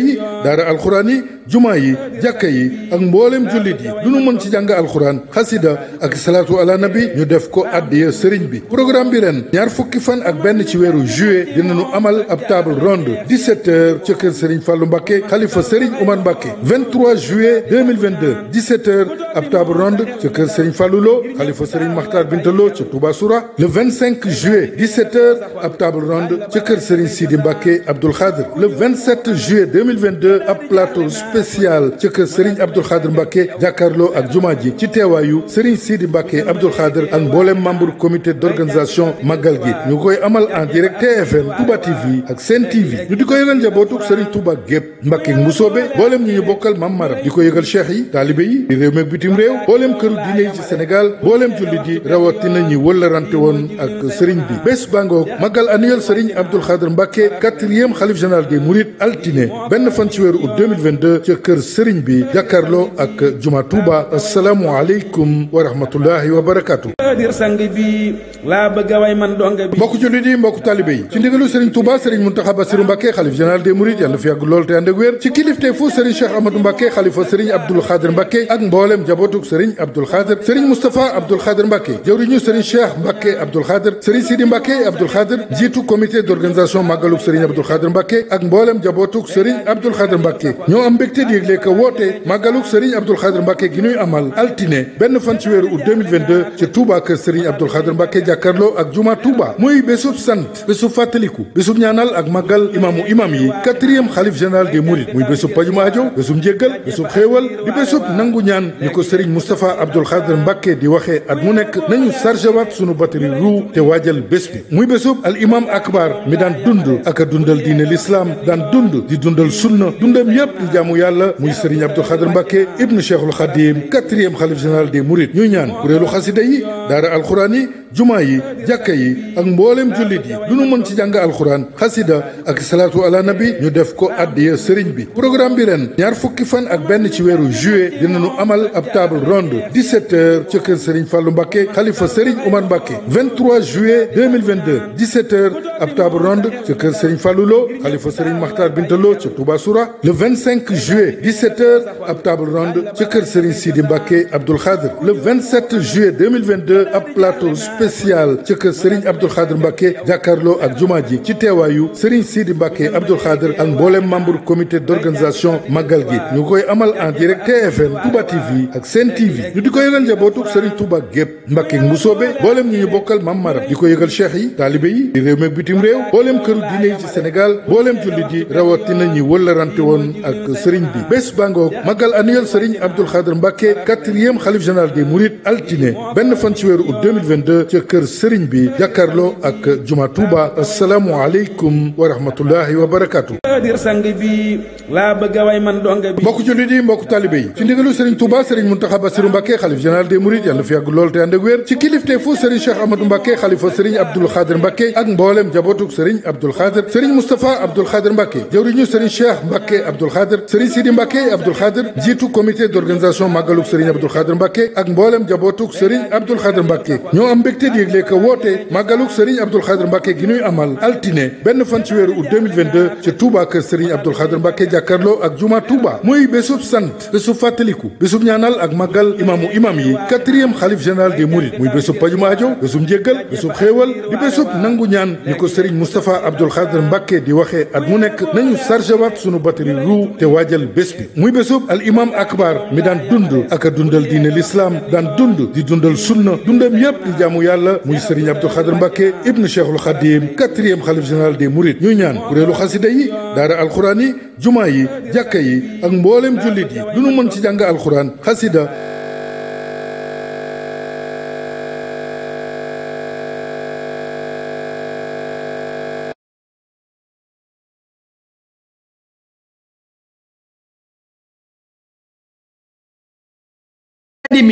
ni jumaa yi jàkka yi ak mboolem jullit yi lu nu mën ci jàng alxuraan xasida ak salaatu ala nabi ñu def ko addiya sëriñ bi programme bi ren ñaar fukki fan ak benn ci weeru juillet dinañu amal ab table ronde 17 heures ci kër sëriñ Fallou Mbacké xalifa sëriñ Oumar Mbacké 23 juillet 2022 17 heures ab table ronde ci kër sëriñ Fallou Lo xalifa sëriñ Makhtar Binta Lo ci Touba Soura le 25 juillet 17 heures ab table ronde ci kër sëriñ Sidi Mbacké Abdoul le 27 juillet 2022 ab plateau plateau spécial ci kër Serigne Abdoul Khadr Mbacké jàkkaarloo ak juma ji ci teewaayu Serigne Sidi Mbacké Abdoul Khadr ak mboolem membre comité d'organisation maggal gi ñu koy amal en direct TFM Touba TV ak Sen TV ñu di ko yëgal njabootuk Serigne Touba gépp Mbacké Mbusoobe mboolem ñu ñu bokkal Mam Maram di ko yëgal cheikh yi taalibe yi di réew meeg bitim réew mboolem këru diine yi ci Sénégal mboolem jullit yi rawatina ñi wëllarante woon ak Serigne bi bés bangoog màggal annuel Serigne Abdoul Khadr Mbacké quatrième xalif général des Mourides altine benn fan 2022 ca kër sëriñ bi jàkkaarloo ak juma Touba asalaamualeykum wa rahmatullahi wa barakaatu. dir sang bi laa bëgg a way man donga bi. mbokku jullit yi mbokku talibe yi. ci ndigalu Serigne Touba Serigne Mountakha Bassirou Mbacké xalif général des Mourides yàlla na fi yàgg lool te ànd ak wér. ci kilifte fu Serigne Cheikh Amadou Mbacké xalifa Serigne Abdoul Khadir Mbacké ak mboolem jabootug Serigne Abdoul Khadir Serigne Moustapha Abdoul Khadir Mbacké jëwriñu Serigne Cheikh Mbacké Abdoul Khadir Serigne Sidi Mbacké Abdoul Khadir jiitu comité d'organisation màggalug Serigne Abdoul Khadir Mbacké ak mboolem jabootug Serigne Abdoul Khadir Mbacké ñoo am mbégte di yëgle ko woote màggaluk Serigne Abdoul Khadr Mbacke gi nuy amal altine benn fan ci weeru août 2022 ci Touba kër Serigne Abdoul Khadr Mbacke jàkkarloo ak juma Touba muy bésub sant bésub fàttaliku bésub ñaanal ak màggal imaamu imam yi quatrième xalif général des Mourides muy bésub pajum aajo bésub njéggal bésub xéewal di bésub nangu ñaan ni ko Serigne Moustapha Abdoul Khadr Mbacke di waxee at mu nekk nañu chargé waat sunu batterie ruu te waajal bés bi muy bésub al imam akbar mi daan dund ak dundal diine l'islam daan dund di dundal sunna dundam yépp ngir jaamu yàlla muy Serigne Abdou Khadr Mbacké ibnu Cheikhul Khadim quatrième xalif général des Mourides ñuy ñaan kuréelu xasida yi daara alxuraan yi juma yi jàkka yi ak mbooleem jullit yi du nu mën ci jàng alxuraan xasida ak salaatu ala bi ñu def ko addiya sëriñ bi programme bi ren ñaar fukki fan ak benn ci weeru dina dinañu amal ab table ronde 17 heures ca kër sëriñ Fallou Mbacke xalifa sëriñ Omar Mbacke 23 juillet 2022 17 heures ab table ronde ca kër sëriñ Fallou Lo xalifa sëriñ Makhtar Binta Lo ca Touba Soura le 25 juillet 17 heures ab table ronde ca kër sëriñ Sidi Mbacke Abdoul Khadr le 27 juillet 2022 ab plateau spécial ci kër Serigne Abdoul Khadr Mbacké jàkkaarloo ak juma ji ci teewaayu Serigne Sidi Mbacké Abdoul Khadr ak mboolem membre comité d'organisation màggal gi ñu koy amal en direct TFM Touba TV ak Sen TV ñu di ko yëgal njabootu Serigne Touba gépp Mbacké Mbusoobe mboolem ñu ñu bokkal Mam Maram di ko yëgal cheex yi taalibe yi di réew meeg bitim réew mboolem këru diine yi ci Sénégal mboolem jullit yi rawatina ñi wëllarante woon ak Serigne bi bés bangoog màggal annuel Serigne Abdoul Khadr Mbacké quatrième xalif général des Mourides altine benn fan ci weeru août 2022 ca kër sëriñ bi jàkkaarloo ak juma Touba asalaamu aleykum wa rahmatullahi wa barakaatu. dir sang bi laa bëgg a way man donga bi mbokk jullit yi mbokk taalibe yi ci ndigalu sëriñ Touba sëriñ Mountakha Bassirou Mbacké xalif général des mourides yàlla fi yàgg lool te ànd ak wér ci kilifte fu sëriñ Cheikh Amadou Mbacké xalifa sëriñ Abdoul Khadir Mbacké ak mboolem jabootuk sëriñ Abdoul Khadir sëriñ Moustapha Abdoul Khadir Mbacké jëwriñu sëriñ Cheikh Mbacké Abdoul Khadir sëriñ Sidi Mbacké Abdoul Khadir jiitu comité d'organisation màggaluk sëriñ Abdoul Khadir Mbacké ak mboolem jabootuk sëriñ Abdoul Khadir Mbacké ñoo am mbég mbégte di yëgle ko woote màggaluk Serigne Abdoul Khadr Mbacke gi ñuy amal altine benn fan ci weeru août 2022 ci Touba kër Serigne Abdoul Khadr mbakke jàkkarloo ak juma Touba muy bésub sant bésub fàttaliku bésub ñaanal ak màggal imaamu imam yi quatrième xalif général des Mourides muy bésub pajum aajo bésub njéggal bésub xéewal di bésub nangu ñaan ni ko Serigne Moustapha Abdoul Khadr Mbacke di waxee at mu nekk nañu chargé waat sunu batterie ruu te waajal bés bi muy bésub al imam akbar mi daan dund ak a dundal diine l'islam daan dund di dundal sunna dundam yépp di yàlla muy Serigne Abdou Khadr Mbacké ibn Cheikhul Khadim quatrième xalif général des Mourides ñuy ñaan kuréelu xasida yi daara alxuraan yi jumaa yi jàkka yi ak mboolem jullit yi lu nu mën ci jàng alxuraan xasida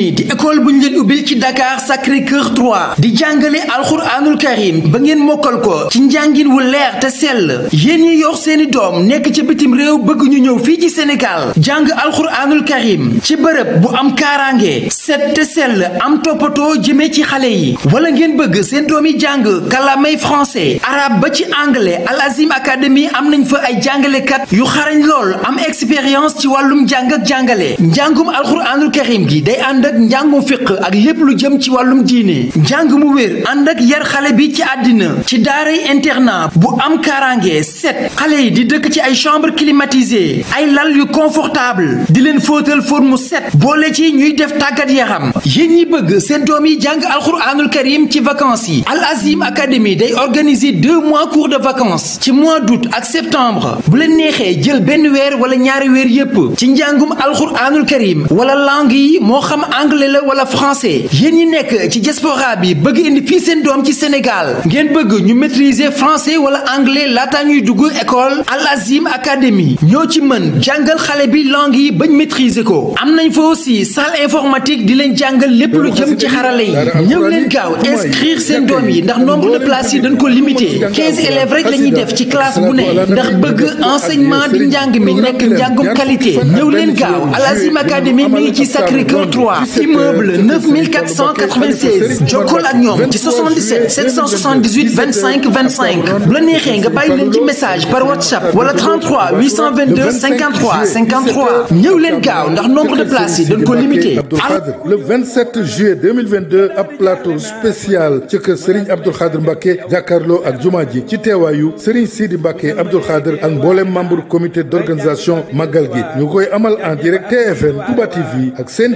bi di école bu ñu leen ubbil ci Dakar Sacré-Cœur 3 di jàngale alxuraanul karim ba ngeen mokkal ko ci njàngin wu leer te sell yéen ñi yor seeni doom nekk ca bitim réew bëgg ñu ñëw fii ci Sénégal jàng alxuraanul karim ci bërëb bu am kaaraange set te sell am toppatoo jëmee ci xale yi wala ngeen bëgg seen doom yi jàng kalamay français arabe ba ci anglais Al Azim Academy am nañ fa ay jàngalekat yu xarañ lool am expérience ci wàllum jàng ak jàngale njàngum alxuraanul karim gi day ànd ak njàngum fiq ak lépp lu jëm ci wàllum diine njàng mu wér ànd ak yar xale bi ci àddina ci daaray internat bu am kaaraange set xale yi di dëkk ci ay chambre climatisée ay lal yu confortable di leen fóotal fóot mu set boole ci ñuy def tàggat yaram yéen yi bëgg seen doom yi jàng alxuraanul karim ci vacances yi Al Azim Academy day organiser deux mois cours de vacances ci mois d'août ak septembre bu leen neexee jël benn weer wala ñaari weer yépp ci njàngum alxuraanul karim yi anglais la wala français yéen ñi nekk ci diaspora bi bëgg indi fii seen doom ci Sénégal ngeen bëgg ñu maîtriser français wala anglais laataa ñuy dugg école Al Azim Academy ñoo ci mën jàngal xale bi langue yi bañ maîtriser ko am nañ fa aussi salle informatique di leen jàngal lépp lu jëm ci xarala yi ñëw leen gaaw inscrire seen doom yi ndax nombre de places yi dañ ko limité 15 élèves rek la ñuy def ci classe bu ne ndax bëgg enseignement di njàng mi nekk njàngum qualité immeuble 9496 jokkool ak ñoom ci 77 778 25 25 bu la neexee nga bàyyi leen ci message par WhatsApp wala 33 822 53 53 ñëw leen gaaw ndax ci kër Serigne Abdoul Khadr Mbacké jàkkaarloo ak juma membre comité d'organisation magal gi ñu koy amal en direct TFM Touba TV ak Sen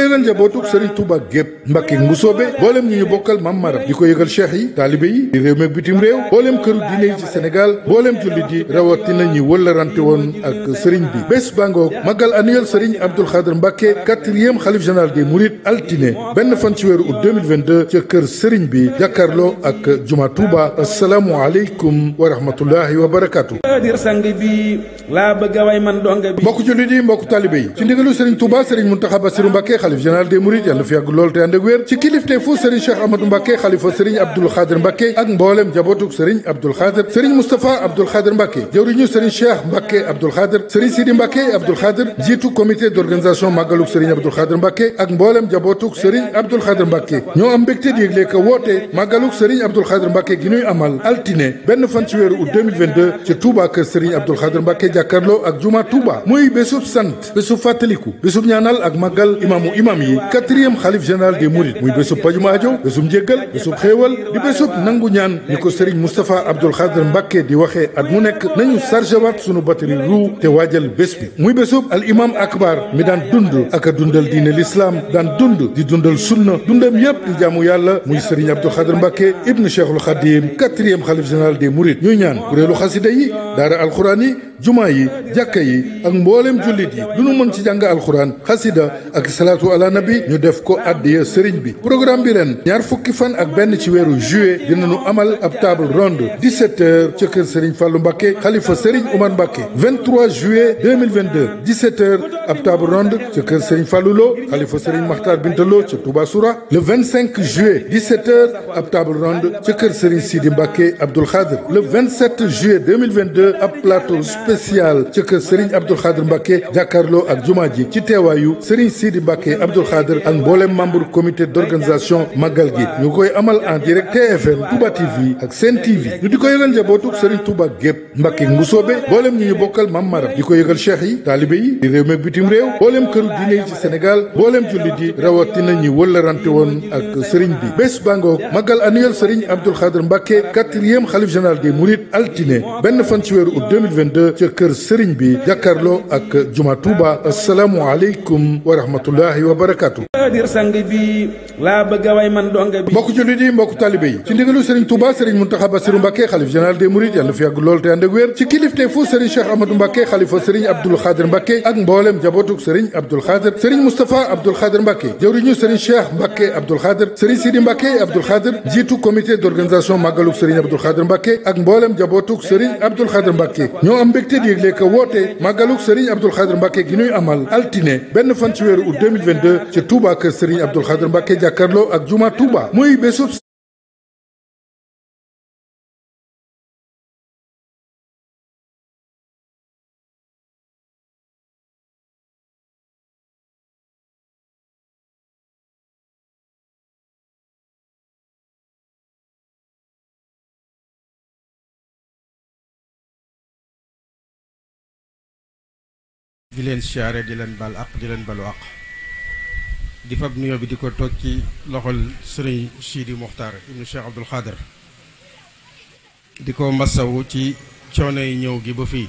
wéyalal njabootug sëriñ Touba gépp Mbàkke Mbusoobe mboolem ñu ñu bokkal Mam Maram di ko yëgal cheikh yi taalibe yi di réew meeg bitim réew mboolem këru diine yi ci Sénégal mboolem jullit yi rawatina a wëllarante woon ak sëriñ bi bés bangoog magal annuel sëriñ Abdou Khadre Mbàkke quatrième xalif général des Mourides altine benn fan ci weeru août 2022 ca kër wa rahmatullahi wa barakaatu mbokk jullit yi mbokk taalibe yi ci ndigalu sëriñ Touba sëriñ Muntaxa Basiru Mbàkke xalif général des Mourides yàlla fi yàgg lool te ànd ak wér ci kilifte fu Serigne Cheikh Amadou Mbacke xalifa Serigne Abdoul Khadir Mbacke ak mboolem jabootuk Serigne Abdoul Khadir Serigne Moustapha Abdoul Khadir Mbacke jëwriñu Serigne Cheikh Mbacke Abdoul Khadir Serigne Sidi Mbacke Abdoul Khadir jiitu comité d'organisation màggaluk mboolem jabootuk Serigne Abdoul Khadir Mbacke ñoo am di yëgle ko woote màggaluk Serigne Abdoul Khadir Mbacke gi ñuy amal altine benn fan ci weer août 2022 ci Touba kër Serigne Abdoul Khadir Mbacke jàkkarloo ak juma Touba muy bésub sant bésub bu imam yi quatrième xalif général des mourides muy bésub pajum aajo bésub njéggal bésub xéewal di bésub nangu ñaan ni ko sëriñ Moustapha Abdoul Khadr Mbacke di waxee at mu nekk nañu chargé waat sunu batterie ruu te waajal bés bi muy bésub al imam akbar mi daan dund ak a dundal diine lislaam daan dund di dundal sunna dundam yépp di jàmm yàlla muy sëriñ Abdoul Khadr Mbacke ibnu Cheikhul Khadim quatrième xalif général des mourides ñuy ñaan kuréelu xasida yi daara alxuraan yi jumaa yi jàkka yi ak mboolem jullit yi lu nu mën ci jàng alxuraan xasida ak salaat salaatu ala nabi ñu def ko addiya sëriñ bi programme bi ren ñaar fukki fan ak benn ci weeru juillet dinañu amal ab table ronde 17 heures ca kër sëriñ Fallou Mbacké xalifa sëriñ Oumar Mbacké 23 juillet 2022 17 heures ab table ronde ca kër sëriñ Fallou Lo xalifa sëriñ Makhtar Binta Lo ca Touba Soura le 25 juillet 17 heures ab table ronde ca kër sëriñ Sidi Mbacké Abdoul Khadr le 27 juillet 2022 ab plateau spécial ca kër sëriñ Abdoul Khadr Mbacké jàkkaarloo ak jumaa ji ci teewaayu sëriñ Sidi Mbacké Mbacke Abdoul Khader ak mboolem membre comité d'organisation Magal gi ñu koy amal en direct TFM Touba TV ak Sen TV ñu di ko yëgal njabootuk Serigne Touba gépp Mbacke Mbusoobe mboolem ñu ñu bokkal Mam Maram di ko yëgal cheikh yi taalibe yi di réew meeg bitim réew mboolem këru diine yi ci Sénégal mboolem jullit yi rawatina ñi wëllarante woon ak Serigne bi bés bangoog Magal annuel Serigne Abdoul Khader Mbacke quatrième xalif général des Mourides altine benn fan ci weeru août 2022 ca kër Serigne bi jàkkaarloo ak Juma Touba asalaamualeykum wa wa barakaatu. laa bëgg a way man donga bi mbokk jullit yi mbokk taalibé yi ci ndigalu sëriñ Touba sëriñ Mountakha Bassirou Mbacké xalif général des mourides yàlla na fi yàgg lool te ànd ak wér ci kilifte fu sëriñ Cheikh Amadou Mbacké xalifa sëriñ Abdoul Khadir Mbacké ak mbooleem jabotuk sëriñ Abdoul Khadir sëriñ Moustapha Abdoul Khadir Mbacké jëwriñu sëriñ Cheikh Mbacké Abdoul Khadir sëriñ Sidi Mbacké Abdoul Khadir jiitu comité d'organisation màggaluk sëriñ Abdoul Khadir Mbacké ak mbooleem jabotuk sëriñ Abdoul Khadir Mbacké ñoo am mbégte di yëgle ko woote màggaluk sëriñ Abdoul Khadir Mbacké gi ñuy amal altine benn fan ci weeru jàkkarloo ak juma Touba muy bésub di leen siyaare di leen bal ak di leen balu ak di fab nuyoo bi di ko toog ci loxol sëriñ Sidi Mokhtar ibnu Cheikh Abdoul Khader di ko masawu ci coono yi ñëw gi ba fii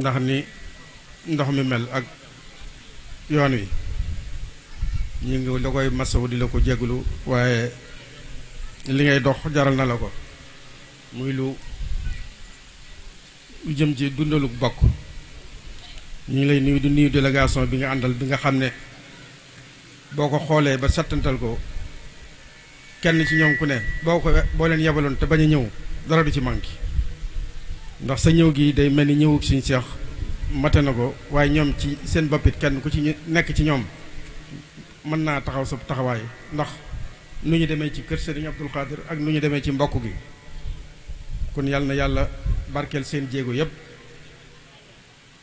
ndax ni ndox mi mel ak yoon wi ñu ngi la koy masawu di la ko jéglu waaye li ngay dox jaral na la ko muy lu lu jëm ci dundalu bokk ñu ngi lay nuyu di nuyu délégation bi nga àndal bi nga xam ne boo ko xoolee ba settantal ko kenn ci ñoom ku ne boo ko boo leen yebaloon te bañ ñëw dara du ci manqué ndax sa ñëw gi day mel ni ñëwug suñu seex mate na ko waaye ñoom ci seen bopp kenn ku ci nekk ci ñoom mën naa taxaw sa taxawaay ndax nu ñu demee ci kër Serigne Abdoul Khadir ak nu ñu demee ci mbokk gi kon yàlla na yàlla barkeel seen jéego yépp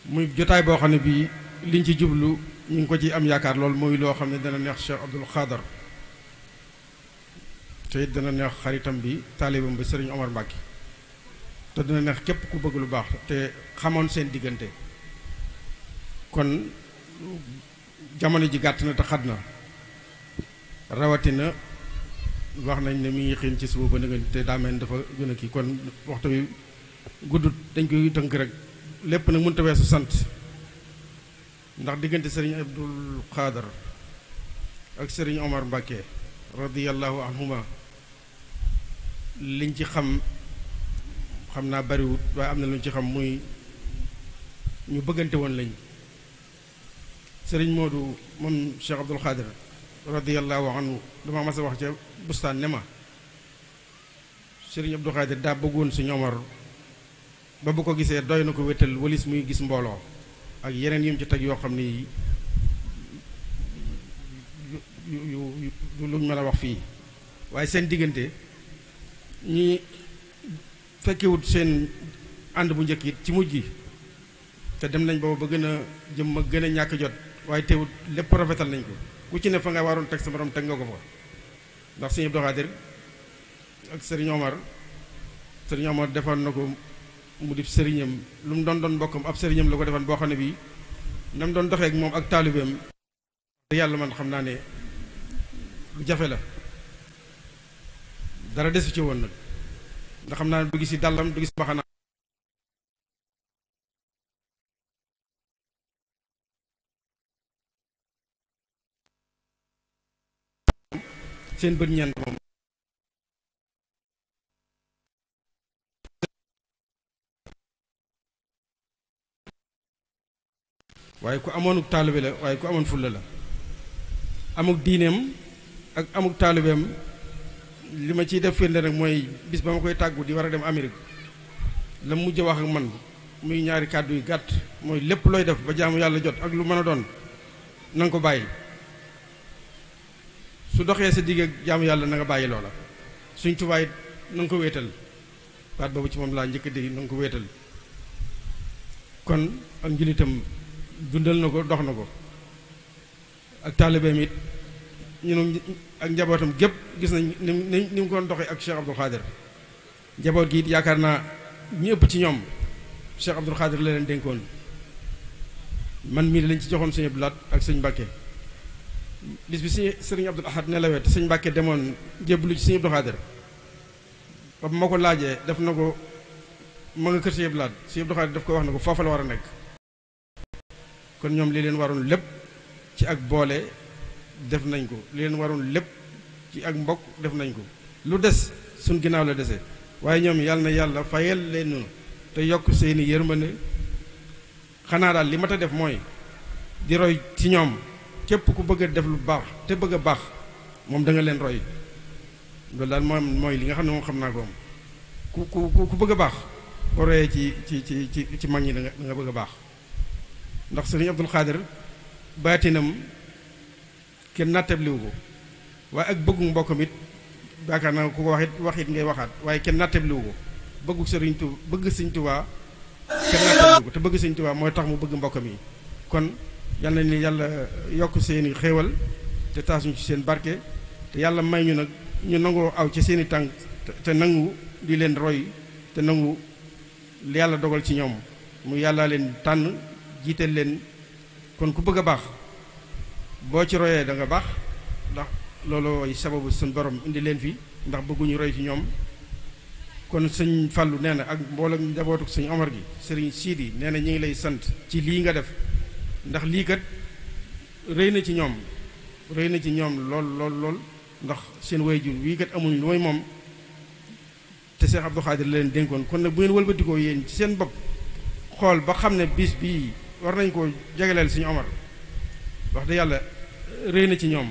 muy jotaay boo xam ne bii liñ ci jublu ñu ngi ko ci am yaakaar lool muy loo xam ne dana neex Cheikh Abdoul Khadar te it dana neex xaritam bi taalibam bi Serigne Omar Mbacke te dina neex képp ku bëgg lu baax te xamoon seen diggante kon jamono ji gàtt na te xat na rawatina wax nañ ne mi ngi xiin ci suba ba nëgën te daa mel dafa gën a kii kon waxtu bi gudd dañ koy tënk rek. lépp nag mënta su sant ndax diggante sëriñ Abdul Xaadar ak sëriñ Omar Mbàkke radiyallahu anhuma liñ ci xam xam naa bariwut waaye am na luñ ci xam muy ñu bëggante woon lañ sëriñ Moodu moom Cheikh Abdul Xaadir radiyallahu anhu dama mas a wax ca bustaan ne ma sëriñ Abdul Xaadir daa bëggoon suñu Omar ba bu ko gisee doy na ko wétal walis muy gis mbooloo ak yeneen yim ci teg yoo xam ni yu luñ mën a wax fii waaye seen diggante ñi fekkewut seen ànd bu njëkk yi ci mujj gi te dem nañ boobu ba gën a jëm ma gën a ñàkk jot waaye teewut lépp rafetal nañ ko ku ci ne fa ngay waroon teg sa morom teg nga ko fa ndax sëñ Abdou Khadir ak sëriñ Omar sëriñ Omar defoon na ko mu di sëriñam lu mu doon doon mbokkam ab sëriñam la ko defan boo xam ne bii na mu doon doxee moom ak taalibeem yàlla man xam naa ne lu jafe la dara desu ci woon nag ndax xam naa ne du si dàllam du gis baxana seen bët ñeent moom waaye ku amoonuk taalibe la waaye ku amoon fulla la amuk diineem ak amuk taalibeem li ma ciy def firnde nag mooy bis ba ma koy tàggu di war a dem Amérique la mujj wax ak man muy ñaari kàddu yu gàtt mooy lépp looy def ba jaamu yàlla jot ak lu mën a doon na ko bàyyi su doxee sa digg ak jaamu yàlla na nga bàyyi loola suñ tubaay na ko wéetal baat boobu ci moom laa njëkk a dégg na ko wéetal kon ak njëlitam dundal na ko dox na ko ak taalibeem it ñun ak njabootam gépp gis nañ ni ni mu ko doxee ak Cheikh Abdoul Khadir njaboot gi it yaakaar naa ñu ci ñoom Cheikh Abdoul Khadir la leen dénkoon man mii lañ ci joxoon sëñ Abdou ak sëñ Mbàkke bis bi sëñ sëriñ Abdoul Ahad ne la wet Mbàkke demoon jébbalu ci sëñ Abdoul Khadir ba ma ko laajee def na ko ma nga kër sëñ Abdou Lahat sëñ Abdoul daf ko wax na ko foofa la war a nekk kon ñoom li leen waroon lépp ci ak boole def nañ ko li leen waroon lépp ci ak mbokk def nañ ko lu des suñ ginnaaw la desee waaye ñoom yàlla na yàlla fayal leen noonu te yokk seeni yërmande xanaa daal li mat a def mooy di roy ci ñoom képp ku bëgg def lu baax te bëgg a baax moom da leen roy loolu daal moom mooy li nga xam ne moom xam naa ko moom ku ku ku bëgg a baax boo royee ci ci ci ci ci mag ñi da nga bëgg baax ndax sëriñ Abdul Xaadir baatinam kenn nattabliwu ko waaye ak bëggu mbokkam it baakaar naa ku ko wax it ngay waxaat waaye kenn nattabliwu ko bëggu sëriñ tu bëgg sëriñ Tuubaa kenn te bëgg sëriñ waa mooy tax mu bëgg mbokkam yi kon yal na ni yàlla yokk seeni xéewal te taas ci seen barke te yàlla may ñu nag ñu nangoo aw ci seeni tànk te nangu di leen roy te nangu li yàlla dogal ci ñoom mu yàllaa leen tànn jiital leen kon ku bëgg a baax boo ci royee danga baax ndax loolooy sababu suñ borom indi leen fii ndax bëgguñu roy ci ñoom kon sëñ Fallou nee na ak mboolem njabootu sëñ Omar gi sëriñ Sidi nee na ñu ngi lay sant ci lii nga def ndax lii kat rëy na ci ñoom rëy na ci ñoom lool lool lool ndax seen waajur wii kat amuñ lu mooy moom te Cheikh Abdou Khadir la leen dénkoon kon nag bu ngeen wëlbatikoo yéen ci seen bopp xool ba xam ne bis bii war nañ koo jagleel suñu Omar wax da yàlla réy na ci ñoom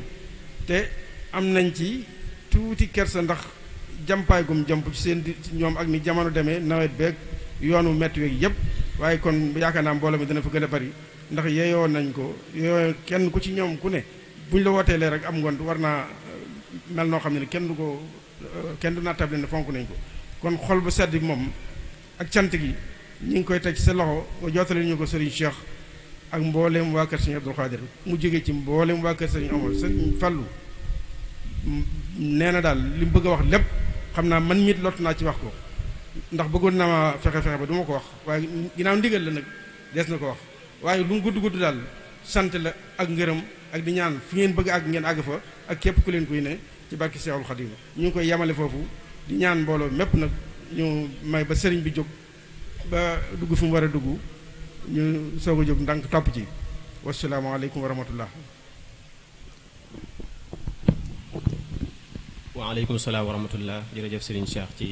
te am nañ ci tuuti kersa ndax jampaay gum jamp ci seen di ñoom ak ni jamono demee nawet beeg yoonu metti weeg yëpp waaye kon yaakaar naa mbooloo mi dina fa gën a bari ndax yeeyoo nañ ko yeeyoo kenn ku ci ñoom ku ne buñ la wooteelee rek am ngont war naa euh, mel noo xam ne kenn du ko euh, kenn du naatable ne fonk nañ ko kon xol bu sedd bi moom ak cant gi ñu ngi koy teg sa loxo nga jottali ñu ko sëriñ Cheikh ak mboolem waa kër sëriñ Abdul Xaadir mu jóge ci mboolem waa kër sëriñ Omar sëriñ Fàllu nee na daal li mu bëgg a wax lépp xam naa man mit lot naa ci wax ko ndax bëggoon naa ma fexe fexe ba du ko wax waaye ginnaaw ndigal la nag des na ko wax waaye lu mu gudd gudd daal sant la ak ngërëm ak di ñaan fi ngeen bëgg àgg ngeen àgg fa ak képp ku leen koy ne ci bàkki Seexul Xadiim ñu ngi koy yamale foofu ñaan mbooloo mépp nag ñu may ba sëriñ bi jóg ba dugg fu mu war a dugg ñu soog a jóg ndànk topp ci wasalaamaaleykum wa rahmatullah waaleykum salaam wa rahmatullah jërëjëf Serigne Cheikh ci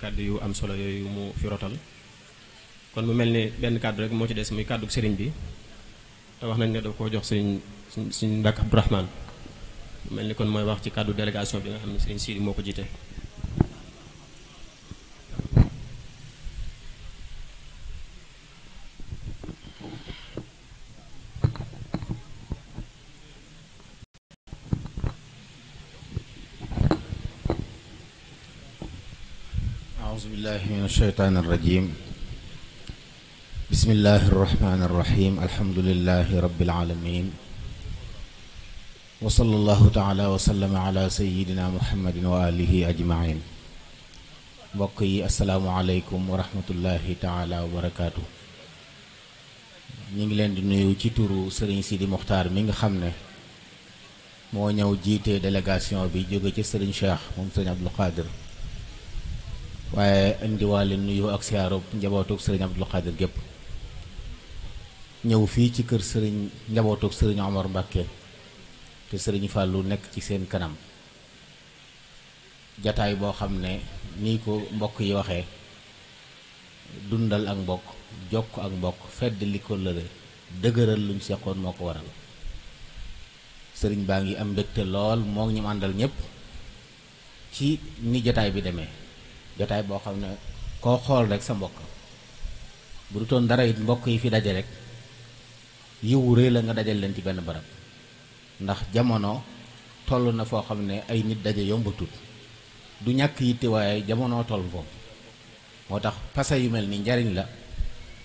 kàddu yu am solo yooyu mu fi rotal kon mu mel ni benn kàddu rek moo ci des muy kàddu sëriñ bi te wax nañ ne daf koo jox Serigne Serigne Mbacke Abdourahmane mu mel ni kon mooy wax ci kàddu délégation bi nga xam ne Serigne Sidi moo ko jiite. أعوذ بالله من الشيطان الرجيم بسم الله الرحمن الرحيم الحمد لله رب العالمين وصلى الله تعالى وسلم على سيدنا محمد وآله أجمعين بقي السلام عليكم ورحمة الله تعالى وبركاته ñu ngi leen di nuyu ci turu Serigne Sidi Mokhtar mi nga xam ne moo ñëw jiite délégation bi jóge ci Serigne Cheikh moom Serigne Abdou Khadir waaye indiwaale nuyu ak siyaarub njabootug sëriñ Abdul Xaadir gépp ñëw fii ci kër sëriñ njabootug sëriñ Omar Mbàkke te sëriñ Fàllu nekk ci seen kanam jataay boo xam ne nii ko mbokk yi waxee dundal ak mbokk jokk ak mbokk fedd li ko dëgëral luñ seqoon moo ko waral sëriñ baa ngi am mbégte lool moo ngi ñu àndal ci ni jataay bi demee jotaay boo xam ne koo xool rek sa mbokk bu du toon dara it mbokk yi fi daje rek yiwu rëy la nga dajal leen ci benn baram ndax jamono toll na foo xam ne ay nit daje yombatut du ñàkk yitte waaye jamono toll foofu moo tax fasa yu mel ni njariñ la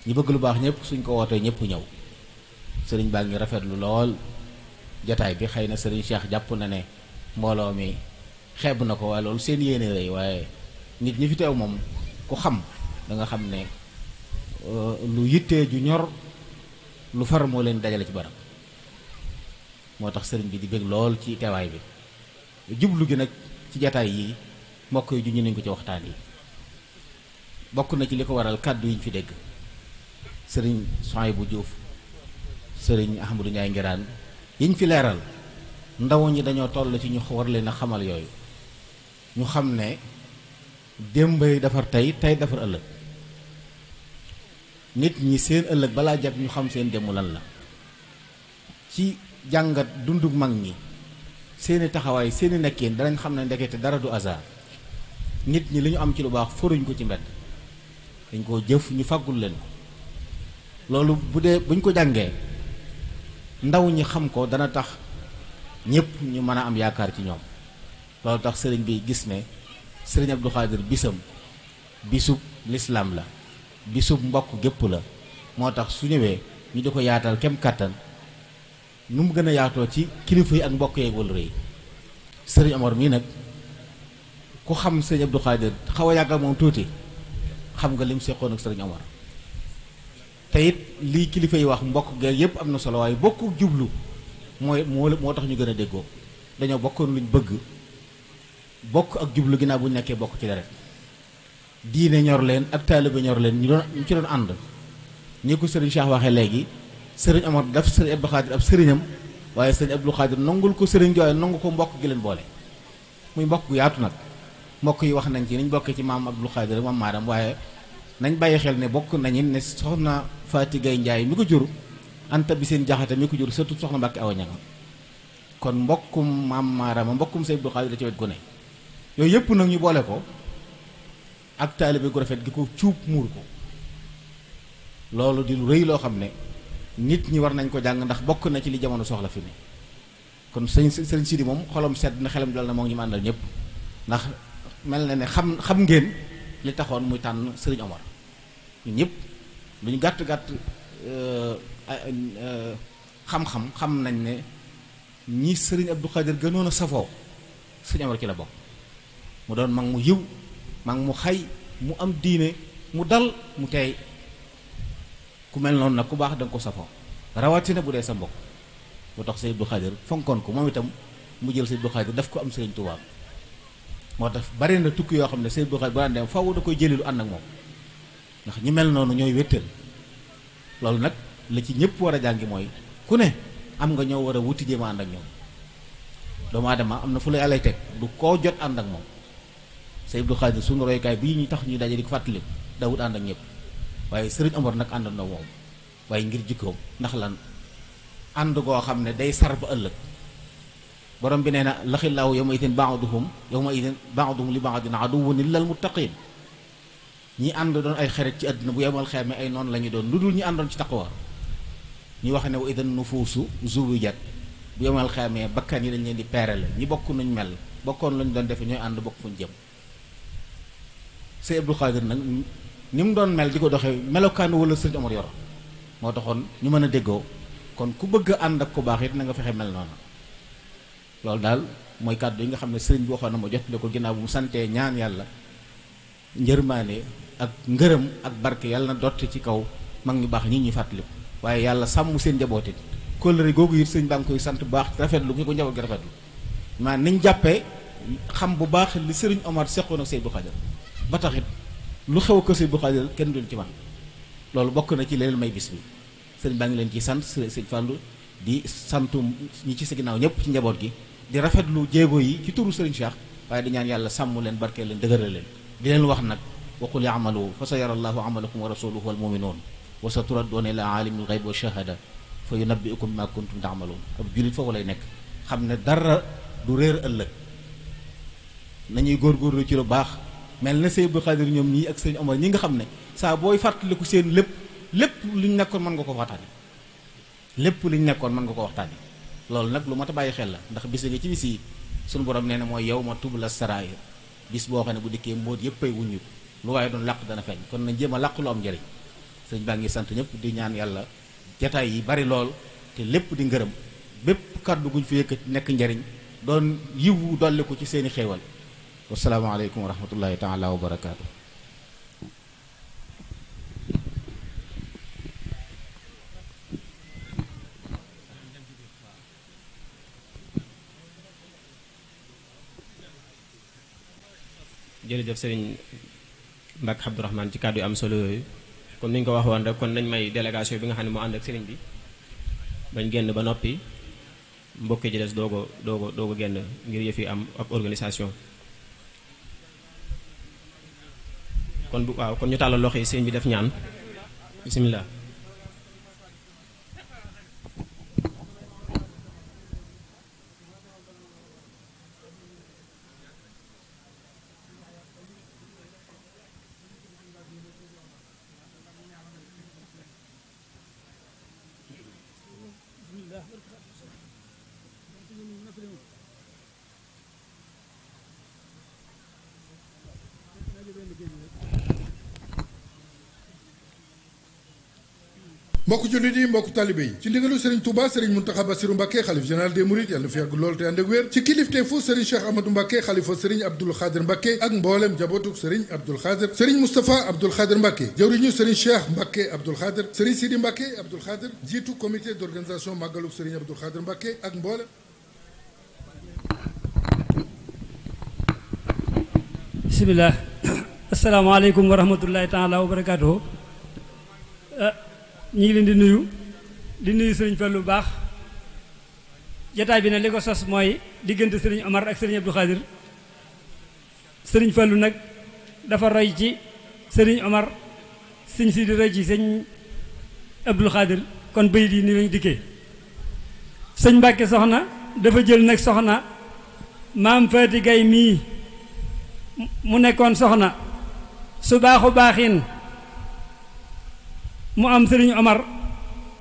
ñu bëgg lu baax ñëpp suñ ko wootee ñëpp ñëw sëriñ baa ngi lu lool jataay bi xëy na sëriñ Cheikh jàpp na ne mbooloo mi xeeb na ko waaye loolu seen yéene rëy waaye nit ñi fi teew moom ku xam danga xam ne euh, lu yittee ju ñor lu far moo leen dajale ci barab moo tax sëriñ bi di bég lool ci teewaay bi jublu gi nag ci jataay yi mbokk yi ju ñu nañ ko ci waxtaan yi bokk na ci li ko waral kàddu yi ñu fi dégg sëriñ bu Diouf sëriñ Ahmadou Ndiaye Nguirane yiñ fi leeral ndaw ñi dañoo toll ci ñu war leen a xamal yooyu ñu xam ne démbay defar tey tey defar ëllëg nit ñi seen ëllëg balaa jag ñu xam seen démb lan la ci jàngat dundug mag ñi seeni taxawaay seeni nekkin danañ xam ne ndekete dara du hasard nit ñi li ñu am ci lu baax foruñ ko ci mbedd dañ koo jëf ñu faggul leen ko loolu bu dee buñ ko jàngee ndaw ñi xam ko dana tax ñépp ñu mën a am yaakaar ci ñoom loolu tax sëriñ bi gis ne sëriñ Abdou Khadir bisam bisub lislaam la bisub mbokk gépp la moo tax su ñëwee ñu di ko yaatal kem kàttan nu mu gën a yaatoo ci kilifa yi ak mbokk yeeg wala rëy sëriñ Omar mii nag ku xam sëriñ Abdou Khadir xaw a yàgg moom tuuti xam nga lim seqoon ak sëriñ Omar te it lii kilifa yi wax mbokk geeg yépp am na solo waaye bokku jublu mooy moo moo tax ñu gën a déggoo dañoo bokkoon luñ bëgg bokk ak jublu ginnaaw bu nekkee bokk ci deret diine ñor leen ak taalibe ñor leen ñu doon ñu ci doon ànd ñi ko sëriñ Cheikh waxee léegi sëriñ Omar daf sëriñ Abdou Khadir ab sëriñam waaye sëriñ Abdou Khadir nangul ko sëriñ gi waaye nangu ko mbokk gi leen boole muy mbokk yaatu nag mbokk yi wax nañ ci niñ bokkee ci maam Abdou Khadir maam maadam waaye nañ bàyyi xel ne bokk nañu ne soxna Faati Gay Njaay mi ko jur anta bi seen jaxate mi ko jur surtout soxna Mbàkke Awa Ñaŋ kon mbokkum maam maarama mbokkum Sëriñ Abdou Khadir da ci wet gu ne yooyu yëpp nag ñu boole ko ak taalibe gu rafet gi ko cuub muur ko loolu di lu rëy loo xam ne nit ñi war nañ ko jàng ndax bokk na ci li jamono soxla fi ne kon sëñ sëñ Sidi moom xolam sedd na xelam dal na moo ngi ñu àndal ñëpp ndax mel na ne xam xam ngeen li taxoon muy tànn sëriñ Omar ñun ñëpp lu ñu gàtt gàtt euh, euh, xam-xam xam nañ ne ñi sëriñ Abdou Khadir gënoon a safoo sëriñ Omar ci la bokk. mu doon mag mu yiw mag mu xay mu am diine mu dal mu teey ku mel noonu nag ku baax da nga ko safoo rawatina bu dee sa mbokk mu tax Sëriñ Abdu Xaadir fonkoon ko moom itam mu jël Sëriñ Abdu Xaadir daf ko am Sëriñ Tuubaa moo tax bari na tukki yoo xam ne Sëriñ Abdu Xaadir bu daan dem faaw da koy jëli lu ànd ak moom ndax ñu mel noonu ñooy wéttal loolu nag li ci ñëpp war a jàngi mooy ku ne am nga ñoo war a wuti jéem ànd ak ñoom doomu aadama am na fu la yàllay teg du koo jot ànd ak moom Sëriñ Abdou Khadre suñu roykaay bii ñu tax ñu daje di ko fàttali daawut ànd ak ñëpp waaye sëriñ Amar nag ànd na moom waaye ngir jikkoom ndax lan ànd koo xam ne day sar ba ëllëg borom bi nee na laxilaahu yow ma itin baaduhum yow ma itin baaduhum li baadin aduwwun illal muttaqin ñi ànd doon ay xarit ci àddina bu yemal xeeme ay noonu la ñu doon lu dul ñi àndoon ci taqwa ñu wax ne wa idan nufuusu zuwijat bu yemal xeeme bakkan yi dañ leen di peerale ñi bokk nuñ mel bokkoon lañ doon defee ñooy ànd bokk fuñ jëm sëñ Abdou Khadir nag ni mu doon mel di ko doxee melokaan wala sëñ Omar Yoro moo taxoon ñu mën a déggoo kon ku bëgg ànd ak ku baax it na nga fexe mel noonu loolu daal mooy kàddu yi nga xam ne sëriñ bi waxoon na ma jot ne ko ginnaaw bu mu santee ñaan yàlla njërmaane ak ngërëm ak barke yàlla na dott ci kaw mag ñu baax ñi ñuy fàttaliku waaye yàlla sàmm seen njaboot it kóllëre googu it sëriñ baa ngi sant bu baax rafetlu ñu ko njaboot gi rafetlu maa niñ jàppee xam bu baax li sëriñ Omar seqoon ak Seydou Khadir ba taxit lu xew kër Serigne Abdou Khadir kenn duñ ci man loolu bokk na ci leneen may bis bi sëriñ ngi leen ci sant sëriñ Fallou di santu ñi ci sa ginnaaw ñëpp ci njaboot gi di rafetlu jéego yi ci turu sëriñ Cheikh waaye di ñaan yàlla sàmm leen barkee leen dëgëral leen di leen wax nag waqul yamalu fa sa yara allahu amalakum wa rasuluhu wal muminuun wa sa turaddoona ila aalimil gayb wa shahada fa yunabbiukum ma kuntum taamaloon ab jullit foofu lay nekk xam ne dara du réer ëllëg nañuy góorgóorlu ci lu baax mel na Sëñ Abdou ñoom ñii ak sëñ Omar ñi nga xam ne saa booy fàttaliku seen lépp lépp luñ nekkoon mën nga ko waxtaane lépp luñ nekkoon mën nga ko waxtaane loolu nag lu mat bàyyi xel la ndax bis nga ci bis yi suñu borom nee na mooy yow ma la saraayir bis boo xam ne bu dikkee mbóot yëpp ay wuññu lu waaye doon làq dana feeñ kon na jéem a làq lu am njëriñ sëñ baa ngi sant ñëpp di ñaan yàlla jataay yi bari lool te lépp di ngërëm bépp kàddu guñ nekk njariñ doon yiwu dolli ko ci seeni xéewal wasalaamaaleykum wa rahmatullahi taala wa barakaatu. jërëjëf sëriñ Mbacke Abdourahmane ci kàddu yu am solo yooyu kon ni ko wax woon rek kon nañ may délégation bi nga xam ne moo ànd ak sëriñ bi bañ génn ba noppi mbokki ji des doo ko doo ko doo ko génn ngir yëf yi am ab organisation. kon bu waaw kon ñu tàllal loxo yi sëñ bi def ñaan bisimilah. mbokk jullit yi mbokk talibé ci ndigalu Serigne Touba Serigne Mountakha Bassirou Mbacké xalif général des Mourides yàlla fi yàgg lool te ànd ak wér ci kilifteefu Serigne Cheikh Amadou Mbacké xalifa Serigne Abdoul Khadir Mbacké ak mboolem jabootuk Serigne Abdoul Khadir Serigne Moustapha Abdoul Khadir Mbacké jëwriñu Serigne Cheikh Mbacké Abdoul Khadir Serigne Sidi Mbacké Abdoul Khadir jiitu comité d'organisation màggaluk Serigne Abdoul Khadir Mbacké ak mboolem bismillah ñu ngi leen di nuyu di nuyu sëriñ Fallu bu baax jataay bi nag li ko sos mooy diggante sëriñ Omar ak sëriñ Abdou Khadir sëriñ Fallu nag dafa roy ci sëriñ Omar sëñ si di roy ci sëñ Abdou Khadir kon bayit yi nii lañu dikkee sëñ Mbàkke soxna dafa jël nag soxna maam Faati Gay mii mu nekkoon soxna su baaxu baaxin mu am sëriñ Omar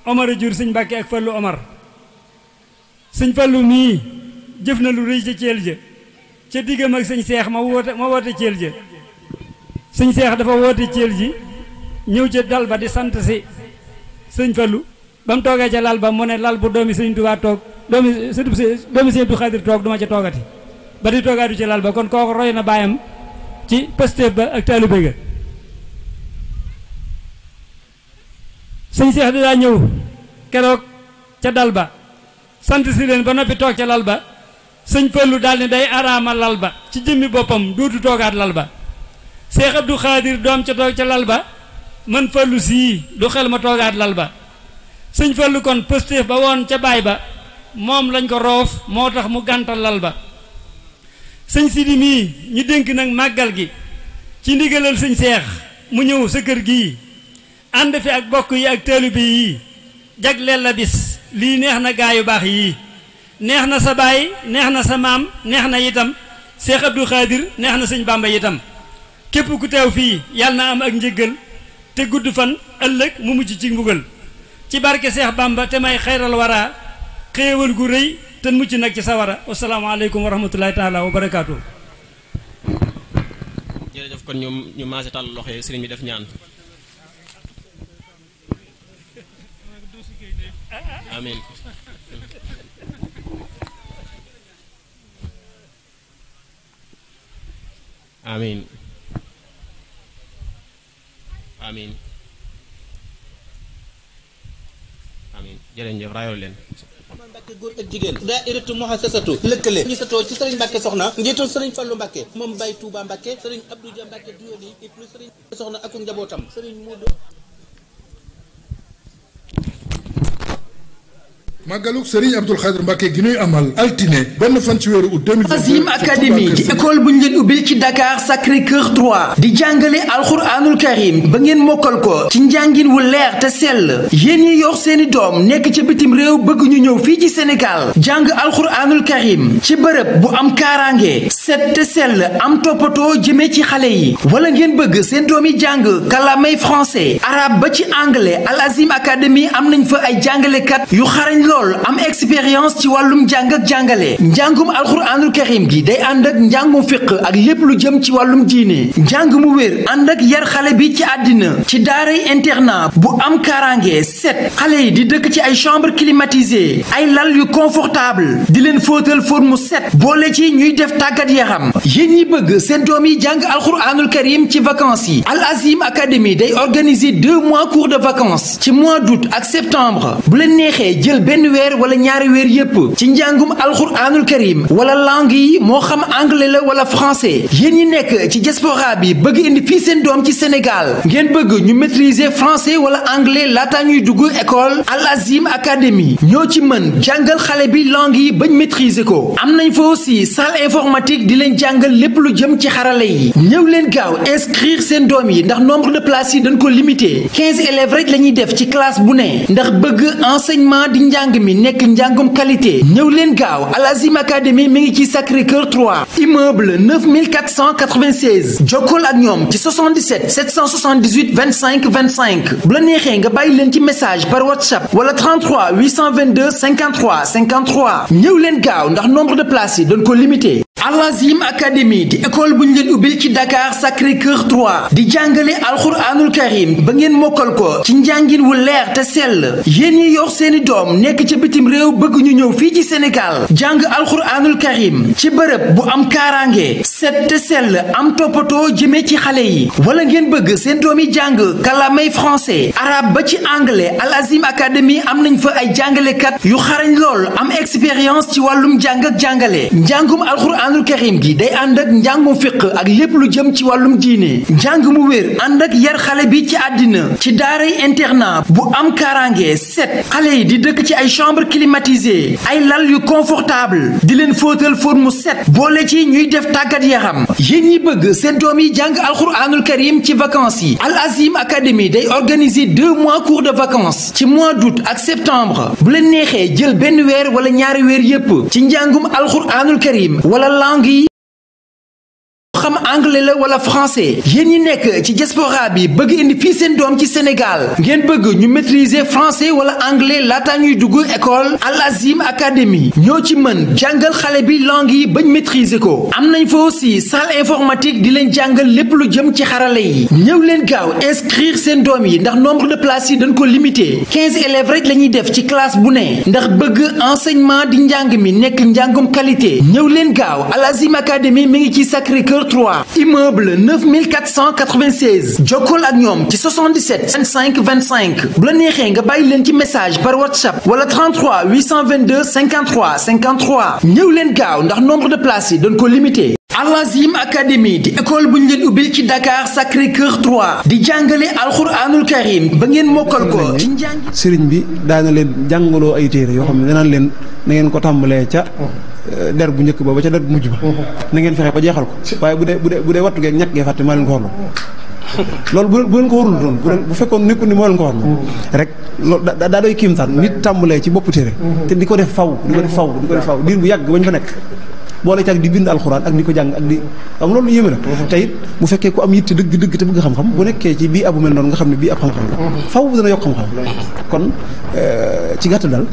Omar a jur sëñ Mbàkke ak Fallu Omar sëñ Fallu mii jëf na lu rëy ca Thiel ja ca diggam ak sëñ Seex ma woote ma woote Thiel ja sëñ Seex dafa woote Thiel ji ñëw ca dal ba di sant si sëñ Fallu ba mu toogee ca lal ba mu ne lal bu doomi sëñ Tuubaa toog doomi sëtub doomi sëñ Abdu Xaadir toog du ma ca toogati ba di toogaatu ci lal ba kon kooku roy na baayam ci pësteef ba ak taalibe ga sëñ seex da daa ñëw keroog ca dal ba sant si leen ba noppi toog ca lal ba sëñ Fallu daal ne day araama lal ba ci jëmmi boppam duutu toogaat lal ba seex du Xaadir doom ca toog ca lal ba man Fallu sii du xel ma toogaat lal ba sëñ Fallu kon pëstéef ba woon ca baay ba moom lañ ko roof moo tax mu gàntal lal ba sëñ Sidi mii ñu dénk nag màggal gi ci ndigalal sëñ seex mu ñëw sa kër gii ànd fi ak bokk yi ak taalibe yi jagleel la bis lii neex na gaa yu baax yii neex na sa baay neex na sa maam neex na itam Seex Abdu Xaadir neex na sëñ Bàmba itam képp ku teew fii yàlla na am ak njëggal te gudd fan ëllëg mu mucc ci mbugal ci barke Seex Bàmba te may xayral waraa xéewal gu rëy te mucc nag ci sawara asalaamaaleykum wa rahmatulahi taala wa barakaatu. kon ñu ñu maase tàll loxo yi sëriñ bi def ñaan. amiin amiin amiin amiin jërëjëf raayoo leen Mbàkke góor ak jigéen daairatu muhassasatu lëkkale ñi satoo ci sëriñ Mbàkke soxna njiitul sëriñ Fallu Mbàkke moom Baye Touba Mbàkke sëriñ Abdou Dia Mbàkke duyóon yi sëriñ soxna ak njabootam sëriñ Moodu màggalu Serigne Abdoul Khadr Mbacke gi ñuy amal altine benn fan ci weeru août 2020 bu ñu leen ubbil ci Dakar Sacré Cœur 3 di jàngale alxuraanul karim ba ngeen mokkal ko ci njàngin wu leer te sell yéen ñi yor seeni doom nekk ci bitim réew bëgg ñu ñëw fii ci Sénégal jàng alxuraanul karim ci bërëb bu am kaaraange set te sell am toppatoo jëmee ci xale yi wala ngeen bëgg seen doom yi jàng kalamay français arab ba ci anglais Al Azim académie am nañ fa ay jàngalekat yu xarañ lool lool am expérience ci wàllum jàng ak jàngale njàngum alxuraanul karim gi day ànd ak njàngum fiq ak lépp lu jëm ci wàllum diine njàng mu wér ànd ak yar xale bi ci àddina ci daaray internat bu am kaaraange set xale yi di dëkk ci ay chambre climatisée ay lal yu confortable di leen fóotal fóot mu set boole ci ñuy def tàggat yaram yéen yi bëgg seen doom yi jàng alxuraanul karim ci vacances yi Al Azim Academy day organiser deux mois cours de vacances ci mois ak septembre benn weer wala ñaari weer yépp ci njàngum alxuraanul karim wala langue yi moo xam anglais la wala français yéen ñi nekk ci diaspora bi bëgg indi fii seen doom ci Sénégal ngeen bëgg ñu maîtriser français wala anglais laataa ñuy dugg école Al Azim Academy ñoo ci mën jàngal xale bi langue yi bañ maîtriser ko am nañ fa aussi salle informatique di leen jàngal lépp lu jëm ci xarala yi ñëw leen gaaw inscrire seen doom yi ndax nombre de places yi dañ ko limité 15 élèves rek la ñuy njàng mi nekk njàngum qualité ñëw leen gaaw Al Azim mi ngi ci Sacré Cœur 3 immeuble 9496 jokkool ak ñoom ci 77 778 25 25 bu la neexee nga bàyyi leen ci message par WhatsApp wala 33 822 53 53 ñëw leen gaaw ndax nombre de places yi doon ko limité. Al Azim Academy di école bu ñu leen ubbil ci Dakar Sacré Cœur 3 di jàngale alxuraanul karim ba ngeen mokkal ko ci njàngin wu leer te sell yéen yi yor seeni doom nekk ca bitim réew bëgg ñu ñëw fii ci Sénégal jàng alxuraanul karim ci bërëb bu am kaaraange set te sell am toppatoo jëme ci xale yi wala ngeen bëgg seen doom yi jàng kalamay français arabe ba ci anglais Al Azim Academy am nañ fa ay jàngalekat yu xarañ lool am expérience ci wàllum jàng ak jàngale njàngum alxuraanul alxuraanul karim gi day ànd ak njàngum fiq ak lépp lu jëm ci wàllum diine njàng mu wér ànd ak yar xale bi ci àddina ci daaray internat bu am kaaraange set xale yi di dëkk ci ay chambre climatisée ay lal yu confortable di leen fóotal fóot mu set boole ci ñuy def tàggat yaram yéen ñi bëgg seen doom yi jàng alxuraanul karim ci vacances yi Al Azim Academy day organiser deux mois cours de vacances ci mois d'août ak septembre bu leen neexee jël benn weer wala ñaari weer yépp ci njàngum alxuraanul karim wala langue yi anglais la wala français yéen ñi nekk ci diaspora bi bëgg indi fii seen doom ci Sénégal ngeen bëgg ñu maîtriser français wala anglais laataa ñuy dugg école Al Azim Academy ñoo ci mën jàngal xale bi langue yi bañ maîtriser ko am nañ fa aussi salle informatique di leen jàngal lépp lu jëm ci xarale yi ñëw leen gaaw inscrire seen doom yi ndax nombre de places yi dañ ko limité 15 élèves rek la ñuy def ci classe bu ne ndax bëgg enseignement di njàng mi nekk njàngum qualité ñëw leen gaaw Al Azim Academy mi ngi ci Sacré Cœur 3 immeuble 9496 jokkool ak ñoom ci 77 25 25 bu la neexee nga bàyyi leen ci message par whatsapp wala 33 822 53 53 ñëw leen gaaw ndax nombre de places yi dañ ko limité. Al-Azim Academy di école bu ñu leen ubbil ci Dakar Sacré-Cœur 3 di jàngale al alxuraanul karim ba ngeen mokkal ko ci njàng. sëriñ bi daana leen jàngaloo ay téere yoo xam ne danaan leen na ngeen ko tàmbalee ca. Euh, der bu njëkk ba ba ca der bu mujj ba na ngeen ba jeexal ko waaye bu dee bu dee bu dee wattu geeg ñàkk gee fàtte maa leen ko warlu loolu bu bu leen ko warul doon bu bu fekkoon nekkul ni moo leen ko warlu mhm. fekkee ku am yitte dëgg dëgg te bëgg xam-xam bu nekkee ci bii abu mel noonu nga xam ne bii ab xam-xam la mhm. faw dana yokk xam-xam mhm. kon euh, ci gàtt daal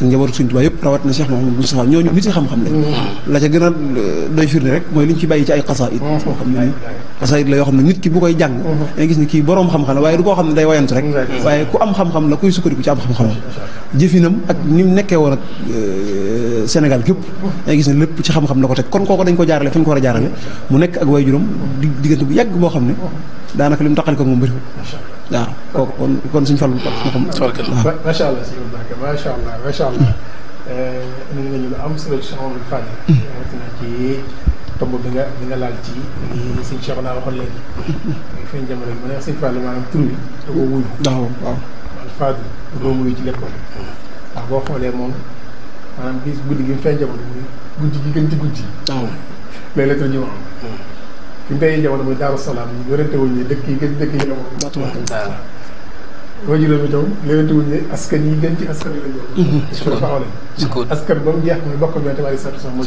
ak njabootu Sëriñ Tuubaa yëpp rawat na Cheikh Mouhamadou Moustapha ñooñu nit xam-xam mm-hmm. la ca gën a euh, doy firnde rek mooy li ñu ci bàyyi ci ay xasaayid boo mm-hmm. la yoo xam ne nit ki bu koy jàng mm-hmm. da gis ni kii boroom xam-xam la waaye du koo xam kuy sukkandiku ci am xam-xamam jëfinam ak ni mu nekkee woon ak euh, Sénégal gépp da gis ne lépp ci xam-xam la ko teg kon kooku dañ ko jaarale fañ ko war a jaarale mu nekk ak waajuram diggante bu yàgg boo xam ne daanaka li mu taqali ko moom bëriwul waaw kooku kon kon suñu fallu kon xam waaw macha allah sëñ Mbacke macha allah macha allah hmm. eh, ñu ngi am solo ci Cheikh Fadil hmm. rawatina laal ci li sëñ Cheikh naa waxoon léegi hmm. feeñ jamono wuyu ci lépp ndax boo xoolee moom maanaam bis guddi gi feeñ jamono bi guddi gi gën ci guddi waaw léeg-léeg ñu wax bi mu dee jamono muy Daaru Salaam wérante wuñ ne dëkk yi gën dëkk yi la moom Batu Matam waa juróom itam wérante wuñ ne askan yi gën ci askan yi la ñëw mm-hmm. su dafa awle askan ba jeex mooy bokk bi tamit satu sax mooy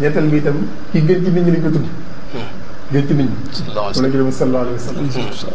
ñetteel bi itam ki gën ci nit ñi lañ ko tudd mm-hmm. gën ci nit ñi sallallahu alayhi wa sallam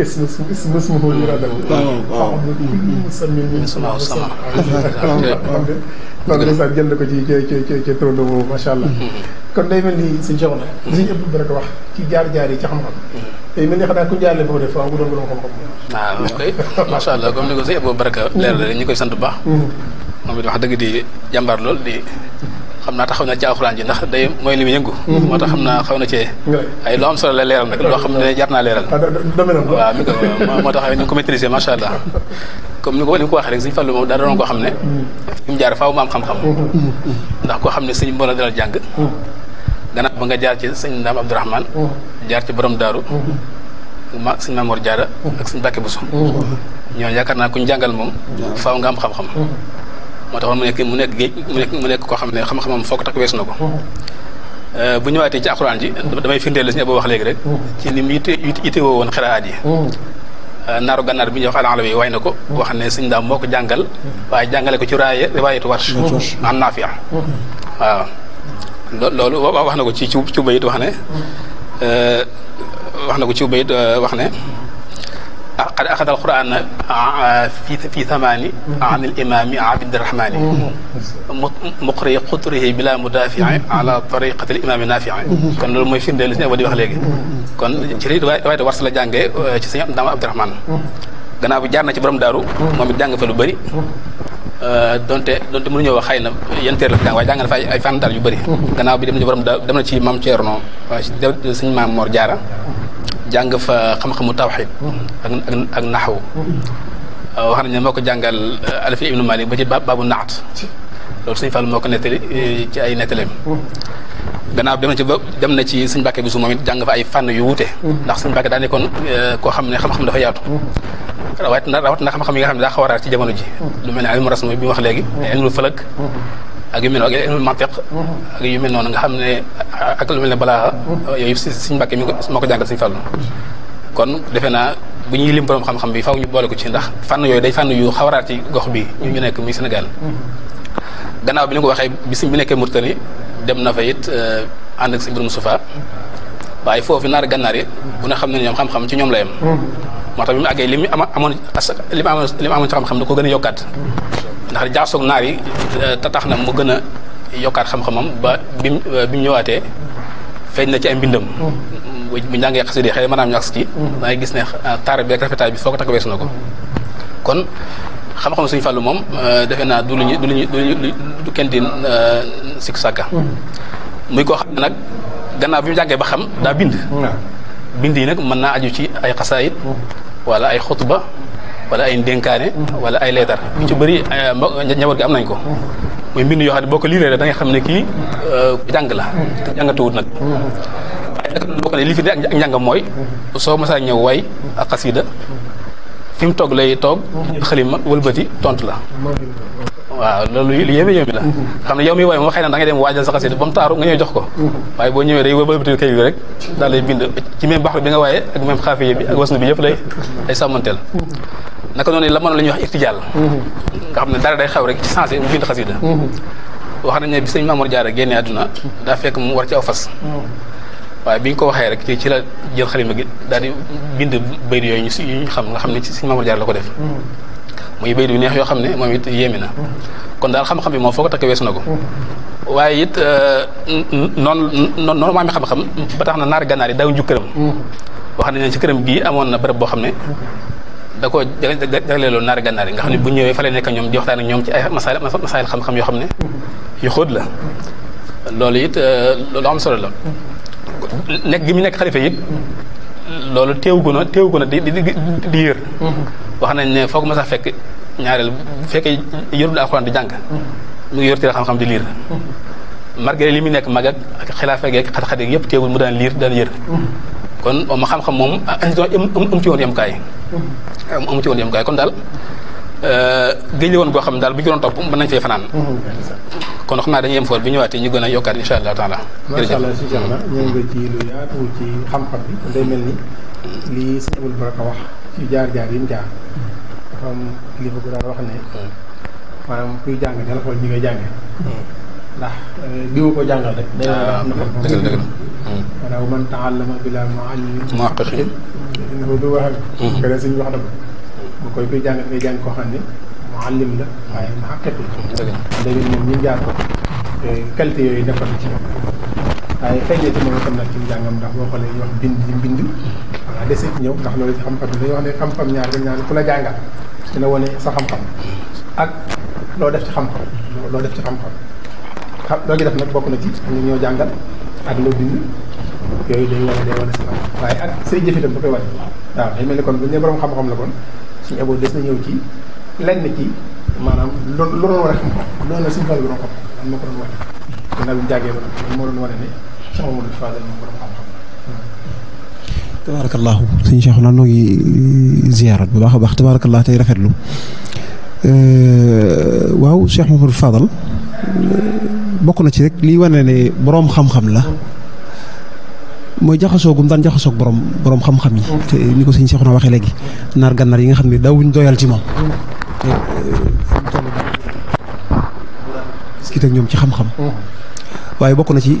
اسم اسم اسم اسمه يراد waaw loolu sax jël na ko ci ci ci ci turando boobu macha allah. kon day mel ni suñu soxna. suñu ëpp baraka wax ci jaar-jaar yi ci xam-xam. day mel ni xanaa ku jaarale foofu def faaw bu doon bu doon xam-xam. waaw koy macha allah comme ni ko suñu ëpp baraka leer la ñu koy sant bu baax. Mm-hmm. moom it wax dëgg di jàmbaar lool di. xam naa na ci alxuraan ndax day mooy mhm. moo tax xam naa xaw na cee ay loo am la leeral nag loo xam ne jar naa leeral ah, waaw mi ko moo tax ñu ko maîtriser macha allah comme ni ko ni ko waxee rek sëñ Fallu moom daa doon xam ne mhm. jaar faaw mu am xam-xam mhm. ndax koo xam ne sëñ mbooloo dalal jàng gannaaw ba nga jaar ci sëñ Ndaam Abdourahmane jaar ci borom daaru ma sëñ Mamoor Jaara ak sëñ Bàkke Buso ñoo yaakaar naa kuñ jàngal moom faw nga am xam-xam moo taxoon mu nekk mu nekk géej mu nekk koo xam ne xam-xamam foog takk weesu na ko euh, bu ñëwaatee ci alxuraan ji damay firndeel la suñu boo wax léegi rek ci ni mu yitte yitte woo woon xiraat yi euh, naaru gànnaar bi ñuy wax bi waay na ko wax ne suñ daam moo ko jàngal waaye jàngale ko ci raaye riwaayatu warsh an naafi am waaw loolu wax na ko ci ci bayit wax ne euh, wax na ko ci bayit wax ne a a qad axada a fi fi samani an alimami abdirahmani muqri xutrihi bila mudafii ala tariqati alimami nafii kon loolu mooy firndeelu si ne di wax léegi kon ci li waaye de war sa la jànge euh, ci sëñ daama abdirahman gannaaw bi jaar na ci borom daaru moom it jàng fa lu bëri euh, donte donte mënuñoo wax xëy na yan teer la fi jàng waaye jàng na fa ay fànn daal yu bëri gannaaw bi dem na ci borom daaru dem na ci maam Thierno sëñ maam Mor Diarra jàng fa xam-xamu tawxid ak ak naxaw euh, wax nañ ne moo ko jàngal euh, Alfi ibnu Malik ba ci baabu naat loolu Sëñ Fall moo ko nettali euh, ci ay nettaleem gannaaw dem na ci ba dem na ci Sëñ Mbàkke bi su moom it jàng fa ay fànn yu wuute ndax Sëñ Mbàkke daa nekkoon koo xam ne xam-xam dafa yaatu rawat na rawat na xam-xam yi nga xam ne daa xaw ci jamono ji lu mel ne ilmu rasm bi wax léegi ilmul falak ak yu mel noonu ak ilmul mantiq ak yu mel noonu nga xam ne ak lu mel ne balaa yooyu si suñ mbàkke mi moo ko jàngal suñu fàllu kon defe naa bu ñuy lim borom bi faaw ñu boole ko ci ndax fànn yooyu day fànn yu xawaraat ci gox bi ñu ñu nekk muy Sénégal gannaaw bi ni ko waxee bi suñ bi nekkee Mauritanie dem na fa it euh, ànd ak si mbirum sufa waaye foofu naar gànnaar yi bu na xam ne ñoom xam-xam ci ñoom la yem moo tax bi mu àggee li mu amoon li mu amoon ci xam-xam da gën a yokkaat ndax jaasoog naar yi euh, tax na mu gën a yokkaat xam-xamam ba bi mu euh, bi ñëwaatee feeñ na ci ay mbindam. mu bu njàngee xasida xëy maanaam ñu agsi ci. da gis ne euh, taar bi ak rafetaay bi foo ko takk weesu na ko. kon xam-xam suñu fàllu moom defe naa du lu ñu du lu ñu du kenn di sikk sàkka. muy koo xam ne nag gannaaw bi mu jàngee ba xam daa bind. bind yi nag mën naa aju ci ay xasaayit. wala ay xutba wala ay ndénkaane wala ay leetar yu ci bëri eh, njaboot gi am nañ ko mooy mbind yoo xam ne boo ko liiree rek da nga xam ne kii eh, jàng la te jàngatuwut nag boo ko ne li fi ne ak mooy soo masaa ñëw way ak mu toog lay toog xalima wëlbati tontu la waaw loolu lu yéeme yéeme la xam ne yow mi waay moom xëy dem waajal sa xasida ba mu taaru nga ñëw ko waaye boo ñëwee day bind ci même baxru bi nga waaye ak même xaafiye bi ak wasnu bi yëpp lay ay sàmmanteel naka noonu la mënoon la ñuy wax irtijaal nga xam ne dara day xew rek ci sensé mu bind xasida wax nañ ne bi sëñ jaar Diarra génne àdduna daa fekk mu war ci aw fas waaye bi ñu ko waxee rek ci la jël xalima gi daal di bind baydi yooyu ñu xam nga xam ne ci sëñ Mamour Diarra la ko def muy baydi yu neex yoo xam ne moom it yéeme na kon daal xam-xam bi moom foo ko takk weesu na ko waaye it euh, noonu noonu maa mi xam-xam ba tax na naar gànnaar yi daawuñu ju mm-hmm. wax na ne ci këram gii amoon na bërëb boo xam ne da koo jagleeloon naari gànnaar yi nga xam ne bu ñëwee fa la nekk ñoom di waxtaan ak ñoom ci ay masaayil masaayil xam-xam yoo xam ne yu xóot la loolu it euh, lu am solo la nekk gi mu nekk xalifa it loolu teewu ko na teewu ko na di di wax nañ ne foog ma fekk ñaareel bu fekkee yërul alxuraan di jàng mu yor teel di liir margare li muy nekk mag ak ak xilaafa geeg xat yëpp teewul mu daan liir daan yër kon ma xam-xam moom ah, am ci woon yem amu ci woon yem kaay kon daal euh, géej la woon boo xam ne daal bu ñu doon topp mën nañ fee fanaan kon xam naa dañuy yem foofu bi ñëwaatee ñu gën a yokkaat insha allah taala macha allah si jàll ñëw nga ci lu yaatu ci xam-xam bi day mel ni lii sëñ Abdou Baraka wax ci jaar-jaar yi jaar dafa am ne maanaam kuy jàng dala xool ñi ngay jànge ndax euh, diwu ko jàngal rek day ah, am na xam-xam dëgg dëgg maanaam man taallama dina ko du waxal mm-hmm. kene suñu wax dama bu koy kuy jàng koy jàng koo xam ne mu àllim la waaye mu xàqit la léegi moom ñu jaar ko qualité yooyu defar ci waaye feeñ na ci moom itam nag ci njàngam ndax boo xoolee ñu wax bind li bind waaw dese ñëw ndax loolu ci xam-xam dañuy wax ne xam-xam ñaar dañ naan ku la jàngal dina wane sa xam-xam ak loo def ci xam-xam loo def ci xam-xam xam loo ci def nag bokk na ci ñu ñoo jàngal ak loo bind yooyu day wane day wane si xam waaye ak say jëf itam da koy wane waaw day mel ni kon bu ñu borom xam-xam la kon suñu abo des na ñëw ci lenn ci maanaam lu lu wane xam-xam loolu la suñu fàll borom xam na naa noo euh, ziyaarat bu baax a baax tabaarakallah tey rafetlu euh, waaw Cheikh Mamadou Fadal euh, bokk na ci rek liy wane ne boroom xam-xam la mooy jaxasoo gum daan jaxasoo borom borom xam-xam yi. te ni ko sëñ Cheikh na waxee léegi naar gànnaar yi nga xam ne daawuñ doyal ci moom. te euh, fu ñoom ci xam-xam. waaye bokk na ci euh,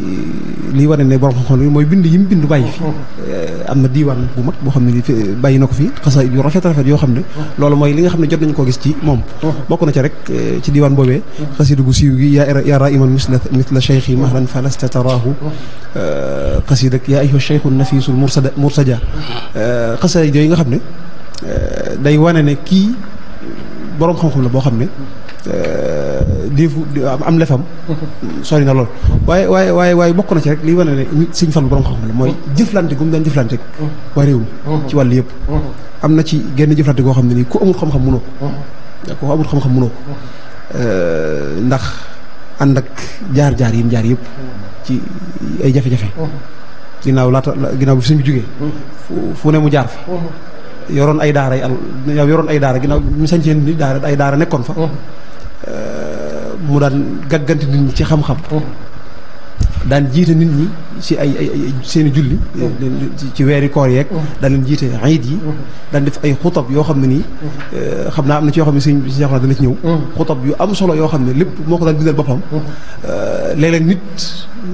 liy wane ne borom xam-xam mooy bind yi mu bind bàyyi fi mm-hmm. euh, am na diiwaan bu mat boo xam ne euh, bàyyi na ko fi xasa yu rafet rafet yoo xam ne mm-hmm. loolu mooy li nga xam ne jot nañu koo gis ci moom mm-hmm. bokk na ci rek ci diiwaan yaa raiman misla misla cheikhi mahran falasta taraahu xasid ak yooyu nga xam ne day wane ne kii borom xam-xam la boo xam ne diifu am lefam sori na lool waaye waaye waaye waaye bokk na ci rek liy wane ne sëñ Fallu borom xam-xam la mooy mm-hmm. jëflante gu mu daan jëflante mm-hmm. waa mm-hmm. ci wàll yëpp am na ci genn jëflante xam ne nii ku amul xam-xam munoo ko ku amul xam-xam munoo ko euh, ndax ànd ak jaar-jaar yim jaar yëpp ci ay jafe-jafe ginnaaw laata ginnaaw bi sëñ bi jógee fu ne mu jaar fa yoroon ay daara ay al yoroon ay daara ginnaaw mu sañceen ni daara ay daara nekkoon fa euh, mu daan gàggante nit ñi ci xam-xam daan jiite nit ñi ci ay ay seen i julli ci weeri koor yeeg daan leen jiite ayit yi daan def ay xutab yoo xam ne nii euh, xam naa am na ci yoo xam ne sëñ si yaxna ci ñëw xutab yu am solo yoo xam ne lépp moo ko daan bindal euh, nit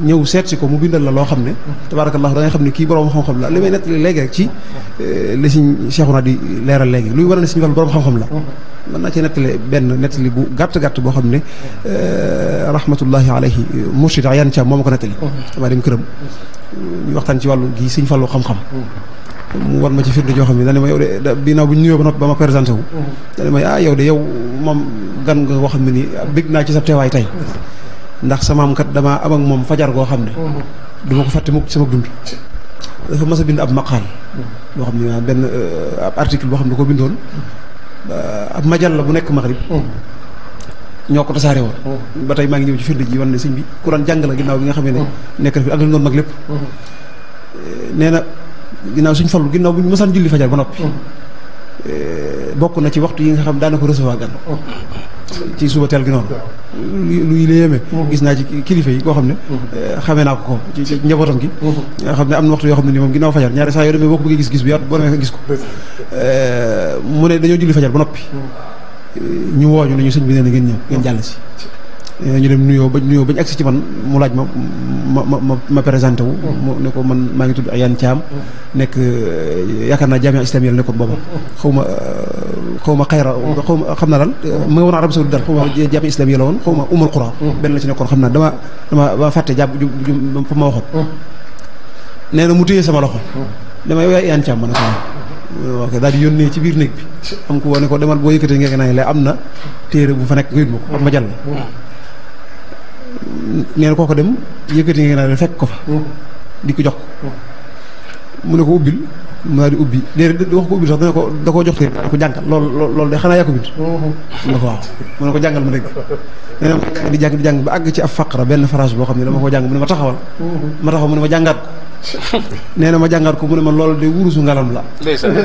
ñëw seet ko mu bindal la loo xam ne tabarakallah da xam ne kii borom xam la li may nettali ci euh, li sëñ Cheikhouna di leeral léegi luy war a ne sëñ Fallu borom xam-xam la mën naa ci nettali benn nettali bu gàtt gàtt boo xam ne euh, rahmatullahi alayhi mursid Ayaan Caam moo ma ko nettali damaa dem këram ñu waxtaan ci wàllu gi siñ Fallu xam-xam mu war ma ci firnde joo xam ne dane ma yow de binaaw bu ñu nuyoo ba noppi ba ma présenté wu mhm. dane ma ah, yow de moom gan nga koo xam ne nii bég naa ci sa teewaay tey mhm. ndax sama am kat damaa am ak moom fajar goo xam ne mhm. du ma ko fàtte mukk sama dund dafa mas a bind ab maqaal boo xam ne benn euh, ab article boo xam ne ko bindoon Euh, ab majal la bu nekk Maghrib. Hmm. ñoo ko tasaare woon. Hmm. ba tey maa ngi ñëw ci firnde ji wan ne sëñ bi Kuraan jàng la ginnaaw bi nga xamee ne. Hmm. nekk na fi ak li noonu mag lépp. Eh, nee na ginnaaw suñ fallu ginnaaw bu ma mësaan julli fajar ba noppi. Eh, bokk na ci waxtu yi nga xam daana ko recevoir gan. ci suba teel gi noonu luy léeme mhm. gis naa ci kilifa yi koo xam ne mhm. eh, xamee naa ko ko ci njabootam gi nga mhm. eh, xam ne am na waxtu yoo xam ne ni moom ginnaaw fajar ñaari saa yoo demee boo ko bëggee gis gis bu yaatu boo demee gis ko eh, mu ne dañoo julli fajar ba noppi ñu wooñu nañu sëñ bi nee na ngeen ñëw ngeen jàll si ñu dem nuyoo ba nuyoo ba ñu agsi ci man mu laaj ma ma ma ma présenté wu. Mm. mu ne ko man maa ngi tudd Ayane Thiam. Mm. nekk eh, yaakaar naa jaamia islamiyya la nekkoon booba. Mm. xaw ma eh, xaw ma xayra. xaw ma xam naa daal mu ngi woon arab saudi dara xaw ma jaamia islamiyya xaw ma umul qura. benn la ci nekkoon xam naa dama dama dama fàtte jàpp ju ju nee na mu téye sama loxo. dama yow Ayane ma ne ko waaw daal di yónnee ci biir néeg bi. am ko wane ko demal boo yëkkatee ngeen ko naan lay am na téere bu fa nekk nga yóbbu ko. am ma jàll. nee na kooko dem yëkkati nga naa fekk ko fa. Hmm. di ko jox mu ne ko ubbil. mu daal di ubbi déedéet di wax ko ubbi sax dana ko da koo jox téere ko jàngal loolu loolu de xanaa yaa ko bind mu ne ko waaw mu ne ko jàngal ma dégg nee na ma jàng di jàng di jàng ba àgg ci ab faqra benn phrase boo xam ne dama ko jàng mu ne ma taxawal mm-hmm. ma taxaw mu ne ma jàngaat ko nee na ma jàngaat ko mu ne ma loolu de wurusu ngalam la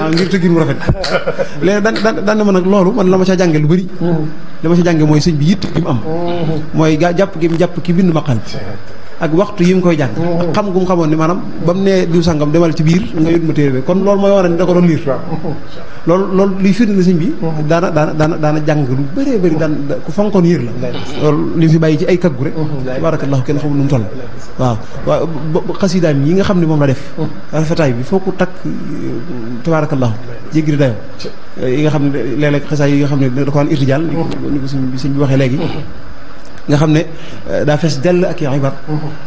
ngir tëggin mu rafet léegi daan daan daan na ma nag loolu man la ma ca jànge lu bëri mm-hmm. la ma ca jànge mooy sëñ bi yitt gi mu am mm-hmm. mooy gaa jàpp gi mu jàpp ki bind maqal bi ak waxtu yi mu koy jàng ak xam gu mu xamoon ni maanaam ba mu nee diw sàngam demal ci biir nga yóbbu ma téere bi kon lool mooy waral ni da ko doon liir loolu loolu liy firnde la bi daana daana daana daana jàng lu bëree bëri daan ku fonkoon yër la loolu li mu fi bàyyi ci ay kaggu rek tabarakallahu kenn xamul nu mu toll waaw waaw xasidaam yi nga xam ne moom la def rafetaay bi foo ko takk tabarakallahu jéggi di dayoo yi nga xam ne léeg-léeg xasaay yi nga xam ne da ko daan irtijaal ni ko sëñ bi waxee léegi nga xam ne euh, daa fees dell ak ya ibar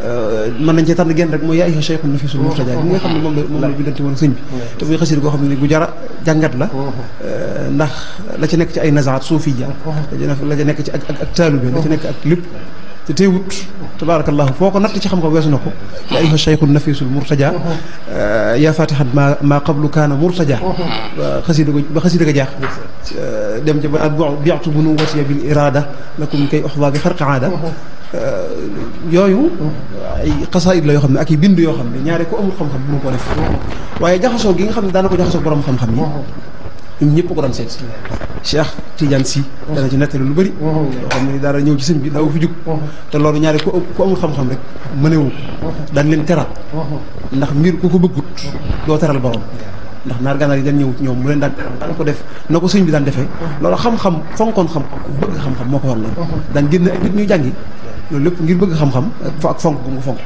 euh, mën nañ cee tànn genn rek mooy yaa ayyuha shaykhun nafisul murtajaa bi nga xam ne moom la moom la bindanti woon sëñ bi te muy xasida koo xam ne bu jara jàngat la uh-huh. euh, ndax la ci nekk ci ay nazaat suufiya uh-huh. la ca nekk ci ak ak taalu bi la ci nekk ak lépp te teewut tabarakallahu foo ko natt ci xam ko weesu na ko ya ayyuha shaykhul nafisul murtaja eh, yaa fatihan ma ma qablu kaana murtaja ba xasida ko ba xasida ko jaax eh, dem ca ba ak biatu bu nu wasiya bil irada lakum kay oxva bi farqa eh, yooyu ay xasaayid la yoo xam ne ak yi bind yoo xam ne ñaare ko amul xam-xam bu mu ko def waaye jaxasoo gi nga xam ne daana ko jaxasoo borom xam-xam yi ñun ñëpp ko doon seet si. Cheikh Tidiane Sy. dana ci nettali lu bëri. xam ne dara ñëw ci sëñ bi daaw fi jug. te loolu ñaari ku ku amul xam-xam rek mënewu daan leen teral. ndax mbir ku ko bëggut. doo teral borom. ndax naar gànnaar yi dañ ñëw ñoom mu leen daan daan ko def na ko sëñ bi daan defee. loolu xam-xam fonkoon xam-xam bëgg xam-xam moo ko war loolu. daan génn ay nit ñuy jàngi. loolu lépp ngir bëgg xam-xam ak fonk bu mu fonk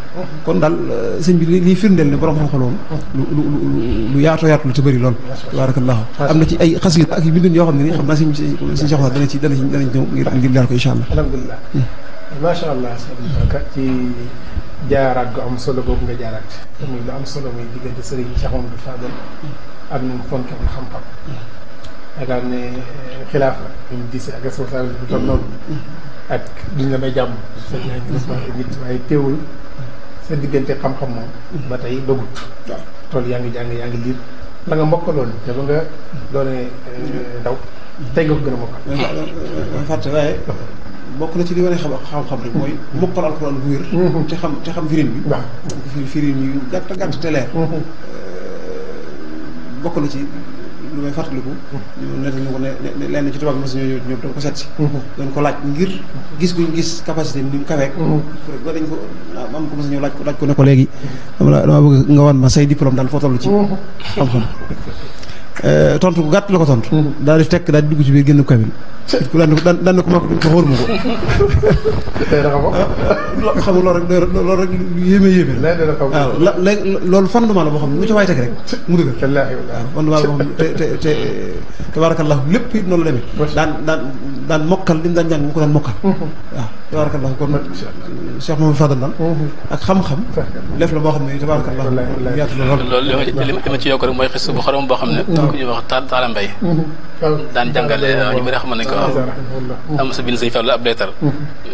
kon daal euh, sëñ bi liy firndeel ni borom xam-xam loolu lu lu lu yaatoo yaatu lu te bëri lool tabaarakallaahu am na ci ay xaslit ak yoo xam ne ni xam naa sëñ sëñ Cheikh Ousmane dana ci dana ñëw ngir ngir ko incha allah alhamdulilah hmm. macha allah sëñ ci jaaraat gu am solo boobu nga jaaraat lu am solo muy diggante sëriñ Cheikh Amadou Fadel ak ñun fonk ak xam-xam hmm. yaakaar ne eh, xilaaf la ñu diis ak duñ la may jàmm. waaye teewul sa diggante xam-xam moom. ba tey dogut. tool yaa ngi jàng yaa ngi liir la nga mokkaloon te ba nga doone ndaw tey nga ko gën a mokkal. fàtte waaye na ci li wane xam xam-xam rek mooy mokkal alxuraan wér. te xam te xam firin bi. waaw firin yu gàtt gàtt te bokk na ci. ñu may fàttaliku. ñu nettal ñu ko ne lenn ci tubaab bi mos ñoo ñëw ñoom doon ko seet si. doon ko laaj ngir gis guñ gis capacité bi ni kaweek. ba dañ ko am ko mos a ñëw laaj ko laaj ko ne ko léegi. dama la nga wan ma say diplôme daal foo toll ci. xam-xam euh, tontu bu gàtt la ko tontu. Mm-hmm. daal di tekk daal di dugg ci biir génn ko daan na daan na ko màgg ko xool ma ko. tey dafa bokk. xam nga loolu rek loolu rek yéeme yéeme la. waaw la léegi loolu fondement la boo xam ne lu ci waay teg rek mu dëgër. wallaahi waaw fondement la boo xam ne te te te tabaarakallah la demee. daan daan daan mokkal li mu daan jàng mu ko daan mokkal. Mm-hmm. waaw tabaarakallah kon nag Cheikh Mamadou Fadal daal. Mm-hmm. ak xam-xam. lef la boo xam ne tabaarakallah. wallaahi yaatu boo xam ne. Mm-hmm. ku ñuy wax Talla Mbaye. daan ko am sa bind sëñ Fallou ab leetar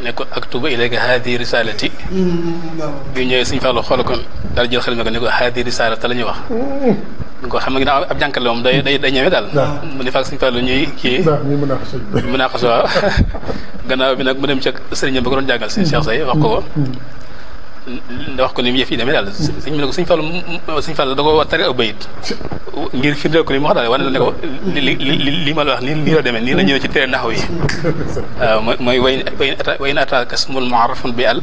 ne ko aktubu ilayka haadi risalati bi ñëwee sëñ Fallou xool ko daal jël xel mi ko ne ko haadi risalata la ñuy wax ñu ko xam nga ginnaaw ab jànkale moom day day day ñëwee daal mu ne faak sëñ Fallou ñuy kii mën naa ko gannaaw bi nag mu dem ca sëriñam ba ko doon jàngal si Cheikh Say wax ko wax ko ni mu yëf yi demee daal sëñ bi ne ko sëñ Fall sëñ a da ko tari aw bayit ngir firndeel ko ni mu wax daal wane ne ko li li ma la wax nii li la demee nii la ñëwee ci tere naxaw yi waaw ah, mooy way way way na attaque asmul muarrafun bi al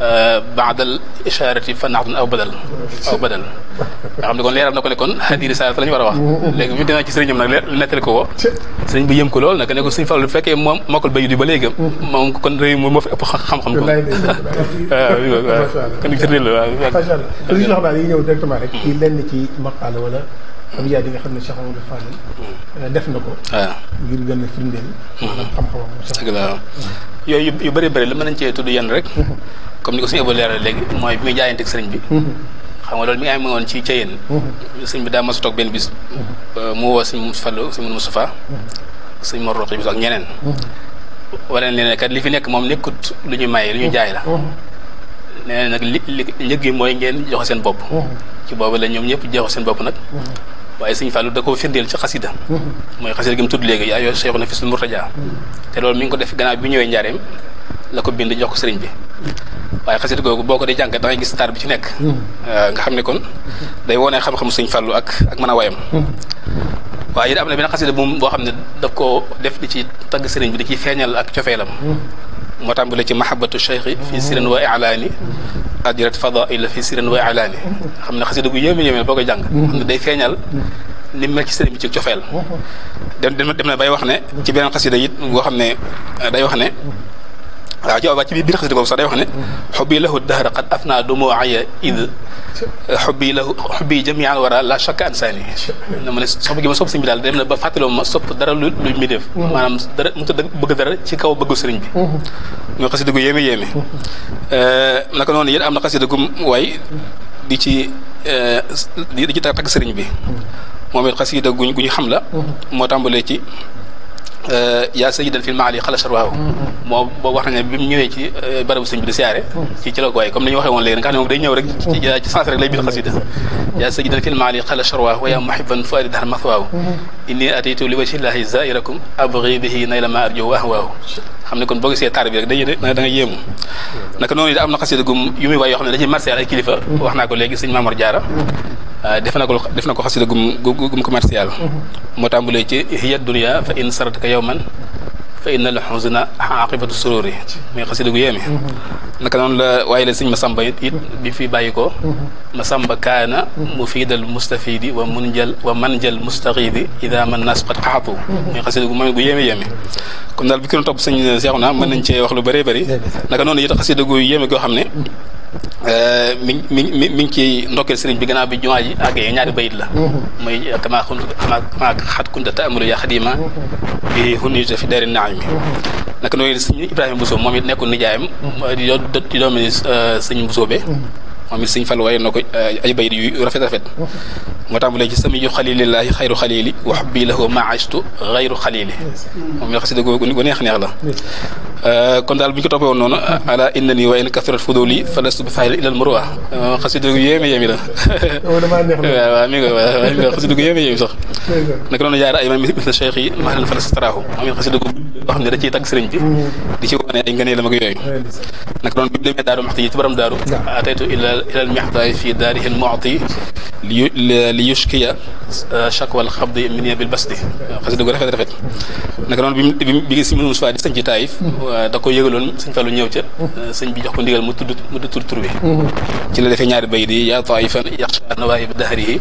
Euh, baadal baax fa naxdun aw badal aw badal nga xam ne kon leeral na ko ne kon hadi risalata la ñu war a wax léegi bi demee ci sëriñam nag nettali ko woo sëriñ bi yëm ko lool nag ne ko suñu Fallu fekkee moom mokkal bayu di ba léegi moom kon réew moom moo fi ëpp xam-xam ko waaw kon i sërnil waaw suñu soxnaa yi ñëw directement rek ci lenn ci maqaala wala am xam ne Cheikh Amadou Fadel euh, def na ko ah. a firndeel maanaam mm-hmm. xam-xamam yooyu yu bari bëri la mën nañ cee tudd yan rek mm-hmm. comme ni ko suñu ëba leeral léegi mooy bi muy jaayanteeg sëriñ bi mhm. xam nga loolu mi ngi amee woon ci Ceyeen mhm. sëriñ bi daa mas toog benn bis mhm. euh, mu woo si Fallu sëñ Moustapha sëñ Mor Roqi bis ñeneen wala leen kat li fi nekk moom nekkut lu ñu maye lu ñu jaay la nee nag li li njëg mooy ngeen joxe seen bopp ci boobu la ñoom ñëpp joxe seen bopp nag waaye sëñ Fallou da koo firndeel ci xasida mooy xasida gi mu tudd léegi yaa yoo Cheikh na fi sul Murtaja te loolu mi ngi ko def gannaaw bi ñëwee njaareem la ko bind jox ko sëriñ bi waaye xasida googu boo ko di jàngat da ngay gis taar bi ci nekk. Hmm. Euh, nga xam ne kon day wone xam-xam Sëñ falu ak ak mën a wayam. Hmm. waaye it am na benn xasida moom boo xam ne daf koo def di ci tagg sëriñ bi di ci feeñal ak cofeelam. Hmm. moo tàmbale ci mahabbatu cheikhi fi sirin wa ilaani adirat fadaila fi sirin wa ilaani xam ne xasida gu yéeme yéeme boo koy jàng xam ne day feeñal ni mel ci sëriñ bi ci cofeel dem dem na bay wax ne ci benn xasida it boo xam ne day wax ne waaw ci boobaa ci biir xasida boobu sax day wax ne xubbi lahu dahra qad afna dumuaya id xubbi lahu xubbi jamian wara la shakka ansaani a ma ne sopp gi ma sopp sëñ bi daal dem na ba fàttaloo ma sopp dara lu luñ mi def maanaam dara mu tudd bëgg bi muy xasida gu yéeme yéeme eh, naka noonu yéen am na xasida gu way di ci eh, di ci tagg sëriñ bi moom it xasida guñ guñu xam la moo tàmbalee ci Euh, yaa sayyidan fil maali xala sarwaahu mm-hmm. moo boobu wax nañ ne bi mu ñëwee ci euh, barabu sëñ bi di siyaare ci mm-hmm. ci la ko waaye comme ni ñu waxee woon léegi nga xam ne moom day ñëw rek ci sens rek lay bind xasida mm-hmm. yaa sayyidan fil maali xala sarwaahu inni ataytu li wajhillahi zairakum abghi bihi nayla ma arju wa ahwaahu xam kon boo gisee taar bi day da nga yéemu naka noonu it am gum yu muy yoo xam ne dañuy marché ay kilifa wax naa ko léegi sëñ Maamor Jaara Euh, def na ko def na ko xasida gum gum commercial mm-hmm. moo tàmbalee a hiya dunya fa in sarataka yawman fa inna al huzna aqibatu sururi muy xasida gu yéeme mm-hmm. naka noonu la waaye la sëñ Masamba it it mm-hmm. bi fi bàyyi ko Masamba kaana mufidal mustafidi wa munjal wa manjal mustaqidi ida man nas qad xaatu muy xasida gu moom gu yéeme yéeme kon daal bi ki doon topp sëñ Seexuna mën nañ cee wax lu bëree bëri naka noonu it xasida gu yéeme goo xam ne mi mi mi mi ngi ciy ndokkeel sëriñ bi gannaaw bi jumaa ji àggee ñaari bayit la muy kamaa xun kamaa xat kunta taamulu ya xadima bi hunita fi daari naami naka noonu sëñ Ibrahima Bousso moom it nekkoon nijaayam di doomi sëñ Bousso be moom it sëñ Fall waaye na ko eh, ay bayit yu rafet rafet moo tàmbalee ci sami yu xalilillahi xayru xalili wa bi lahu ma ajtu xayru xalili moom it xasida googu neex neex la eh, kon daal bu ñu ko toppee woon noonu ala inna nii wa in kathurat fuduli fa lastu bi faa'il ila al murwa eh, xasida gu yéeme yéeme la waaw oh, waaw mi ngi waaw gu yéeme yéeme sax naka yaara ay ma mis na cheikh ma xalal fa lastu taraahu moom it gu boo xam ne da ciy tagg sëriñ bi di ci wane ay ngëneel am ak yooyu naka noonu bi mu demee daaru maxti yi ci borom daaru ataytu ila ilal mexdaay fii daarihil muati li li yushkiya euh, shakwal xabdi minia bil basdi xasida gu rafet rafet naka noonu bi bi ngi si mënu Mustafaa di sëñ ci Taayif da ko yëgaloon sëñ Fallu ñëw ca euh, sëñ bi jox ko ndigal mu tudd mu tur bi ci la defee ñaari bayit yi yaa taayifan yaxsha nawaayib dahrihi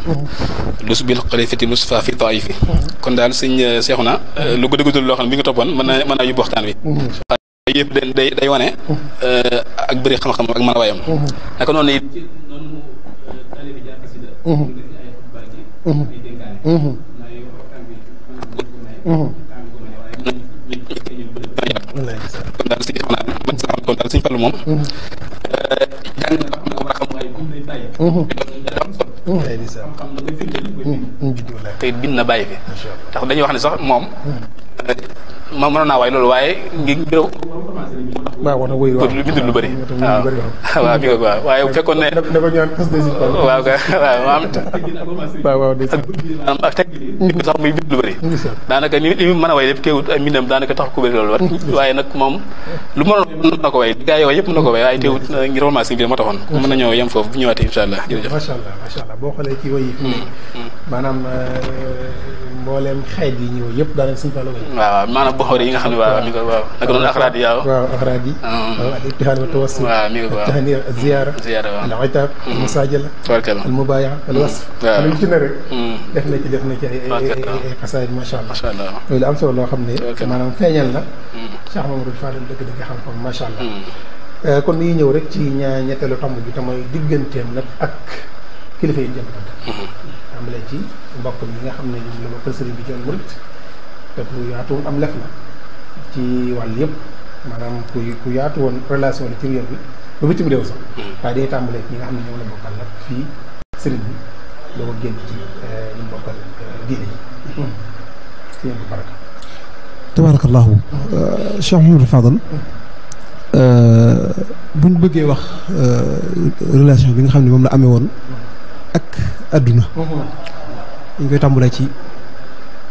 lus bil xalifati Mustafaa fi taayifi kon daal sëñ euh, seexu na lu guddi guddul loo xam bi nga toppoon mën naa yóbbu waxtaan bi yëpp day day wane ak bëri xam-xam ak mën a waayam naka noonu kon daal si xam naa man sax kon daal suñ fallu moom. jàng na xam na ko war a xam waaye moom lay bàyyi. xam-xam la koy firndeel. te it bind na bàyyi fi. ndax dañuy wax ne sax moom. ma mënoon naa loolu waaye ngi ngërëm waaw war na wëy waaw bind lu bëri waaw waaw bi nga waaw waaye bu fekkoon ne waaw kay waaw maam waaw waaw am ak teg nit ñi sax muy bind lu bëri daanaka li li mu a way lépp teewut ay mbindam daanaka tax ko bëri loolu waaye nag moom lu mënoon mën na ko way gaa yooyu yëpp mën na ko way waaye teewut uh, ngir romancé bi moo taxoon mën na ñëw yem foofu bu ñëwaatee incha allah jërëjëf macha allah macha allah boo xoolee ci way yi hmm, hmm. maanaam uh, mbooleem xeet yi ñëw yëpp daanaka suñu fàllu waaw waaw maanaam boxoor yi nga xam ne waaw mi ko waaw naka noonu axraad yi waaw waaw axraad yi ah. waaw al ibtihaan wa tawassul waaw mi ko waaw tahniya ziyaara mm, ziyaara waaw al itaab mm. al musaajala al mubaaya al mm. wasf waaw lu ci ne rek def na ci def na ci ay ay xasaayid macha allah loolu la am solo loo xam ne maanaam feeñal na Cheikh Mamadou Fadel dëgg dëgg xam ko macha allah eh, kon ñuy ñëw rek ci ñaa ñetteelu tomb bi te mooy digganteem nag ak kilifa yi jëm tàmbalee ci mbokk mi nga xam ne ñoom bi ci yoonu murit te ku yëpp maanaam ku yaatu woon relation ci réew bi ba bitim mm. nga xam ne ñoom la bokkal nag fii sëriñ bi doo ko eh, eh, mm. euh, mm. euh, buñ bëggee wax euh, relation bi nga xam ne moom la amee woon ak adduna mhm. dañ koy tàmbalee ci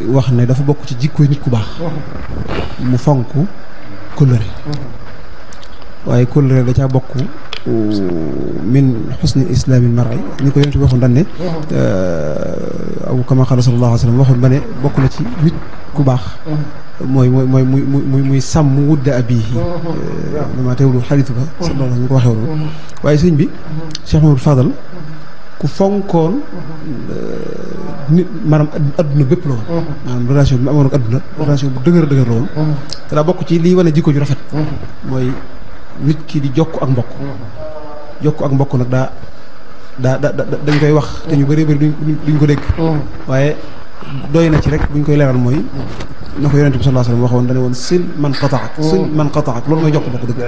wax ne dafa bokk ci jikkoy nit ku baax mhm. mu fonk kóllëre mhm. waaye kóllëre da caa bokk min xusni islaamin mari ni ko yonent bi waxoon daan ne euh, abu kama xala sallallahu alayhi ba ne bokk na ci nit ku baax mooy mooy mooy muy muy muy sàmm wudda abiihi euh, dama teewlu xaritu ba sallallahu waxee woon waaye sëñ bi Cheikh Mamadou Fadal ku fonkoon euh, nit maanaam adduna bépp la woon mm-hmm. maanaam relation bi mu amoon ak adduna mm-hmm. relation bu dëgër dëgër la woon mm-hmm. te daa bokk ci lii wane jikko ju rafet mooy nit ki di jokk ak mbokk jokk ak mbokk nag daa daa dañ koy wax te ñu bëree bëri duñ ko dégg waaye doy na ci rek buñ koy leeral mooy na ko yonente bi sallallahu alayhi wasallam waxoon dane woon sil man qataak oh. sil man qataak loolu mooy jokk bokk dëgg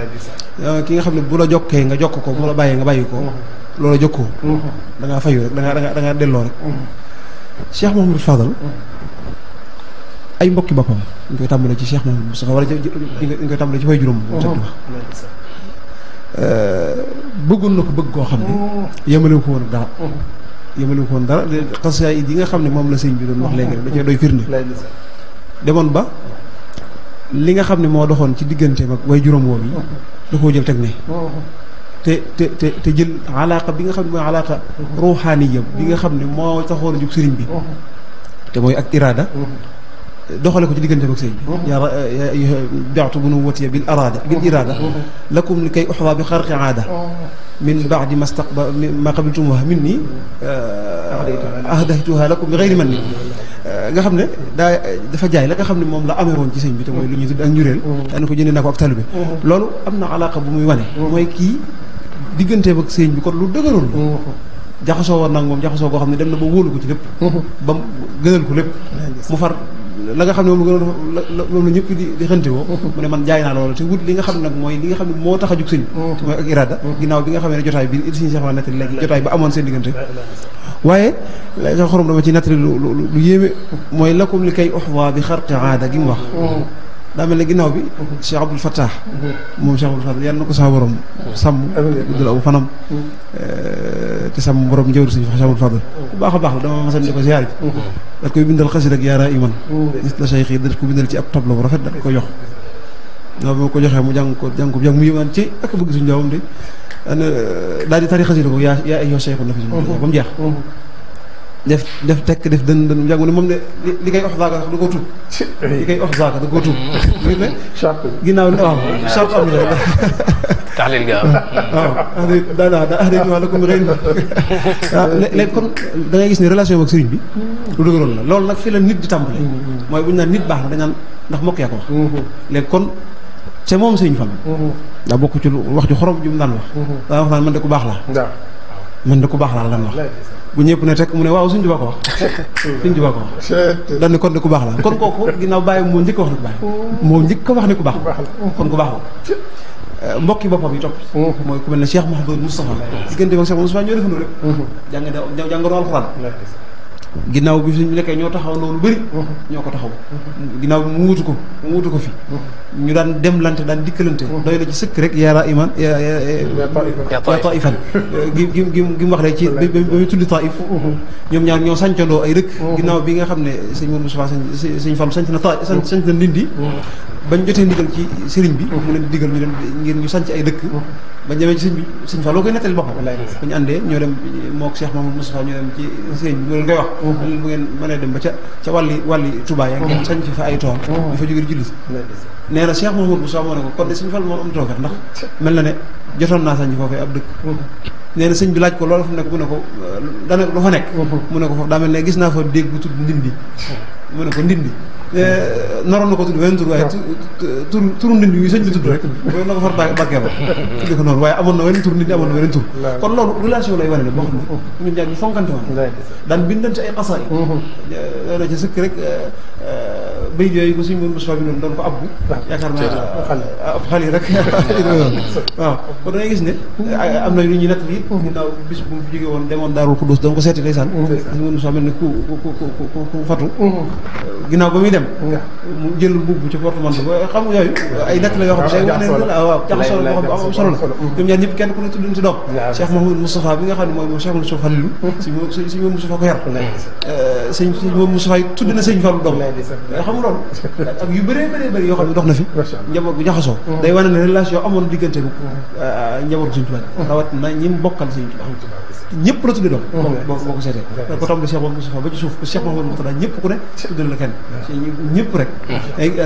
ah, ki nga xam ne bu la jokkee nga jokk ko bu la bàyyee nga bàyyi ko oh. loola jokkoo oh. da ngaa fayu rek da ngaa da delloo rek Cheikh Mouhamadou Fadal ay mbokki boppam ñu koy tàmbale ci Cheikh Mouhamadou Moustapha wala ñu koy tàmbale ci way juróom tëdd eh, bëggoon na ko bëgg koo xam ne yemalewu ko woon dara yemalewu ko woon dara xasiyaay yi nga xam ne moom la sëñ bi doon wax léegi rek da cee doy firnde demoon ba li nga xam ne moo doxoon ci diggante ak way juróom woom yi da koo jël teg ne te te te jël alaaka bi nga xam ne mooy bi nga xam ne moo taxoon a jub sëriñ bi te mooy ak iraada doxale ko ci diggante ak sëriñ bi yaa jaatu bu nu watiya bil iraada lakum li kay uxdaa bi xarqi aada min baadi ma staqba ma qabiltum wa min ni ahdaytuha lakum bi xayri man nga xam ne daa dafa jaay la nga xam ne moom la amee woon ci sëñ bi te mooy lu ñuy tudd ak njureel mm-hmm. ko jëndee na ko ak talu bi mm-hmm. loolu am na alaaka bu muy wane mm-hmm. mooy kii digganteem ak sëñ bi kon lu dëgëroon la jaxasoo woon nag moom jaxasoo koo xam ne dem na ba wóolu ko ba mu ko lépp far la nga xam ne moom la gënoon moom la ñëpp di di xënte woo mu ne man jaay naa loolu te wut li nga xam ne nag mooy li nga xam ne moo tax a jug sëñ mooy ak irada ginnaaw bi nga xam ne jotaay bi sëñ Cheikh la nekk léegi jotaay ba amoon seen diggante waaye la xorom dafa ci nattali lu yéeme mooy lakum li kay uxwa bi xarti aada gi mu wax mm-hmm. daa mel ne ginnaaw bi Cheikh mm-hmm. Abdoul Fattah mm-hmm. moom Cheikh Abdoul Fattah yàlla na ko saa borom sàmm guddal aw eh, borom njëwri suñu Cheikh Abdoul Fattah ku baax a baax la ko ziyaar ji dat koy bindal xasi rek yaara iman gis la Cheikh yi dat ko bindal ci ab tableau bu rafet dat ko jox ndax bi ma ko joxee mu jàng ko jàng ko jàng mu yëmaan ci ak bëgg suñu jaawam de daal di tari xasida ko yaa yaa ay yoo seexu nafisu ba mu jeex def def tekk def dën dën mu ne moom ne li kay ox zaaka sax da koo tuub li kay ox zaaka da koo tuub ngir ne ginnaaw ne waaw charte am na taxlil nga am waaw daanaa daa dé ñuwaa la ko mu rëy na léegi ah, kon da ngay gis ne relation ak sëriñ bi lu dëgëroon la loolu nag fi la nit di tàmbalee mm-hmm. mooy bu ñu nit baax na dañaan ndax mokk yaa ko wax mm-hmm. léegi kon se moom sëñ Fall. Mm-hmm. daa bokk ci wax ju xorom ju mu daan wax. Mm-hmm. daa wax naan man de ku baax laa. man de ku baax laa daan wax. bu ñëpp ne teg mu ne waaw suñ juba ko wax. suñ juba ko wax. daan ne kon de ku baax laa kon kooku ginnaaw bàyyi moo njëkk a wax ne ku baax. Mm-hmm. moo njëkk a wax ne ku baax. kon ku baax la. Eh, mbokki boppam yi topp. mooy ku mel ne Cheikh Mouhamadou Moustapha. diggante ak Cheikh Moustapha ñoo defandoo lépp. jàng jàngoon alxuraan. ginnaaw bi suñ nekkee ñoo taxaw noonu bëri ñoo ko taxaw ginnaaw bi mu wutu ko mu wutu ko fi ñu daan demlante daan dikkalante doy na ci sëkk rek yaara iman yaa taifan gi gi gi gi mu wax rek ci ba muy tuddi taif ñoom ñaar ñoo sancandoo ay rëkk ginnaaw bi nga xam ne sëñ Mourou Moustapha sëñ Fallou sanc na ta sanc na Ndindi bañ jotee ndigal ci sëriñ bi mu leen di digal ñu dem ngir ñu sanc ay dëkk bañ demee ci sëñ bi sëñ fa loo koy nettali boppam moo ko Cheikh Mamadou Moustapha ñoo dem wax bu ngeen mënee dem ba ca ca wàlli wàlli Touba ya ngeen sanc fa ay tool ñu fa jógee julli nee na Cheikh Mamadou Moustapha moo ne ko kon de sëñ Fall moom am toogat ndax mel na ne jotoon naa sanc foofee ab dëkk nee na sëñ bi laaj ko loolu fa nekk mu ne ko dana lu fa nekk mu ne ko foofu daa mel ne gis naa fa dégg bu tudd ndindi mu ne ko Eh, naroon na ko tudd beneen tur waaye tur turu nit ñi sëñ bi tudd rek loolu na ko far bàkkee ba tudd ko noonu waaye amoon na weneen tur nit amoon na weneen tur kon loolu relation lay wane boo xam ne ñu ñaar ñu fonkante woon daan bindante ay xasaay mm-hmm. eh, loolu ci sëkk rek eh, bay yooyu ko suñ mën mos faa bindoon ko abbu. yaakaar naa da mm-hmm. bi ko seeti ndeysaan. suñ mën mos faa mel ne ku ku ku ku fatu. Mm-hmm. ginnaaw ba muy dem. nga xam ne day wane ne ne am solo la. Mm-hmm. ñoom ñaar ko yar. Euh, sëñ Moustapha tudd na sëñ Fallou doom loolu ak yu bëree bëree bëri yoo xam ne dox na fi njaboot bu jaxasoo mm-hmm. day wane ne relation amoon diggante bi mm-hmm. euh, njaboot Sëriñ Tuubaa mm-hmm. rawat na ñi bokkal Sëriñ Tuubaa ñëpp la tuddee doom boo ko seetee ko tomb Cheikh Mouhamadou ci suuf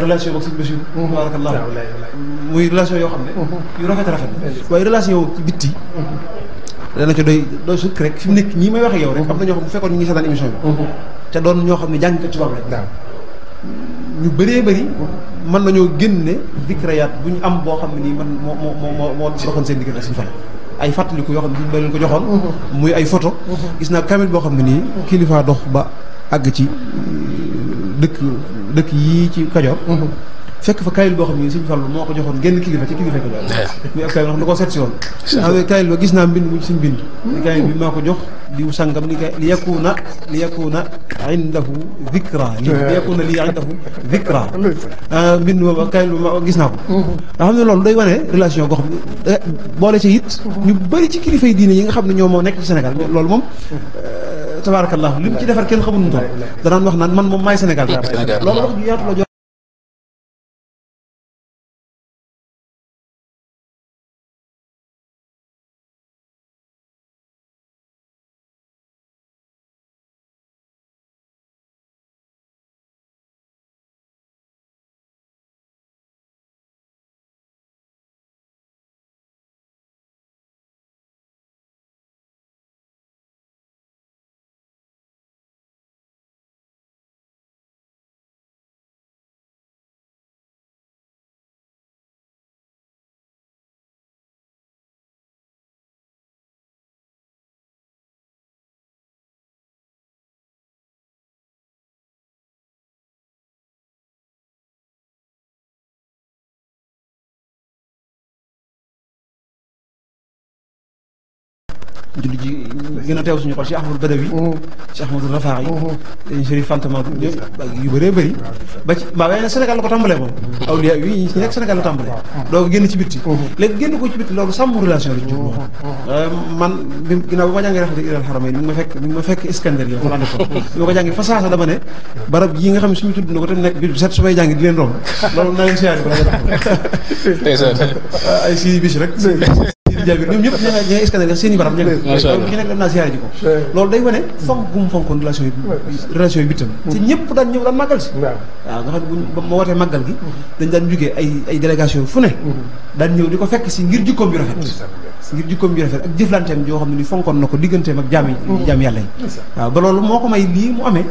relation ak sëñ Bassirou tabarakallah muy relation yoo xam ne yu rafet rafet waaye relation ci bitti dana ci doy doy sukk rek fi mu nekk ñii may wax ak rek am na ñoo xam bu fekkoon ñu ngi seetaan émission bi te doon ñoo xam ne jàngkat tubaab rek ñu bëree bëri mën nañoo génne dikkrayaat bu ñu am boo xam ne nii man moo moo moo moo seen diggante ak suñu ay fàttaliku yoo xam ne dañ ko joxoon mm-hmm. muy ay photo mm-hmm. gis naa kamil boo xam ne nii kilifaa dox ba àgg ci dëkk dëkk yii ci Kajoor mm-hmm. fekk fa kaayil boo xam ne suñu Fallu moo ko joxoon genn kilifa ci kilifa ki daal eh. muy ab kaayil wax da koo seet si woon aw kaayil ba gis naa mbind mu suñ bind li hmm. kaayil bi li kay li yakuna li yakuna indahu dhikra eh. li yakuna ma ah, gis naa ko hmm. nga xam ne day wane relation goo xam ne eh, boole ci it hmm. ñu bëri ci kilifa yi diine yi nga xam ne ñoo moo nekk ci loolu moom tabaarakallah li mu ci defar kenn xamul nu toll danaan wax naan man moom maay Sénégal loolu wax ju yaatu la julli ji gën a teew suñu xol Cheikh Ahmadou Badawi Cheikh Ahmadou Rafaay yi Chérif Fanta Magu yu bëree ba ci yi nga xam ne tudd na ko tam nekk bi set su jàngi di leen romb loolu naa leen siyaare ba ay si bis rek jërëjëf ñoom ñëpp ña nga ña nga scanner seen i baram ña ki nekk dem naa siyaare ji ko loolu day wane fonk gum fonkoon relation yi relation yi bitam mm. daan ñëw daan màggal si waaw nga xam ne buñ ma màggal gi mm-hmm. dañ daan jógee ay ay fu ne mm-hmm. daan ñëw di ko fekk si ngir jikkoom ju rafet mm-hmm. ngir jikkoom ju rafet ak jëflanteem joo xam ne ni fonkoon na ko digganteem ak jaam yi jaam yàlla yi waaw ba loolu moo ko may lii mu amee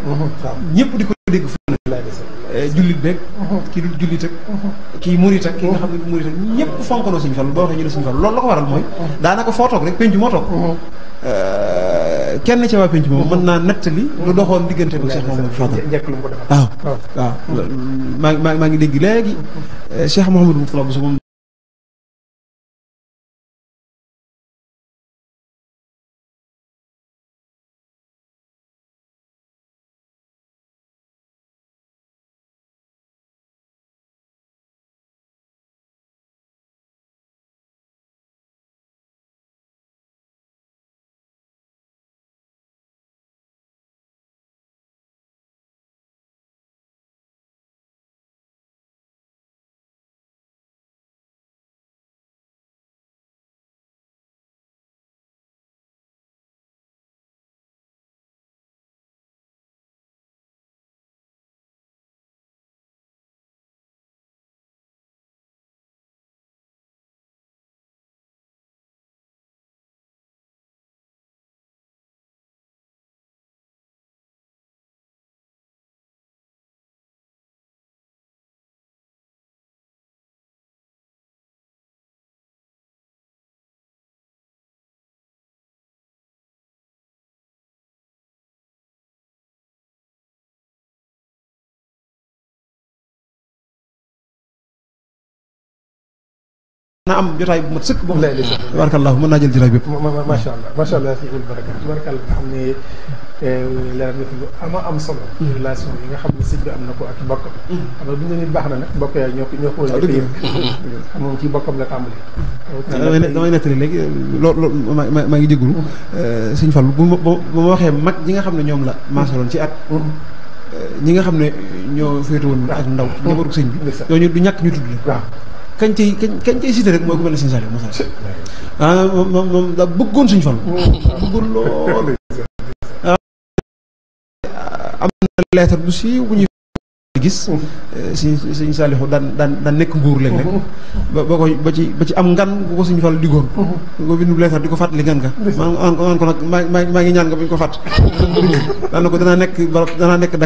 ñëpp di ko dégg fu ne jullit beeg kii dul jullit ak kii murit ak kii nga xam ne murit ak ñëpp fonkaloo suñu Fallu ba waxee ñu ne suñu Fallu loolu la ko waral mooy daanaka foo toog rek penc moo toog euh, kenn ci waa penc moom mën naa nettali lu doxoon diggante bu Cheikh Mouhamadou Fadal waaw waaw maa ngi maa ngi dégg léegi euh, Cheikh Mouhamadou Fadal na am jotaay bu mat sëkk boobu lay lay tabarakallahu mën naa jël jotaay bépp macha allah macha allah sëñ baraka tabarakallah nga xam ne eh, leer na fi lu ama am solo mm. relation yi nga xam ne sëñ bi am na ko ak bokkam mm. xam nga bu ñu nit baax na nag bokk yaa ñoo ko ñoo ko ah, wala yëpp xam moom ci bokkam la tàmbali ah, damay nettali léegi loolu maa ngi jégalu eh, sëñ Fall bu ma waxee mag ñi nga xam ne ñoom la maasaloon ci at mm. eh, ñi nga xam ne ñoo féetewoon ak ndaw ci njabootu sëñ bi ñooñu du ñàkk ñu tudd la kañ cay kañ kañ cay cité rek moo ko mel ne Sëñ Saliou Moussa ah moom moom moom daa suñu fan. bëggoon lool. Ah, am na lettre bu siiw bu ñuy gis mm. eh, si suñu Saalihu daan daan daan nekk mbuur léeg-léeg mm-hmm. ba ba ko ba ci ba ci am ngan bu ko suñu Fallu diggoon mm-hmm. ko bindu leetar di ko fàttali ngan nga maa maan ko nag maa maa ngi ñaan nga bu ñu ko fàtt daan na ko danaa nekk barab danaa nga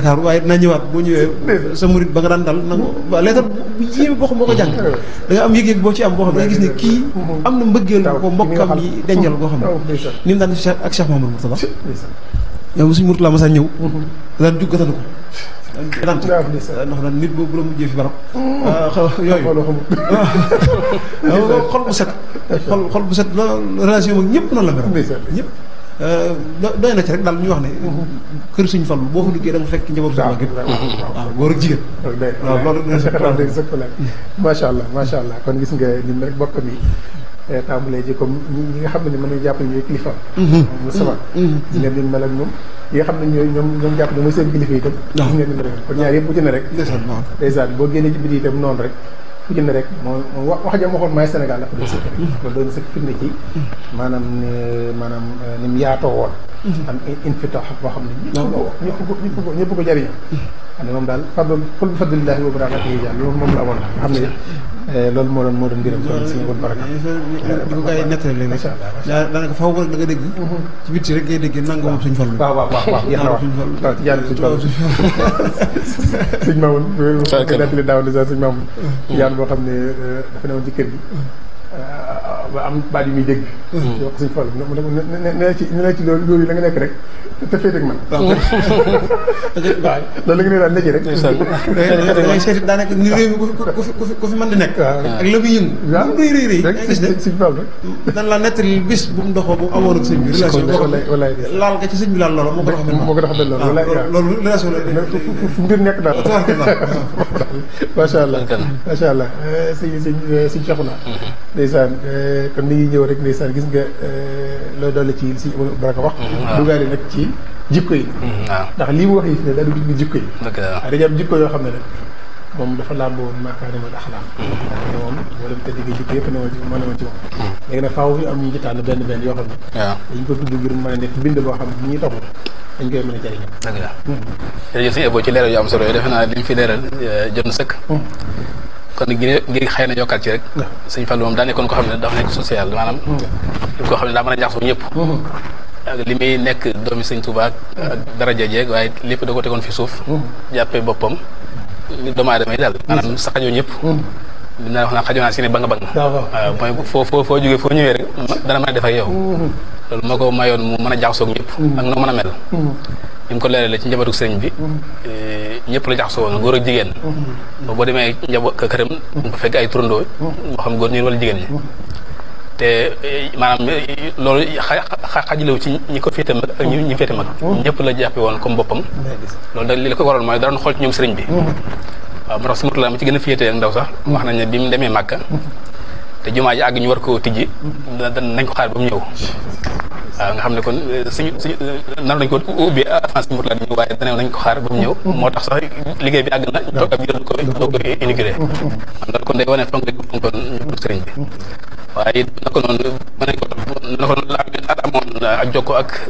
daan dal leetar boo xam boo ko jàng mm-hmm. da nga am yëg-yëg am da nga gis ne kii am na mbëggeel ko mbokkam yi denjal boo xam ne ni mu daan def ak Cheikh Mahamadou Mourtada yow suñu Mourtada ma sa ñëw daan jug gatanu ko rant euh, ndax nag nit boobu la mujjee fi barab oh. euh, yooyu ah, xol bu set xol xol bu set loolu relation moom ñëpp noonu la mel ñëpp euh, doy na ci rek daal ñu wax ne mm-hmm. kër suñu fal boo fa duggee da fekk njaboot suñu mag waaw góor ak jigéen waaw loolu macha allah macha allah kon gis nga nim rek bokk mi Euh, tàmbalee ji comme ñi nga xam ne mën nañu jàpp ñooy kilifa mu sama gis ngeen ni mel ak moom yi nga xam ne ñooy ñoom ñoom jàpp ne mooy seen kilifa itam ah. gis ngeen ni mel kon ñaar yëpp bu ci ne rek ndeysaan boo génnee ci rek fu ci rek moom wax jam waxoon maay Sénégal dafa doon sëkk mhm. loolu doon sëkk firnde ci mhm. maanaam ni maanaam euh, ni mu yaatoo woon am infitaax boo xam ne ñëpp ko ñëpp ko ñëpp ko jëriñoo xam ne moom daal fadl kul bi fadlillahi loolu la amoon nga xam ne eh, loolu moo doon moo doon mbiram kon suñu baraka di ko gaay nettali léegi rek daanaka faw rek da nga dégg mm-hmm. ci bitti rek ngay dégg nangu moom suñ fallu waaw waaw waaw yéen la wax waaw ci jaan suñ fallu suñ maamoon nettali daaw déjà suñ maamoon boo xam ne eh, dafa newoon kër gi mm-hmm. eh, ba am baat mi muy dégg. Mm. wax suñu fàll ne ne loolu loolu la nga nekk rek. te fii rek man. waaw ah, loolu la daal nekk rek. incha allah ni réew mi ku fi ku fi mën di nekk. Ah. ak la muy yëngu. waaw ah. rëy rëy rëy. dañ la nettali bis bu mu doxoo bu amoon ak sëñ bi. relation laal nga ci sëñ bi laal loolu moo ko doxal. moo ko doxal loolu loolu relation la. fu mbir nekk daal. macha allah macha allah sëñ sëñ sëñ fexu naa. ndeysaan eh, kon ni ñuy ñëw rek ndeysaan gis nga eh, loo dolli ci si Baraka wax. Mm-hmm. dugaale nag ci jikko yi. Mm-hmm. waaw ndax lii mu wax yi fii daal di dugg jikko yi. waaw dañuy am jikko yoo xam ne nag moom dafa làmboo makaarimal axlaaq. ndax mm-hmm. moom wala te digg jikko yëpp ne ma ci ma ne ma ci mm-hmm. ñu am benn benn yoo xam ne. waaw dañ ko tudd ngir mën a nekk bind boo xam ne ñuy topp dañ a jëriñoo. dëgg la jërëjëf am solo yi naa li fi leeral eh, jot na sëkk. kon ngir ngir xëy na yokkaat rek sëñ Fallou moom nekkoon ko xam ne daa mën a jaxasoo ñëpp ak li may nekk doomi sëñ Tuubaa ak daraja jeeg waaye lépp da ko tegoon fi suuf mm. jàppee boppam li doomu aadama yi daal mm. maanaam sa xajoo ñëpp mm. dina wax naa xajoo naa si ne ba nga ba nga waaw mooy foo foo foo jógee foo ñëwee rek dana mën a def ak yow mm-hmm. loolu moo ko mayoon mu mën a jaxasoog ñëpp mm-hmm. ak noo mën a mel mm-hmm. ni ko ko leeralee ci njabootu sëriñ bi eh, ñëpp la jaxasoo woon góor ak jigéen boo demee njaboot këram mu ko fekk ay turandoo moo xam góor ñi wala jigéen ñi te eh, maanaam eh, loolu xa xa xajalewu ci ñi ko féete mag ak ñi féete mag mm-hmm. ñëpp la jàppe woon comme boppam loolu da li ko waral mooy dara xool ci ñoom sëriñ bi mm-hmm. waaw moo tax si motulaa ma ci gën a ndaw sax mm-hmm. wax nañ ne bi mu demee màkka te jumaa ji ñu war koo tijji nañ ko xaar ba ñëw waaw nga xam ne kon suñu suñu nan lañ ko ubbi avance bi motulaa di ñëw waaye danañ nañ ko xaar ba mu ñëw moo tax sax liggéey bi àgg na toog ab yëran ko doo ko inauguré loolu kon day wane fonk fonkoon sëriñ bi waaye it naka noonu ko topp naka la amee at amoon uh, ak jokko uh, ak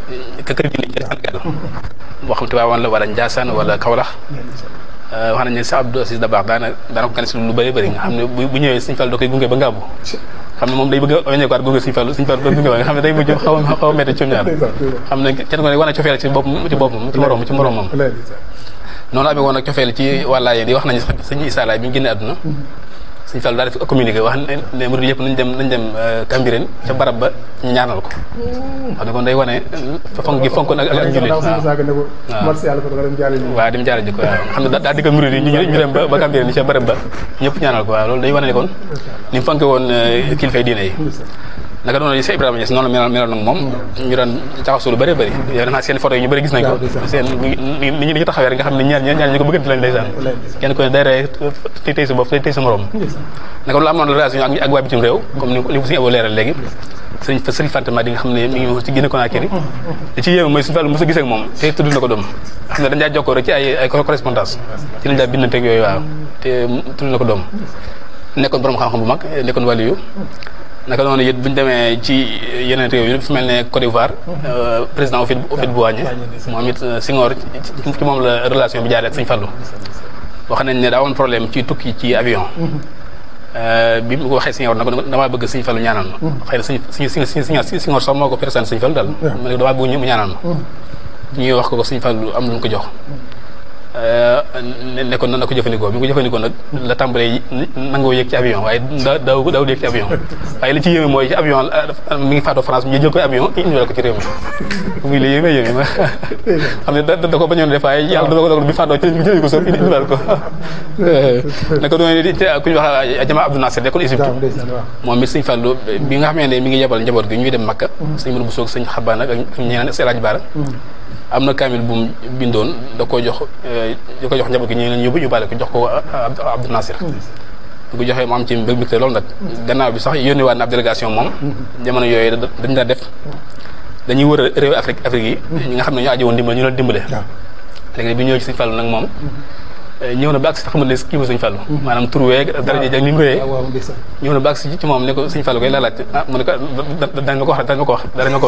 kër diine ci Sénégal boo xam Tiwaawan la wala Kawlax uh, wax nañ ne sa Abdou Aziz Dabakh daana daana ko gane lu bëri bëri nga bu ñëwee Sëñ Fallu da koy gunge ba ngaabu xam ne moom day bëgg a ñëwaat gunge Sëñ Fallu Sëñ Fallu gunge ba nga xam ne day mujj xaw a xaw a métti ci ñaar ko ci boppam ak cofeel ci wàllaayeen yi wax nañ sax Sëñ Isaa Laay bi ñu génne àdduna suñu fàllu daa def communiqué wax ne murid yëpp nañ dem nañ dem euh, Cambérène ca barab ba ñu ñaanal ko wax mm. ne kon day wane euh, fonk gi fonk nag ak jullit waaw dem jaale ji ko waaw xam ne daa diggal murid yi ñu dem ba Cambérène ca barab ba ñëpp ñaanal ko waaw loolu day wane ne kon ni mu woon kilifa euh, kilifay diine yi naka doon Cheikh noonu meloon moom ñu doon jaxasoo lu bëree bëri yow def naa seen photo yi ñu bëri gis nañ ko seen ni ñu taxawee rek nga xam ne ñaar ñu ko bëggante lañ ndeysaan kenn ku day rey tey tey sa tey tey a gisee ak na ko doom nekkoon borom xam-xam bu mag nekkoon wàliyu naka noonu it bu ñu demee ci yeneen réew yi fi mel ne Côte d'Ivoire. Euh, président Houphouët Boigny moom it euh, Senghor ci moom la relation bi jaaree sañ Sëñ Fallu wax nañ ne daa amoon problème ci tukki ci avion. Euh, bi mu ko waxee Senghor na ko damaa bëgg Sëñ Fallu ñaanal ma. xëy na suñu suñu suñu Senghor sax moo ko personne Sëñ Fallu daal. ma ne ko damaa bëgg ñu mu ñaanal ma. Mm. ñuy wax ko ko Sëñ Fallu am lu mu ko jox. Euh, ne ko na ko jëfandikoo bi nga ko jëfandikoo nag la tàmbalee nangoo yëg ci avion waaye da daaw daw yëg ci avion waaye li ci yéeme mooy ci avion ah, mi ngi faatoo France ñu jël ko avion indiwale ko ci réew mi muy la ne da ko bañoon def waaye yàlla dafa ko dogal bi faatoo ci lañ ko sóor indiwale ah, ku ñu wax ah, Jama Abdou Nasser nekkoon Égypte moom it sëñ bi nga xamee ne mi ngi yebal njaboot gi ñuy dem Makka mm. sëñ mën bu soog sëñ xabaan ak ñeneen sëñ Baara mm. am na kaamil bu bindoon da ko jox eh, da ko jox njaboot gi ñu leen yóbbu yóbbaale ko jox ko Abdou Nasir mm-hmm. bu ko joxee mu am ci te loolu nag gannaaw bi sax yónni waat na ab délégation moom mm-hmm. jamono yooyu dañ la def dañuy wër a réew Afrique Afrique yi mm-hmm. ñi nga xam ne ñu aji woon dimbale ñu la dimbale léegi bi ñëwee ci Sëñ nag moom ñëw na ba agsi xamul ne ma sëñ Fallu maanaam tur weeg dara ji ak ni na ba agsi ci ko sëñ Fallu koy laalaajte ah mu ne ko dañ la ko wax dañ la ko wax danañ nga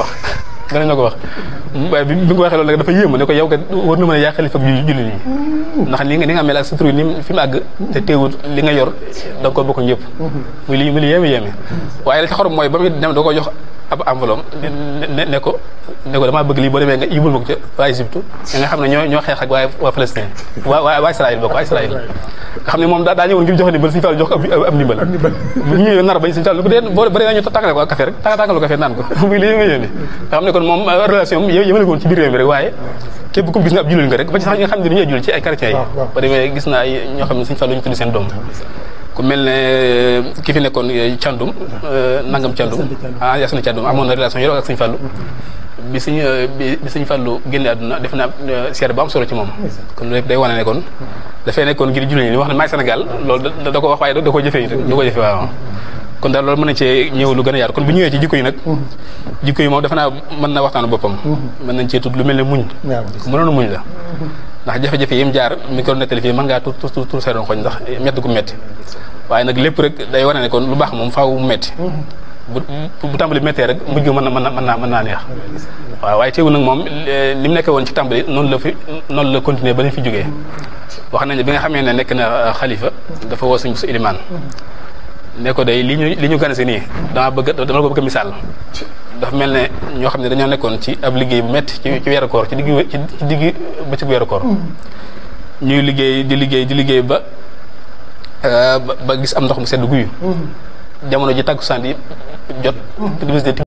ko waxee loolu nag dafa war na mën a yaa xalifa jullit ñi ndax li nga li nga mel ak fi mu te teewul li nga yor da nga ko bokk muy li muy li waaye la xorom mooy ba muy dem ne ko damaa bëgg lii boo demee nga yibul ma ko ca waa Égypte nga xam ne ñoo ñoo xeex ak waa waa Palestine waa ngir joxe ndimbal suñu fàllu jox ko dee boo nga xam ne kon moom euh, relation yémale ko woon ci biir réew mi seen doom euh, euh, ah, amoon na relation yi ak Sëñ Fallou bi suñu bi suñu fàllu génne àdduna def na euh, seer bu am solo ci moom. kon loolu yëpp day wane ne kon. dafay nekkoon ngir jullit ñi li wax ne maay Sénégal loolu da ko wax waaye da ko jëfee itam da ko jëfee waaw. kon daal loolu mën na cee ñëw lu gën a yaatu kon bu ñëwee ci jikko yi nag. jikko yi moom dafa naa mën na waxtaanu boppam. mën nañ cee tudd lu mel ne muñ. waaw mënoonu muñ la. ndax jafe-jafe yi mu jaar mi ko nettali fii mën ngaa tur tur tur sa doon xoñ ndax métti gu métti waaye nag lépp rek day wane ne kon lu baax moom faaw mu métti bu bu tàmbali méttee rek mujj mën na mën na mën naa mën naa neex waaw waaye teewul nag moom ni eh, mu nekkee woon ci tàmbali noonu la fi noonu la continuer ba ñu fi jógee wax nañ bi nga xamee ne nekk na euh, xalifa dafa woo suñu su ilimaan ne ko day li ñu li ñu gan si nii dama bëgg dama ko bëgg misaal dafa mel ne ñoo xam ne dañoo nekkoon ci ab liggéey bu métti ci ci weeru koor ci digg ci digg bëccëg weeru koor ñuy liggéey di liggéey di liggéey ba euh, ba gis am ndox mu sedd guyu mm-hmm. jamono ji tàggu saan jot.